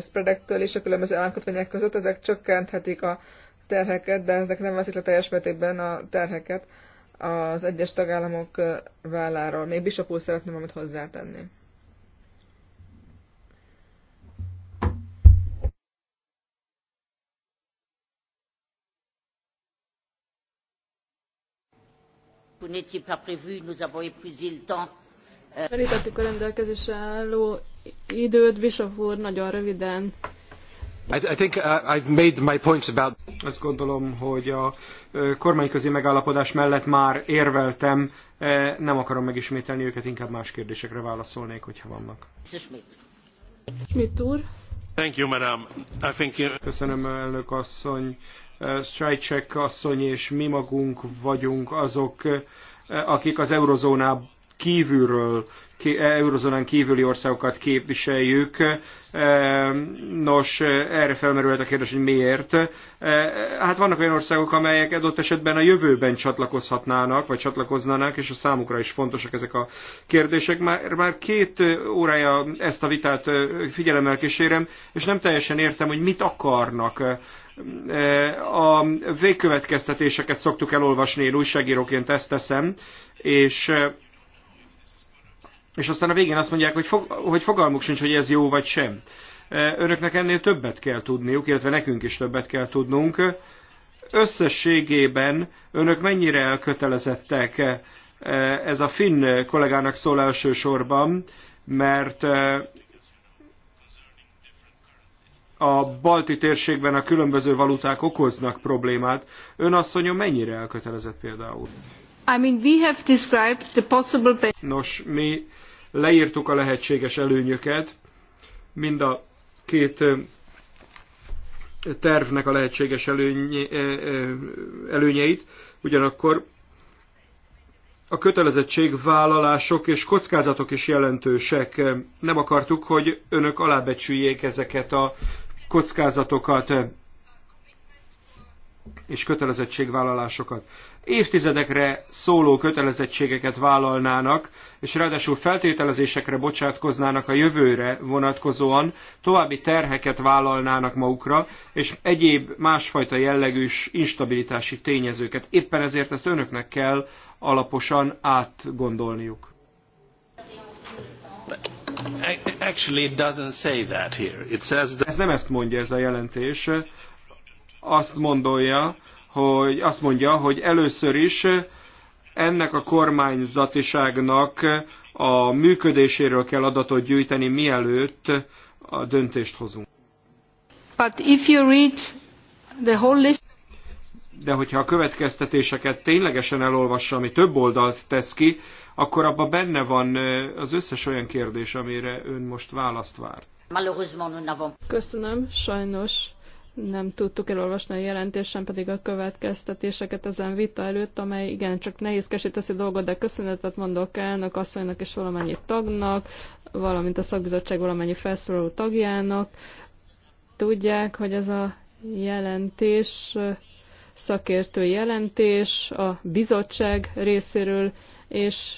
spreadektől és a különböző államkötvények között, ezek csökkenthetik a terheket, de ezek nem veszik le teljes mértékben a terheket az egyes tagállamok válláról. Még Bishop úr szeretném valamit hozzátenni. n'étiez pas prévu. Nous avons épuisé le temps. Euh, Felítettük a rendelkezésre álló időt, Bishop úr, nagyon röviden. I think uh, I've made my points about... Azt gondolom, hogy a kormányközi megállapodás mellett már érveltem, nem akarom megismételni őket, inkább más kérdésekre válaszolnék, hogyha vannak. Schmidt úr. Thank you, madam. I think... Uh, Köszönöm, elnök asszony. Strajcsek asszony és mi magunk vagyunk azok, akik az eurozónában kívülről, eurozónán kívüli országokat képviseljük. Nos, erre felmerült a kérdés, hogy miért. Hát vannak olyan országok, amelyek adott esetben a jövőben csatlakozhatnának, vagy csatlakoznának, és a számukra is fontosak ezek a kérdések. Már, már két órája ezt a vitát figyelemmel kísérem, és nem teljesen értem, hogy mit akarnak a végkövetkeztetéseket szoktuk elolvasni, én újságíróként ezt teszem, és és aztán a végén azt mondják, hogy, fog, hogy fogalmuk sincs, hogy ez jó vagy sem. Önöknek ennél többet kell tudniuk, illetve nekünk is többet kell tudnunk. Összességében önök mennyire elkötelezettek, eh, ez a finn kollégának szól elsősorban, mert eh, a balti térségben a különböző valuták okoznak problémát. Ön asszonyom mennyire elkötelezett például? I mean, we have described the possible... Nos, mi leírtuk a lehetséges előnyöket, mind a két tervnek a lehetséges előny, előnyeit, ugyanakkor a vállalások és kockázatok is jelentősek. Nem akartuk, hogy önök alábecsüljék ezeket a kockázatokat és kötelezettségvállalásokat. Évtizedekre szóló kötelezettségeket vállalnának, és ráadásul feltételezésekre bocsátkoznának a jövőre vonatkozóan, további terheket vállalnának magukra, és egyéb másfajta jellegű instabilitási tényezőket. Éppen ezért ezt önöknek kell alaposan átgondolniuk. Actually, it doesn't say that here. It says that... Ez nem ezt mondja ez a jelentés. Azt mondja, hogy, azt mondja, hogy először is ennek a kormányzatiságnak a működéséről kell adatot gyűjteni, mielőtt a döntést hozunk. But if you read the whole list de hogyha a következtetéseket ténylegesen elolvassa, ami több oldalt tesz ki, akkor abban benne van az összes olyan kérdés, amire ön most választ vár. Köszönöm, sajnos nem tudtuk elolvasni a jelentésen, pedig a következtetéseket ezen vita előtt, amely igen, csak nehézkesé teszi dolgot, de köszönetet mondok elnök asszonynak és valamennyi tagnak, valamint a szakbizottság valamennyi felszólaló tagjának. Tudják, hogy ez a jelentés szakértő jelentés a bizottság részéről, és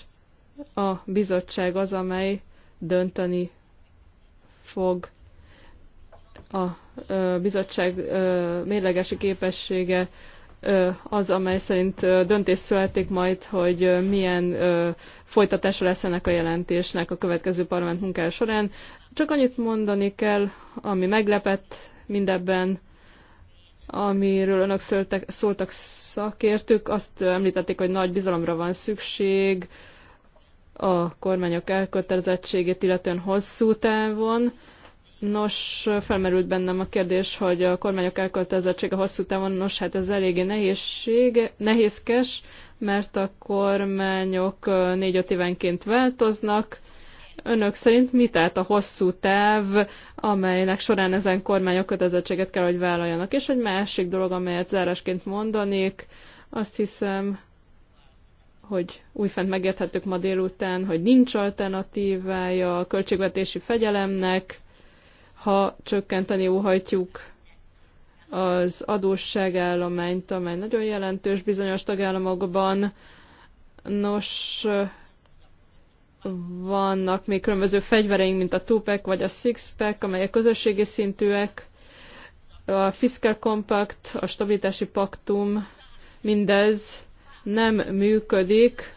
a bizottság az, amely dönteni fog a bizottság mérlegesi képessége az, amely szerint döntés születik majd, hogy milyen folytatása lesz ennek a jelentésnek a következő parlament munkája során. Csak annyit mondani kell, ami meglepett mindebben, amiről önök szóltak, szóltak szakértők, azt említették, hogy nagy bizalomra van szükség a kormányok elkötelezettségét, illetően hosszú távon. Nos, felmerült bennem a kérdés, hogy a kormányok elkötelezettsége hosszú távon, nos, hát ez eléggé nehézség, nehézkes, mert a kormányok négy-öt évenként változnak, Önök szerint mi állt a hosszú táv, amelynek során ezen kormányok kötelezettséget kell, hogy vállaljanak? És egy másik dolog, amelyet zárásként mondanék, azt hiszem, hogy újfent megérthettük ma délután, hogy nincs alternatívája a költségvetési fegyelemnek, ha csökkenteni óhajtjuk az adósságállományt, amely nagyon jelentős bizonyos tagállamokban. Nos, vannak még különböző fegyvereink, mint a Tupac vagy a Sixpack, amelyek közösségi szintűek, a Fiscal Compact, a Stabilitási Paktum, mindez nem működik.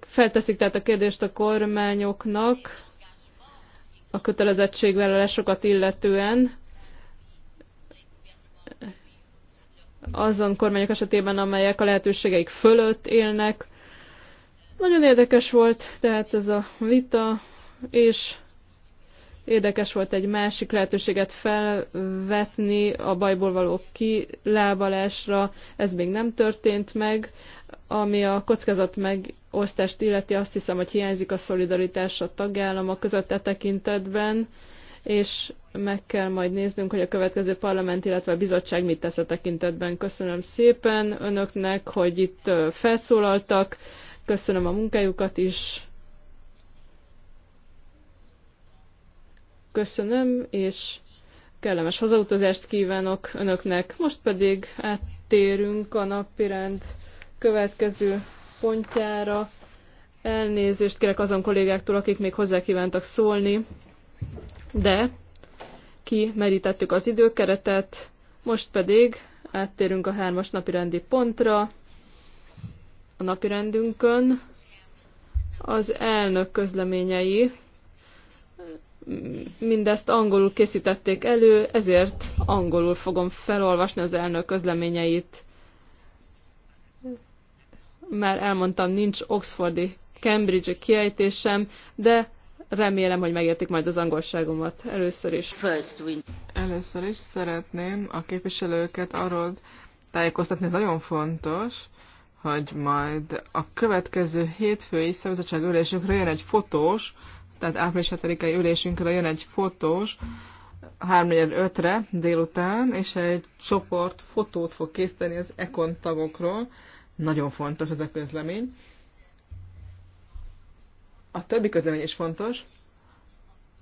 Felteszik tehát a kérdést a kormányoknak a kötelezettségvállalásokat illetően, azon kormányok esetében, amelyek a lehetőségeik fölött élnek. Nagyon érdekes volt tehát ez a vita, és érdekes volt egy másik lehetőséget felvetni a bajból való kilábalásra. Ez még nem történt meg. Ami a kockázat megosztást illeti, azt hiszem, hogy hiányzik a szolidaritás a tagállamok között e tekintetben és meg kell majd néznünk, hogy a következő parlament, illetve a bizottság mit tesz a tekintetben. Köszönöm szépen önöknek, hogy itt felszólaltak, köszönöm a munkájukat is. Köszönöm, és kellemes hazautazást kívánok önöknek. Most pedig áttérünk a napirend következő pontjára. Elnézést kérek azon kollégáktól, akik még hozzá kívántak szólni de merítettük az időkeretet, most pedig áttérünk a hármas napirendi pontra a napirendünkön. Az elnök közleményei mindezt angolul készítették elő, ezért angolul fogom felolvasni az elnök közleményeit. Már elmondtam, nincs oxfordi Cambridge kiejtésem, de Remélem, hogy megértik majd az angolságomat először is. Először is szeretném a képviselőket arról tájékoztatni, ez nagyon fontos, hogy majd a következő hétfői szabadság ülésünkre jön egy fotós, tehát április 7 ülésünkre jön egy fotós, 3-5-re délután, és egy csoport fotót fog készíteni az Ekon tagokról. Nagyon fontos ez a közlemény. A többi közlemény is fontos.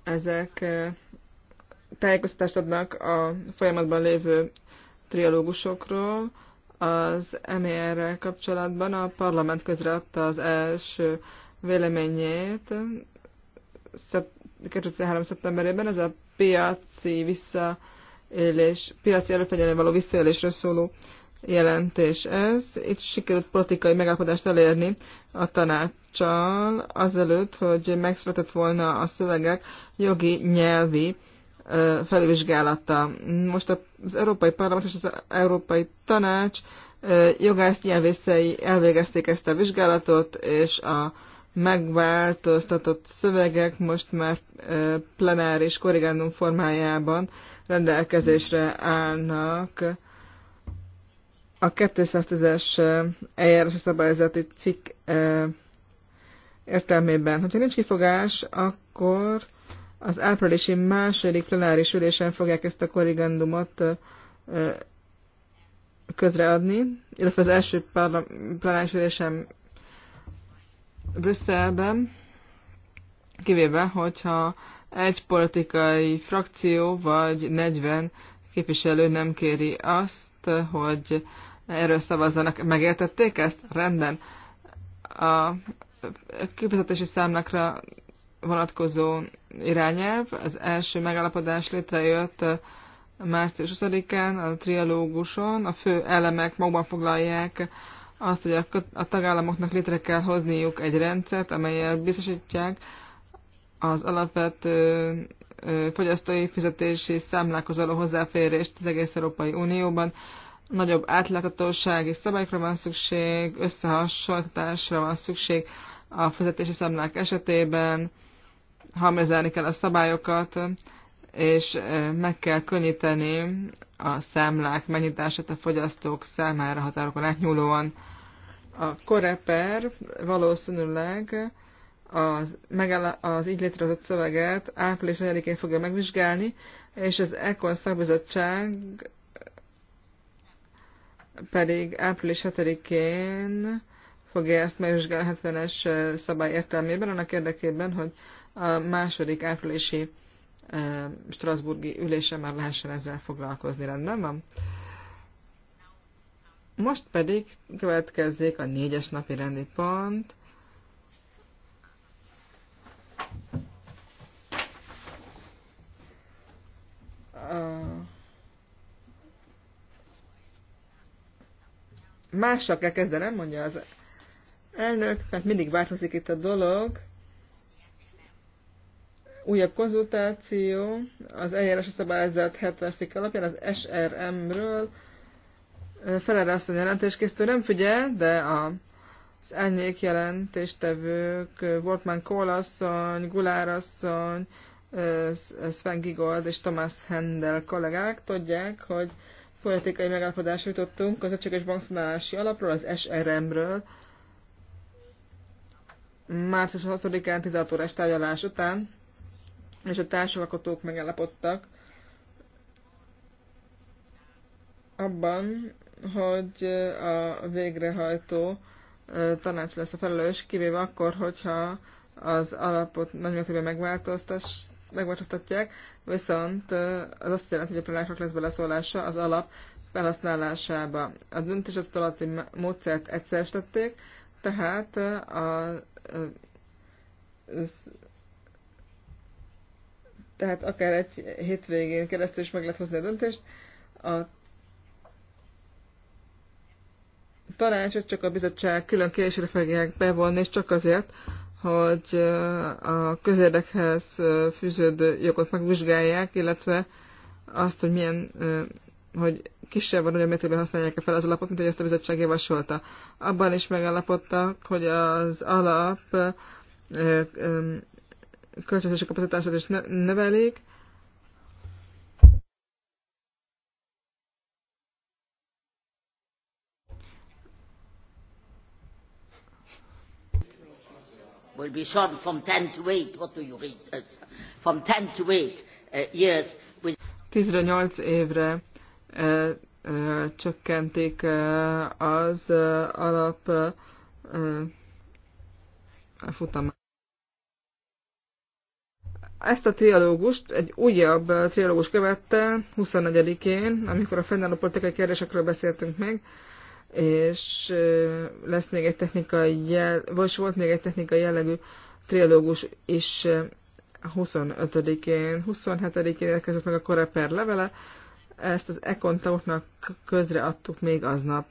Ezek eh, tájékoztatást adnak a folyamatban lévő triológusokról. Az mer kapcsolatban a parlament közreadta az első véleményét 2003. szeptemberében. Ez a piaci visszaélés, piaci előfegyelő való visszaélésről szóló jelentés ez. Itt sikerült politikai megállapodást elérni a tanácssal, azelőtt, hogy megszületett volna a szövegek jogi nyelvi felvizsgálata. Most az Európai Parlament és az Európai Tanács jogász nyelvészei elvégezték ezt a vizsgálatot, és a megváltoztatott szövegek most már plenáris korrigendum formájában rendelkezésre állnak a 210-es eljárási szabályzati cikk értelmében. Hogyha nincs kifogás, akkor az áprilisi második plenáris ülésen fogják ezt a korrigendumot közreadni, illetve az első plenáris ülésen Brüsszelben, kivéve, hogyha egy politikai frakció vagy 40 képviselő nem kéri azt, hogy erről szavazzanak. Megértették ezt? Rendben. A kifizetési számlákra vonatkozó irányelv, az első megállapodás létrejött március 20-án a trialóguson. A fő elemek magban foglalják azt, hogy a, a tagállamoknak létre kell hozniuk egy rendszert, amelyel biztosítják az alapvető fogyasztói fizetési számlákhoz való hozzáférést az egész Európai Unióban, nagyobb átláthatósági szabályokra van szükség, összehasonlításra van szükség a fizetési számlák esetében, hamizálni kell a szabályokat, és meg kell könnyíteni a számlák megnyitását a fogyasztók számára határokon átnyúlóan. A koreper valószínűleg az, megáll, az így létrehozott szöveget április 4-én fogja megvizsgálni, és az ECON szakbizottság pedig április 7-én fogja ezt megvizsgálni 70-es szabály értelmében, annak érdekében, hogy a második áprilisi Strasburgi ülése már lehessen ezzel foglalkozni, rendben van? Most pedig következzék a négyes napi rendi pont. Uh. Mással kell kezdenem, mondja az elnök, mert mindig változik itt a dolog. Újabb konzultáció az eljárás szabályozat 70 szik alapján az SRM-ről. Felelre azt a jelentéskészítő nem figyel, de a az elnyék jelentéstevők, Wortmann Kólasszony, Gulárasszony, Sven Gigold és Thomas Hendel kollégák tudják, hogy politikai megállapodásra jutottunk az egységes bankszanálási alapról, az SRM-ről. Március 6-án 16 órás tárgyalás után, és a társalkotók megállapodtak abban, hogy a végrehajtó tanács lesz a felelős, kivéve akkor, hogyha az alapot nagymértékben megváltoztass, megváltoztatják, viszont az azt jelenti, hogy a plenárisnak lesz beleszólása az alap felhasználásába. A döntés az alatti módszert egyszer tették, tehát a, az, tehát akár egy hétvégén keresztül is meg lehet hozni a döntést. A tanácsot csak a bizottság külön kérésére fogják bevonni, és csak azért, hogy a közérdekhez fűződő jogot megvizsgálják, illetve azt, hogy milyen hogy kisebb vagy nagyobb mértékben használják -e fel az alapot, mint hogy ezt a bizottság javasolta. Abban is megállapodtak, hogy az alap költségvetési kapacitását is növelik, will be shortened from 10 to 8. What do you read? From 10 to 8 uh, years. With évre uh, uh, csökkentik az alap futam. Ezt a trialógust egy újabb trialógus követte 24-én, amikor a fennálló politikai kérdésekről beszéltünk meg, és lesz még egy technikai jel, vagy volt még egy technikai jellegű trilógus is 25-én, 27-én érkezett meg a Koreper levele, ezt az Econ Tautnak közre adtuk még aznap.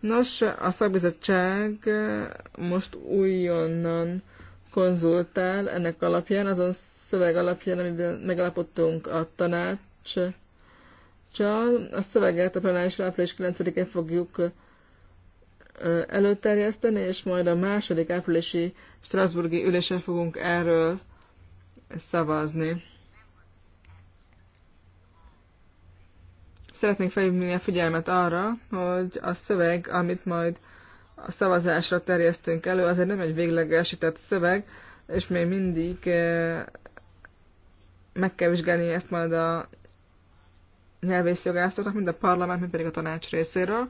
Nos, a szakbizottság most újonnan konzultál ennek alapján, azon szöveg alapján, amiben megalapodtunk a tanács A szöveget a plenáris április 9-én fogjuk előterjeszteni, és majd a második áprilisi Strasburgi ülésen fogunk erről szavazni. Szeretnék felhívni a figyelmet arra, hogy a szöveg, amit majd a szavazásra terjesztünk elő, az egy nem egy véglegesített szöveg, és még mindig meg kell vizsgálni ezt majd a nyelvészjogászoknak, mind a parlament, mind pedig a tanács részéről.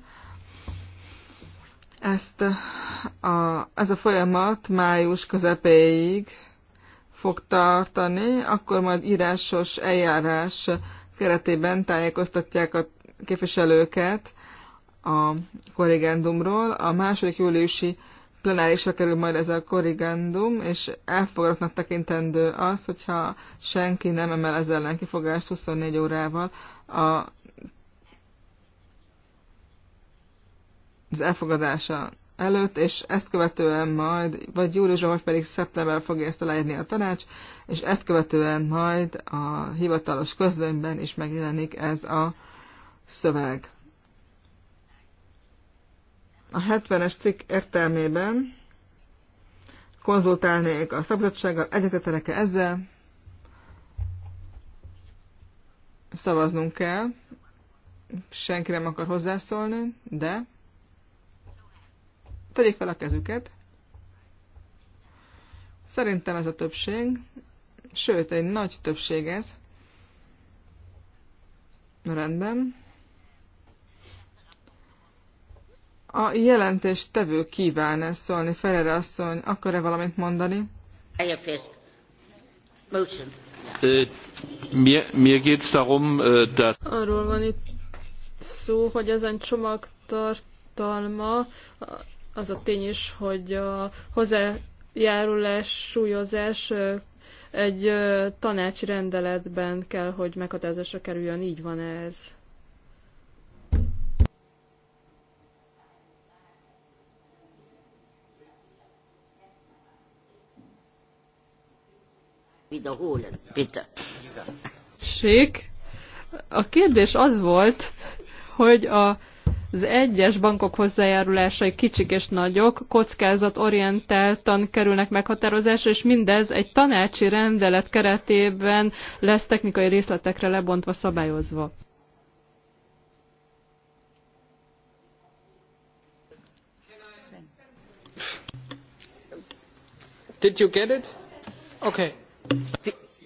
Ezt a, ez a folyamat május közepéig fog tartani, akkor majd írásos eljárás keretében tájékoztatják a képviselőket a korrigendumról. A második júliusi plenárisra kerül majd ez a korrigendum, és elfogadottnak tekintendő az, hogyha senki nem emel ezzel ellen kifogást 24 órával a az elfogadása előtt, és ezt követően majd, vagy júliusban, vagy pedig szeptemberben fogja ezt aláírni a tanács, és ezt követően majd a hivatalos közlönyben is megjelenik ez a szöveg. A 70-es cikk értelmében konzultálnék a szabadsággal, egyetetelek -e ezzel, szavaznunk kell, senki nem akar hozzászólni, de tegyék fel a kezüket. Szerintem ez a többség, sőt, egy nagy többség ez. Rendben. A jelentés tevő kíván-e szólni? Ferere asszony, akar-e valamit mondani? Arról van itt szó, hogy ezen csomagtartalma az a tény is, hogy a hozzájárulás súlyozás egy tanácsi rendeletben kell, hogy meghatározásra kerüljön. Így van -e ez. bitte. Sik. A kérdés az volt, hogy a az egyes bankok hozzájárulásai kicsik és nagyok, kockázatorientáltan kerülnek meghatározásra, és mindez egy tanácsi rendelet keretében lesz technikai részletekre lebontva szabályozva. Did you get it? Okay.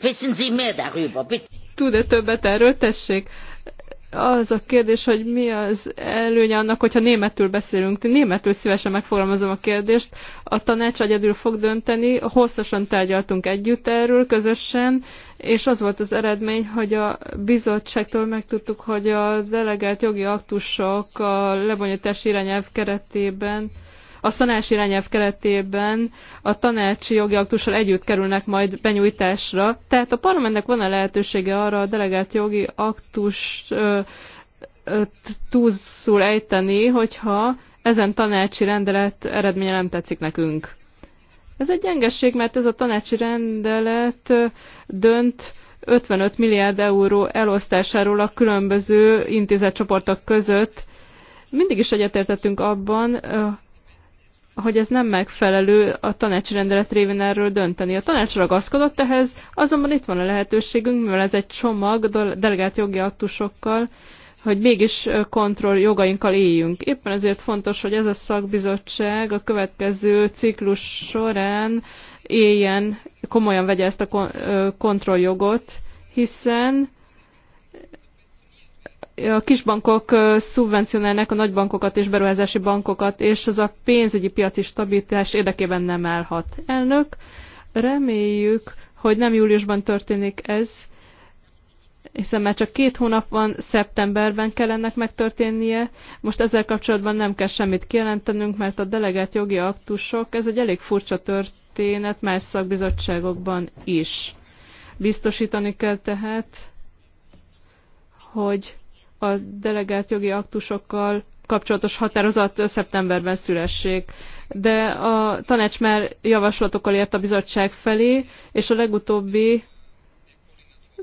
Wissen Sie mehr darüber, bitte. Tud-e többet erről, tessék? az a kérdés, hogy mi az előnye annak, hogyha németül beszélünk. Németül szívesen megfogalmazom a kérdést. A tanács egyedül fog dönteni, hosszasan tárgyaltunk együtt erről közösen, és az volt az eredmény, hogy a bizottságtól megtudtuk, hogy a delegált jogi aktusok a lebonyítási irányelv keretében a szanás irányelv keretében a tanácsi jogi aktussal együtt kerülnek majd benyújtásra, tehát a parlamentnek van a lehetősége arra a delegált jogi aktus túlszul ejteni, hogyha ezen tanácsi rendelet eredménye nem tetszik nekünk. Ez egy gyengesség, mert ez a tanácsi rendelet dönt 55 milliárd euró elosztásáról a különböző intézetcsoportok között. Mindig is egyetértettünk abban, hogy ez nem megfelelő a tanácsi rendelet révén erről dönteni. A tanács ragaszkodott ehhez, azonban itt van a lehetőségünk, mivel ez egy csomag delegált jogi aktusokkal, hogy mégis kontroll jogainkkal éljünk. Éppen ezért fontos, hogy ez a szakbizottság a következő ciklus során éljen, komolyan vegye ezt a kontrolljogot, hiszen a kisbankok szubvencionálnak a nagybankokat és beruházási bankokat, és az a pénzügyi piaci stabilitás érdekében nem állhat. Elnök, reméljük, hogy nem júliusban történik ez, hiszen már csak két hónap van, szeptemberben kell ennek megtörténnie. Most ezzel kapcsolatban nem kell semmit kijelentenünk, mert a delegált jogi aktusok, ez egy elég furcsa történet más szakbizottságokban is. Biztosítani kell tehát, hogy a delegált jogi aktusokkal kapcsolatos határozat szeptemberben szülessék. De a tanács már javaslatokkal ért a bizottság felé, és a legutóbbi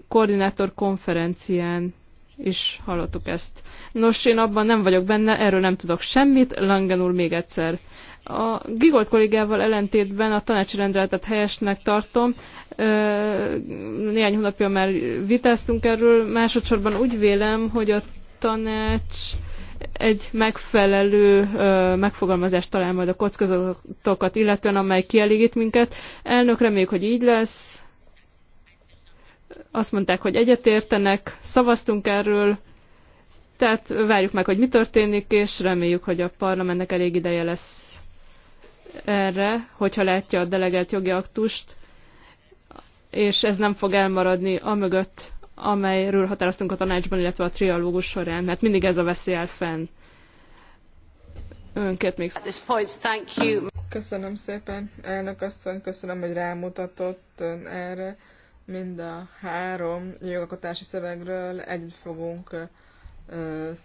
koordinátor konferencián is hallottuk ezt. Nos, én abban nem vagyok benne, erről nem tudok semmit. Langen úr még egyszer a Gigolt kollégával ellentétben a tanácsi rendeletet helyesnek tartom. Néhány hónapja már vitáztunk erről. Másodszorban úgy vélem, hogy a tanács egy megfelelő megfogalmazást talál majd a kockázatokat, illetően amely kielégít minket. Elnök, reméljük, hogy így lesz. Azt mondták, hogy egyetértenek, szavaztunk erről, tehát várjuk meg, hogy mi történik, és reméljük, hogy a parlamentnek elég ideje lesz erre, hogyha látja a delegált jogi aktust, és ez nem fog elmaradni amögött, amelyről határoztunk a tanácsban, illetve a trialógus során, mert mindig ez a veszély áll fenn. Önket még Köszönöm szépen, elnök asszony, köszönöm, hogy rámutatott erre. Mind a három jogalkotási szövegről együtt fogunk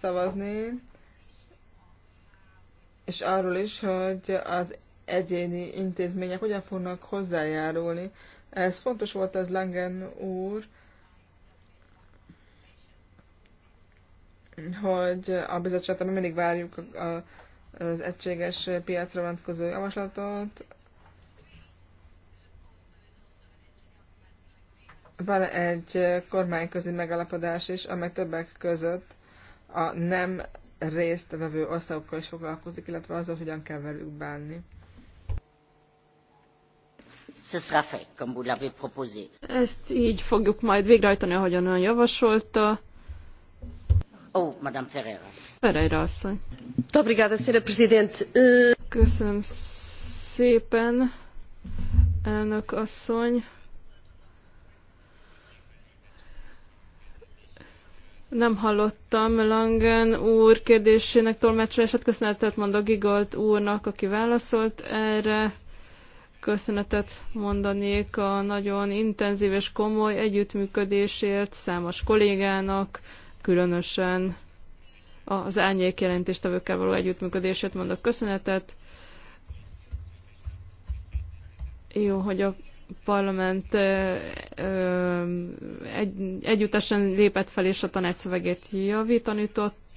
szavazni, és arról is, hogy az egyéni intézmények hogyan fognak hozzájárulni. Ez fontos volt ez Langen úr, hogy a bizottságban mindig várjuk a, az egységes piacra vonatkozó javaslatot. Van egy kormányközi megalapodás is, amely többek között a nem résztvevő országokkal is foglalkozik, illetve azzal, hogyan kell velük bánni. Ezt így fogjuk majd végrehajtani, ahogyan ön javasolta. Oh, Madame Ferreira. Ferreira asszony. Obrigada, Sra. Eh, Köszönöm szépen, elnök asszony. Nem hallottam Langen úr kérdésének tolmácsolását. Köszönetet mondok Gigolt úrnak, aki válaszolt erre köszönetet mondanék a nagyon intenzív és komoly együttműködésért számos kollégának, különösen az árnyék jelentéstevőkkel való együttműködésért mondok köszönetet. Jó, hogy a parlament egy, együttesen lépett fel, és a tanács szövegét javítani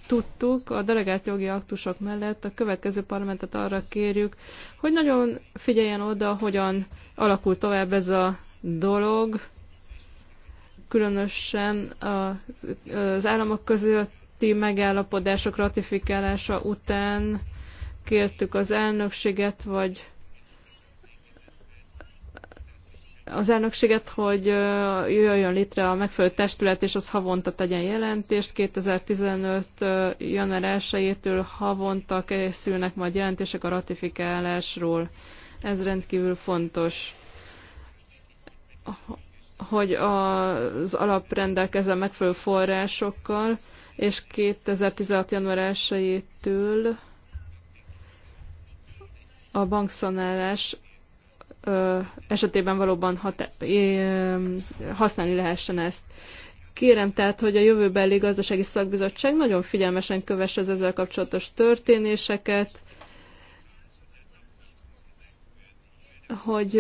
tudtuk, a delegált jogi aktusok mellett a következő parlamentet arra kérjük, hogy nagyon figyeljen oda, hogyan alakul tovább ez a dolog, különösen az államok közötti megállapodások ratifikálása után kértük az elnökséget, vagy az elnökséget, hogy jöjjön létre a megfelelő testület, és az havonta tegyen jelentést. 2015. január 1-től havonta készülnek majd jelentések a ratifikálásról. Ez rendkívül fontos hogy az alap rendelkezze megfelelő forrásokkal, és 2016. január 1-től a bankszanálás esetében valóban hat, használni lehessen ezt. Kérem tehát, hogy a jövőbeli gazdasági szakbizottság nagyon figyelmesen kövesse az ezzel kapcsolatos történéseket, hogy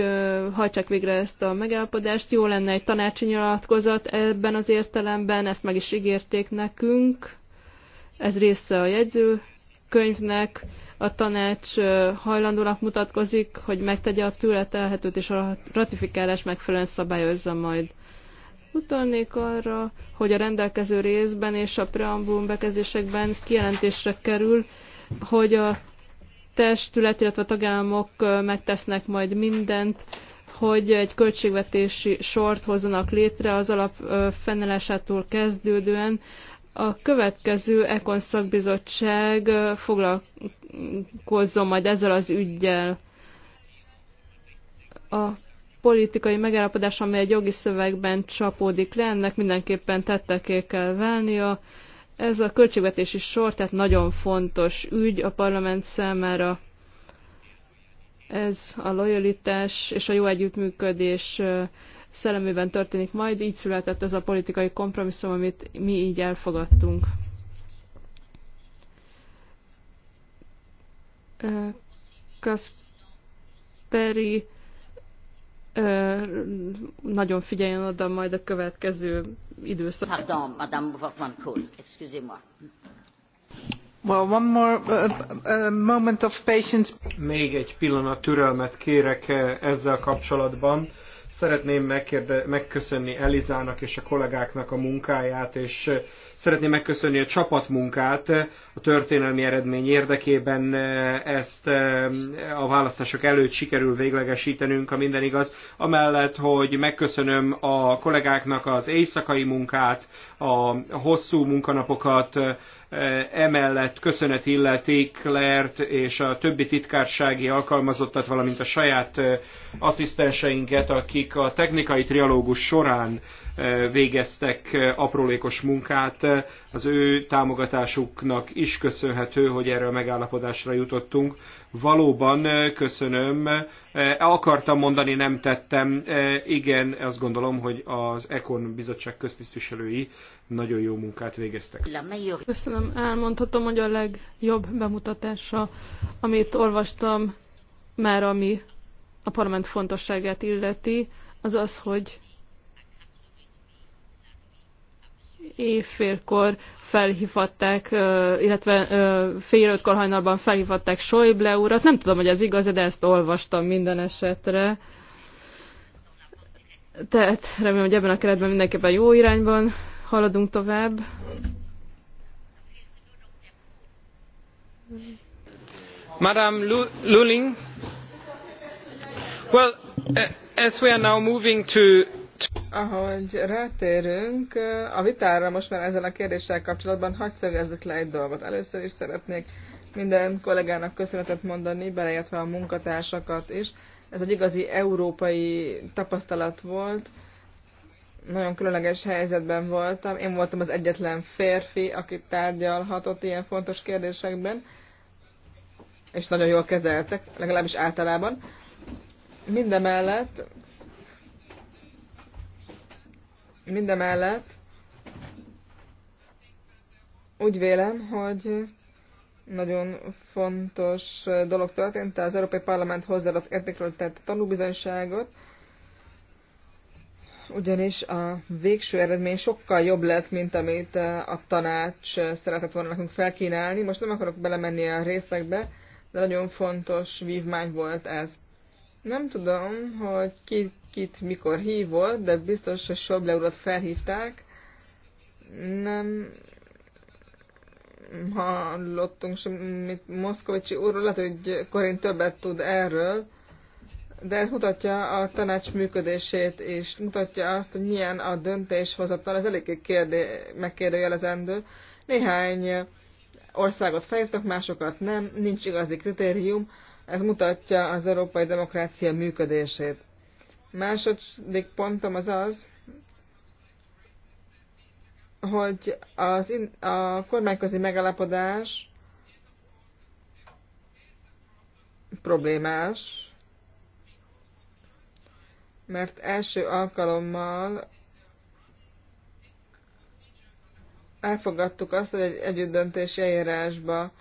hajtsák végre ezt a megállapodást. Jó lenne egy tanácsi nyilatkozat ebben az értelemben, ezt meg is ígérték nekünk. Ez része a jegyzőkönyvnek a tanács hajlandónak mutatkozik, hogy megtegye a tőle és a ratifikálás megfelelően szabályozza majd. Utalnék arra, hogy a rendelkező részben és a preambulum bekezdésekben kijelentésre kerül, hogy a testület, illetve a tagállamok megtesznek majd mindent, hogy egy költségvetési sort hozzanak létre az alap fennelásától kezdődően, a következő Ekon szakbizottság foglalkozzon majd ezzel az ügyjel. A politikai megállapodás, amely egy jogi szövegben csapódik le, ennek mindenképpen tetteké kell válnia. Ez a költségvetési sor, tehát nagyon fontos ügy a parlament számára. Ez a lojalitás és a jó együttműködés szellemében történik majd. Így született ez a politikai kompromisszum, amit mi így elfogadtunk. Kasperi nagyon figyeljen oda majd a következő időszak. Pardon, Madame excusez-moi. Well, one more uh, uh, moment of patience. Még egy pillanat türelmet kérek eh, ezzel kapcsolatban Szeretném megkérde, megköszönni Elizának és a kollégáknak a munkáját, és szeretném megköszönni a csapatmunkát a történelmi eredmény érdekében. Ezt a választások előtt sikerül véglegesítenünk, a minden igaz. Amellett, hogy megköszönöm a kollégáknak az éjszakai munkát, a hosszú munkanapokat, Emellett köszönet illeti Klert és a többi titkársági alkalmazottat, valamint a saját asszisztenseinket, akik a technikai trialógus során végeztek aprólékos munkát. Az ő támogatásuknak is köszönhető, hogy erre a megállapodásra jutottunk. Valóban eh, köszönöm. Eh, akartam mondani, nem tettem. Eh, igen, azt gondolom, hogy az Ekon bizottság köztisztviselői nagyon jó munkát végeztek. Köszönöm. Elmondhatom, hogy a legjobb bemutatása, amit olvastam, már ami a parlament fontosságát illeti, az az, hogy éjfélkor felhívhatták, illetve fél ötkor hajnalban felhívhatták Schäuble urat. Nem tudom, hogy ez igaz, de ezt olvastam minden esetre. Tehát remélem, hogy ebben a keretben mindenképpen jó irányban haladunk tovább. Madame Luling, well, as we are now moving to ahogy rátérünk a vitára most már ezzel a kérdéssel kapcsolatban, hagyd szögezzük le egy dolgot. Először is szeretnék minden kollégának köszönetet mondani, beleértve a munkatársakat is. Ez egy igazi európai tapasztalat volt. Nagyon különleges helyzetben voltam. Én voltam az egyetlen férfi, aki tárgyalhatott ilyen fontos kérdésekben, és nagyon jól kezeltek, legalábbis általában mindemellett Mindemellett úgy vélem, hogy nagyon fontos dolog történt, az Európai Parlament hozzáadott értékről tett tanúbizonyságot, ugyanis a végső eredmény sokkal jobb lett, mint amit a tanács szeretett volna nekünk felkínálni. Most nem akarok belemenni a részlegbe, de nagyon fontos vívmány volt ez. Nem tudom, hogy ki kit mikor hívott, de biztos, hogy Soble urat felhívták. Nem hallottunk semmit Moszkovicsi úrról, lehet, hogy Korin többet tud erről, de ez mutatja a tanács működését, és mutatja azt, hogy milyen a döntéshozatal, ez eléggé kérdé- megkérdőjelezendő. Néhány országot felhívtak, másokat nem, nincs igazi kritérium, ez mutatja az európai demokrácia működését. Második pontom az az, hogy az in, a kormányközi megállapodás problémás, mert első alkalommal elfogadtuk azt, hogy egy együttdöntési eljárásba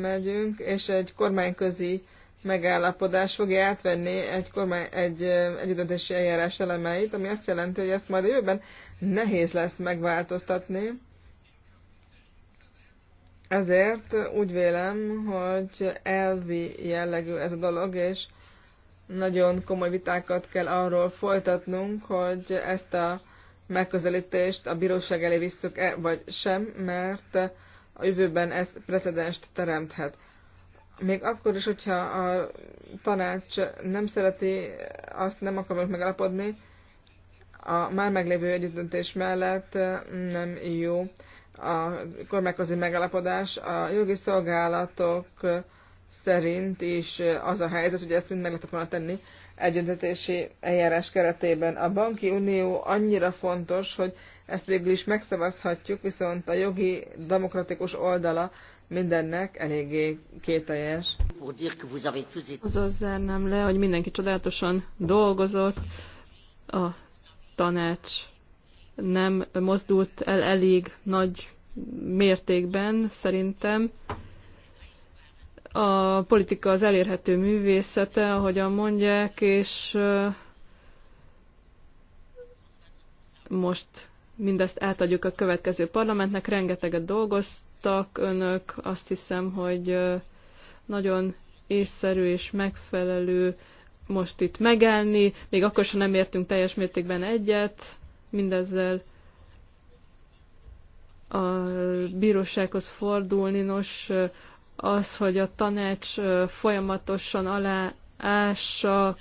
megyünk, és egy kormányközi megállapodás fogja átvenni egy, kormány, egy együttdöntési eljárás elemeit, ami azt jelenti, hogy ezt majd a jövőben nehéz lesz megváltoztatni. Ezért úgy vélem, hogy elvi jellegű ez a dolog, és nagyon komoly vitákat kell arról folytatnunk, hogy ezt a megközelítést a bíróság elé visszük-e, vagy sem, mert a jövőben ez precedenst teremthet még akkor is, hogyha a tanács nem szereti, azt nem akarok megalapodni, a már meglévő együttdöntés mellett nem jó a kormányközi megalapodás. A jogi szolgálatok szerint is az a helyzet, hogy ezt mind meg lehetett volna tenni együttdöntési eljárás keretében. A banki unió annyira fontos, hogy ezt végül is megszavazhatjuk, viszont a jogi demokratikus oldala mindennek eléggé kételjes. Azaz nem le, hogy mindenki csodálatosan dolgozott, a tanács nem mozdult el elég nagy mértékben szerintem. A politika az elérhető művészete, ahogyan mondják, és most mindezt átadjuk a következő parlamentnek. Rengeteget dolgoztak önök, azt hiszem, hogy nagyon észszerű és megfelelő most itt megállni, még akkor sem nem értünk teljes mértékben egyet, mindezzel a bírósághoz fordulni, nos, az, hogy a tanács folyamatosan alá ássa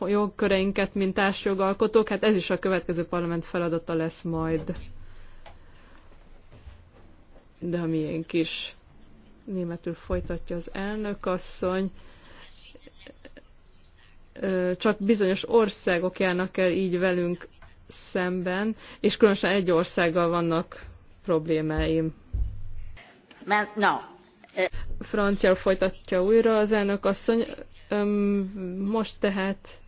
jogköreinket, mint társjogalkotók, hát ez is a következő parlament feladata lesz majd. De a miénk is. Németül folytatja az elnök asszony. Csak bizonyos országok járnak el így velünk szemben, és különösen egy országgal vannak problémáim. Mert, no, Francia folytatja újra az elnök asszony. Most tehát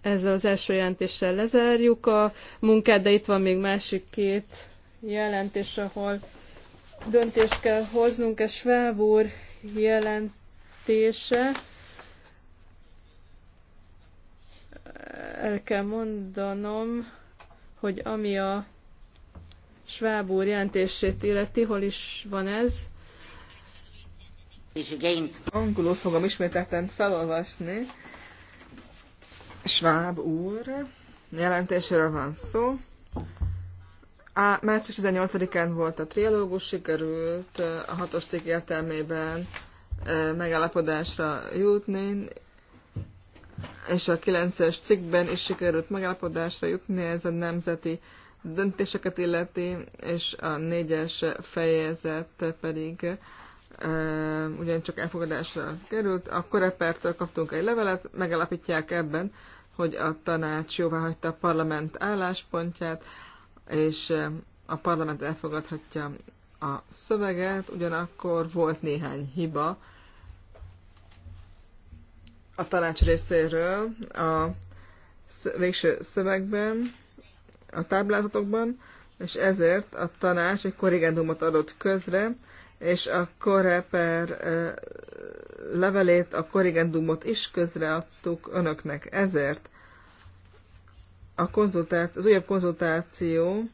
ezzel az első jelentéssel lezárjuk a munkát, de itt van még másik két jelentés, ahol döntést kell hoznunk. A Schwab úr jelentése. El kell mondanom, hogy ami a Schwab úr jelentését illeti, hol is van ez? Angolul fogom ismételten felolvasni. Schwab úr jelentéséről van szó. Á, március 18-án volt a trialógus, sikerült eh, a hatos cikk értelmében eh, megállapodásra jutni, és a kilences cikkben is sikerült megállapodásra jutni, ez a nemzeti döntéseket illeti, és a négyes fejezet pedig ugyancsak elfogadásra került. A korepertől kaptunk egy levelet, megalapítják ebben, hogy a tanács jóvá hagyta a parlament álláspontját, és a parlament elfogadhatja a szöveget, ugyanakkor volt néhány hiba a tanács részéről a végső szövegben, a táblázatokban, és ezért a tanács egy korrigendumot adott közre, és a Koreper levelét, a korrigendumot is közreadtuk önöknek. Ezért a konzultáció, az újabb konzultáció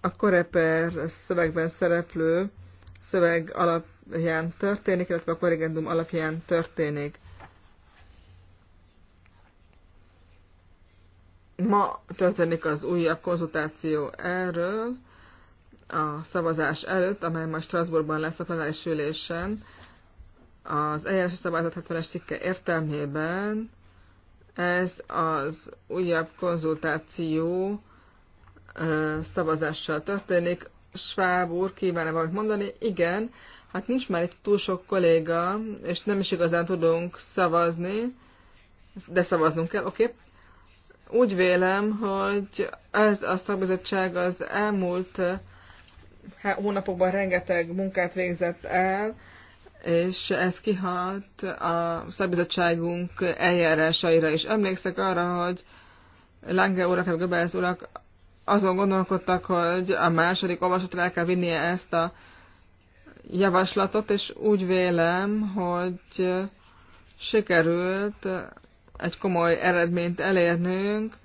a Koreper szövegben szereplő szöveg alapján történik, illetve a korrigendum alapján történik. Ma történik az újabb konzultáció erről, a szavazás előtt, amely most Strasbourgban lesz a plenáris ülésen, az eljárási szabályzat 70-es cikke értelmében ez az újabb konzultáció ö, szavazással történik. Schwab úr kíván-e valamit mondani? Igen, hát nincs már itt túl sok kolléga, és nem is igazán tudunk szavazni, de szavaznunk kell, oké. Okay. Úgy vélem, hogy ez a szakbizottság az elmúlt hónapokban rengeteg munkát végzett el, és ez kihat a szabizottságunk eljárásaira is. Emlékszek arra, hogy Lange urak, vagy Göbels urak azon gondolkodtak, hogy a második olvasatra el kell vinnie ezt a javaslatot, és úgy vélem, hogy sikerült egy komoly eredményt elérnünk,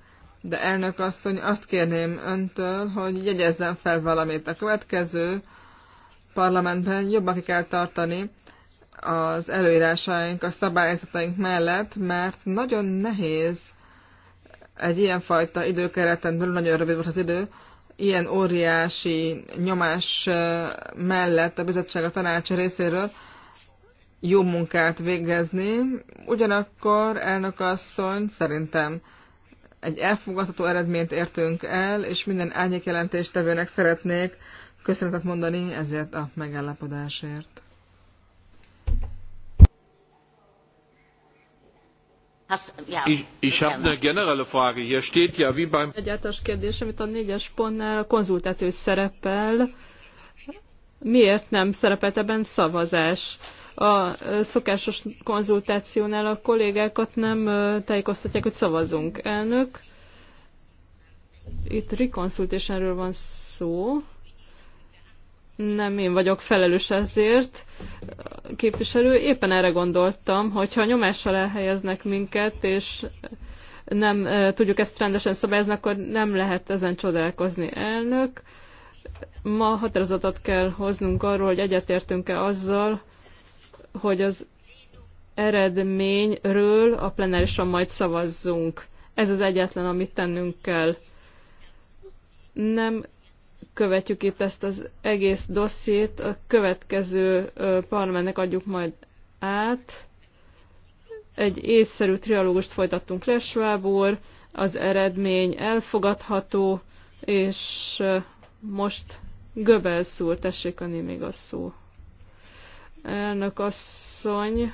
de elnök asszony, azt kérném öntől, hogy jegyezzen fel valamit. A következő parlamentben jobban ki kell tartani az előírásaink, a szabályzataink mellett, mert nagyon nehéz egy ilyenfajta időkereten belül, nagyon rövid volt az idő, ilyen óriási nyomás mellett a bizottság a tanács részéről jó munkát végezni. Ugyanakkor elnök asszony szerintem egy elfogadható eredményt értünk el, és minden árnyékjelentéstevőnek szeretnék köszönetet mondani ezért a megállapodásért. Ich, ich habe eine generelle Frage. Hier steht ja wie beim... Egy általános kérdés, amit a négyes pontnál a konzultáció szerepel. Miért nem szerepelt ebben szavazás? a szokásos konzultációnál a kollégákat nem tájékoztatják, hogy szavazunk. Elnök, itt reconsultationről van szó. Nem én vagyok felelős ezért, képviselő. Éppen erre gondoltam, hogyha nyomással elhelyeznek minket, és nem tudjuk ezt rendesen szabályozni, akkor nem lehet ezen csodálkozni. Elnök, ma határozatot kell hoznunk arról, hogy egyetértünk-e azzal, hogy az eredményről a plenárisan majd szavazzunk. Ez az egyetlen, amit tennünk kell. Nem követjük itt ezt az egész dossziét, a következő parlamentnek adjuk majd át. Egy észszerű trialógust folytattunk Lesvábor, az eredmény elfogadható, és most Göbels úr, tessék a még a szó elnök asszony.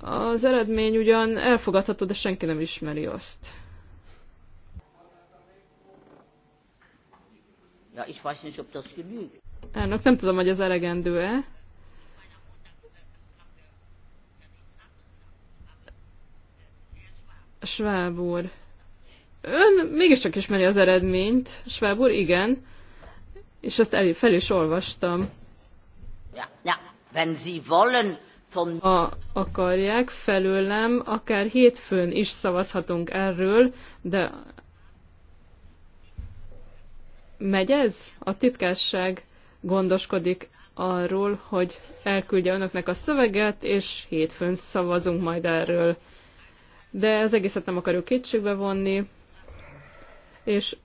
Az eredmény ugyan elfogadható, de senki nem ismeri azt. Ja, ich weiß nicht, ob Elnök, nem tudom, hogy ez elegendő-e. Schwab úr. Ön mégiscsak ismeri az eredményt. Schwab úr, igen. És azt el, fel is olvastam. Ja, ja, wenn Sie wollen, von... Ha akarják, felőlem, akár hétfőn is szavazhatunk erről, de megy ez? A titkásság gondoskodik arról, hogy elküldje önöknek a szöveget, és hétfőn szavazunk majd erről. De az egészet nem akarjuk kétségbe vonni, és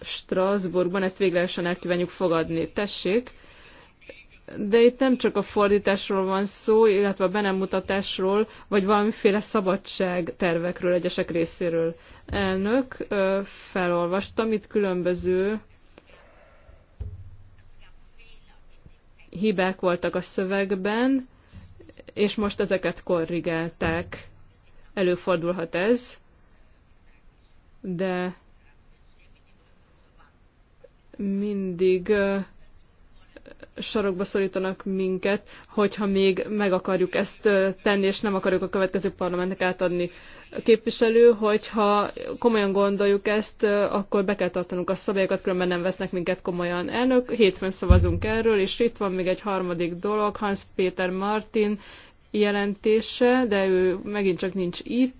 Strasbourgban ezt véglegesen el kívánjuk fogadni. Tessék, de itt nem csak a fordításról van szó, illetve a benemutatásról, vagy valamiféle szabadság tervekről egyesek részéről. Elnök, felolvastam itt különböző hibák voltak a szövegben, és most ezeket korrigálták. Előfordulhat ez, de mindig sarokba szorítanak minket, hogyha még meg akarjuk ezt tenni, és nem akarjuk a következő parlamentnek átadni. A képviselő, hogyha komolyan gondoljuk ezt, akkor be kell tartanunk a szabályokat, különben nem vesznek minket komolyan. Elnök, hétfőn szavazunk erről, és itt van még egy harmadik dolog, Hans Péter Martin jelentése, de ő megint csak nincs itt.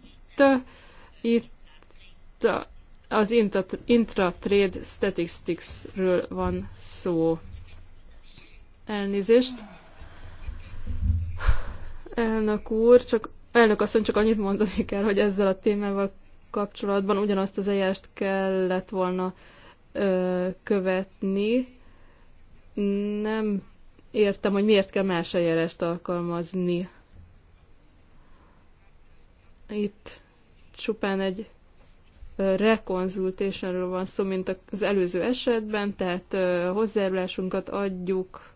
Itt az Intratrade Statistics-ről van szó. Elnézést. Elnök úr, csak, elnök asszony, csak annyit mondani kell, hogy ezzel a témával kapcsolatban ugyanazt az eljárást kellett volna ö, követni. Nem értem, hogy miért kell más eljárást alkalmazni. Itt csupán egy rekonzultésről van szó, mint az előző esetben, tehát hozzájárulásunkat adjuk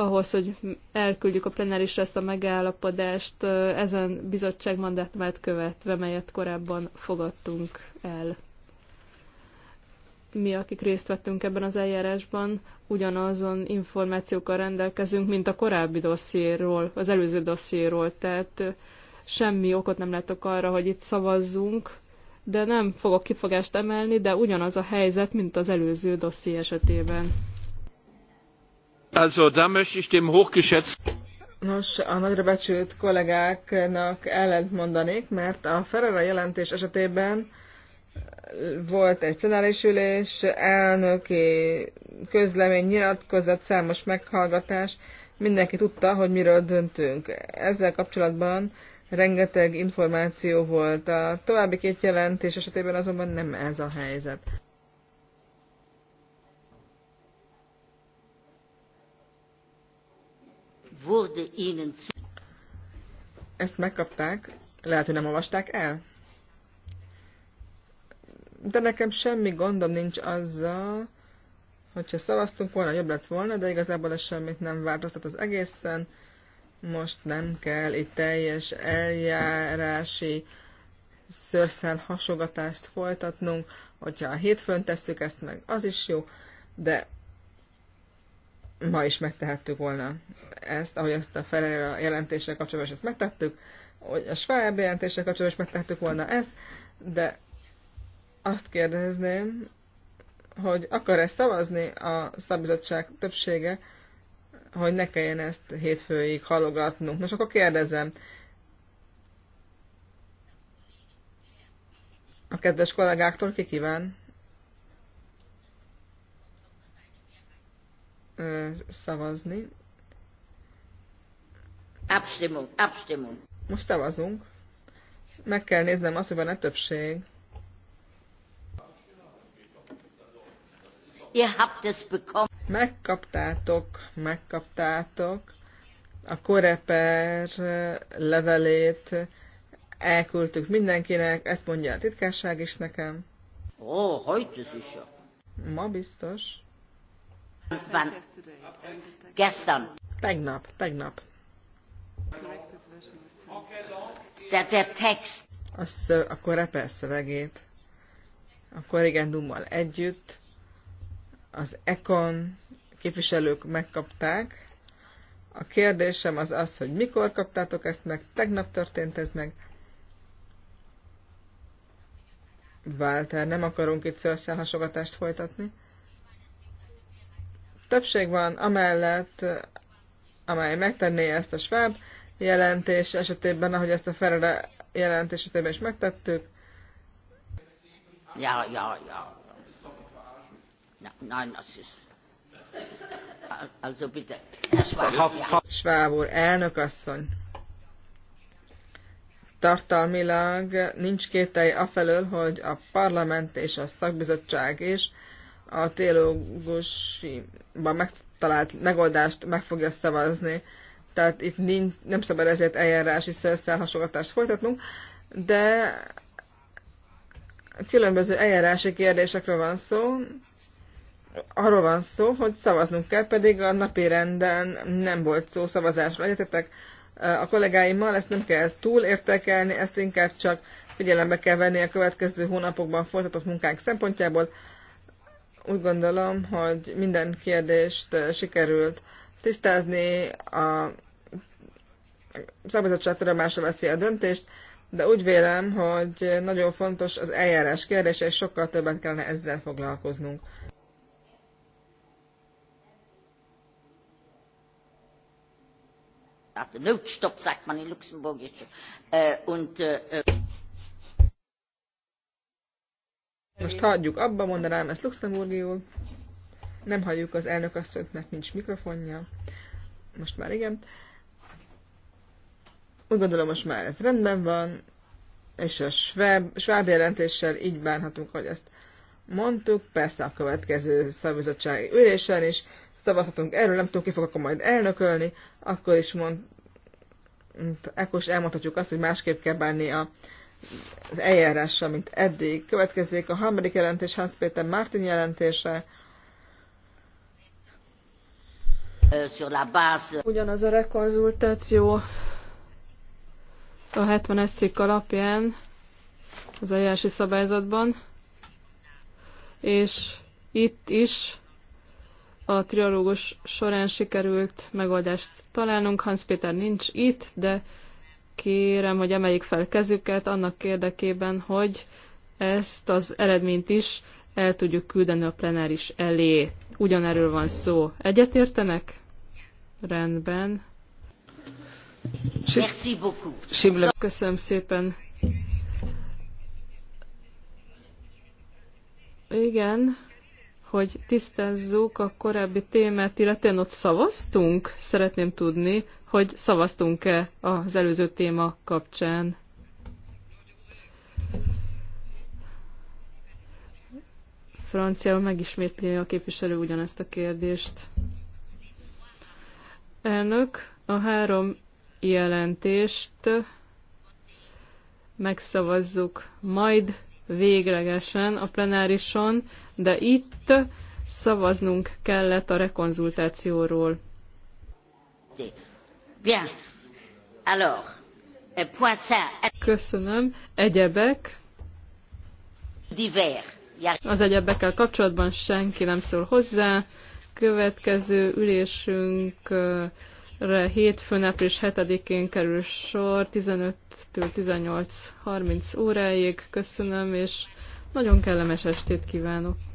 ahhoz, hogy elküldjük a plenárisra ezt a megállapodást ezen bizottság mandátumát követve, melyet korábban fogadtunk el. Mi, akik részt vettünk ebben az eljárásban, ugyanazon információkkal rendelkezünk, mint a korábbi dossziéról, az előző dossziéról, tehát semmi okot nem látok arra, hogy itt szavazzunk, de nem fogok kifogást emelni, de ugyanaz a helyzet, mint az előző dosszié esetében. Also, da möchte ich dem hochgeschätzten... Nos, a nagyra becsült kollégáknak ellent mondanék, mert a Ferrara jelentés esetében volt egy plenáris ülés, elnöki közlemény, nyilatkozat, számos meghallgatás, mindenki tudta, hogy miről döntünk. Ezzel kapcsolatban rengeteg információ volt. A további két jelentés esetében azonban nem ez a helyzet. wurde ihnen zu... Ezt megkapták, lehet, hogy nem olvasták el. De nekem semmi gondom nincs azzal, hogyha szavaztunk volna, jobb lett volna, de igazából ez semmit nem változtat az egészen. Most nem kell itt teljes eljárási szörszel hasogatást folytatnunk, hogyha a hétfőn tesszük ezt meg, az is jó, de ma is megtehettük volna ezt, ahogy ezt a Ferreira jelentéssel kapcsolatban ezt megtettük, hogy a Schwab jelentéssel kapcsolatban is megtehettük volna ezt, de azt kérdezném, hogy akar-e szavazni a szabizottság többsége, hogy ne kelljen ezt hétfőig halogatnunk. Most akkor kérdezem, a kedves kollégáktól ki kíván szavazni. Abstimmung, Abstimmung. Most szavazunk. Meg kell néznem azt, hogy van-e többség. bekommen. Megkaptátok, megkaptátok a koreper levelét, elküldtük mindenkinek, ezt mondja a titkárság is nekem. Ó, oh, heute Ma biztos. Van. Gestern. Tegnap, tegnap. a text. Az, akkor repel szövegét. A korrigendummal együtt az Econ képviselők megkapták. A kérdésem az az, hogy mikor kaptátok ezt meg, tegnap történt ez meg. Walter, nem akarunk itt szőrszálhasogatást folytatni. Többség van amellett, amely megtenné ezt a Schwab jelentés esetében, ahogy ezt a Ferrara jelentés esetében is megtettük. Ja, ja, ja. Na, Schwab úr, elnök asszony tartalmilag nincs kételj afelől, hogy a parlament és a szakbizottság is a teológusban megtalált megoldást meg fogja szavazni. Tehát itt nincs, nem szabad ezért eljárási szőszelhasogatást folytatnunk, de különböző eljárási kérdésekről van szó, arról van szó, hogy szavaznunk kell, pedig a napi renden nem volt szó szavazásról. Egyetetek a kollégáimmal, ezt nem kell túl túlértékelni, ezt inkább csak figyelembe kell venni a következő hónapokban folytatott munkánk szempontjából úgy gondolom, hogy minden kérdést eh, sikerült tisztázni, a szabadság tudomásra veszi a döntést, de úgy vélem, hogy nagyon fontos az eljárás kérdése, és sokkal többet kellene ezzel foglalkoznunk. Auf dem Luftstoppsagt man in Luxemburg. és eh, und, eh, Most hagyjuk abba, mondanám ezt luxemburgiul. Nem halljuk az elnök asszonyt, mert nincs mikrofonja. Most már igen. Úgy gondolom, most már ez rendben van, és a sváb, sváb jelentéssel így bánhatunk, hogy ezt mondtuk. Persze a következő szabizottsági ülésen is szavazhatunk erről, nem tudom, ki fog akkor majd elnökölni, akkor is mond, akkor is elmondhatjuk azt, hogy másképp kell bánni a eljárásra, mint eddig. Következik a harmadik jelentés, Hans Péter Martin jelentése. Ugyanaz a rekonzultáció a 70-es cikk alapján az eljárási szabályzatban, és itt is a trialógus során sikerült megoldást találnunk. Hans Péter nincs itt, de kérem, hogy emeljék fel kezüket annak érdekében, hogy ezt az eredményt is el tudjuk küldeni a plenáris elé. Ugyanerről van szó. Egyetértenek? Rendben. Köszönöm szépen. Igen, hogy tisztázzuk a korábbi témát, illetve ott szavaztunk? Szeretném tudni, hogy szavaztunk-e az előző téma kapcsán. Francia megismétli a képviselő ugyanezt a kérdést. Elnök, a három jelentést megszavazzuk majd véglegesen a plenárison, de itt szavaznunk kellett a rekonzultációról. Bien. Alors, Köszönöm. Egyebek. Az egyebekkel kapcsolatban senki nem szól hozzá. Következő ülésünk hétfőn április 7-én kerül sor 15-től 18.30 óráig. Köszönöm, és nagyon kellemes estét kívánok!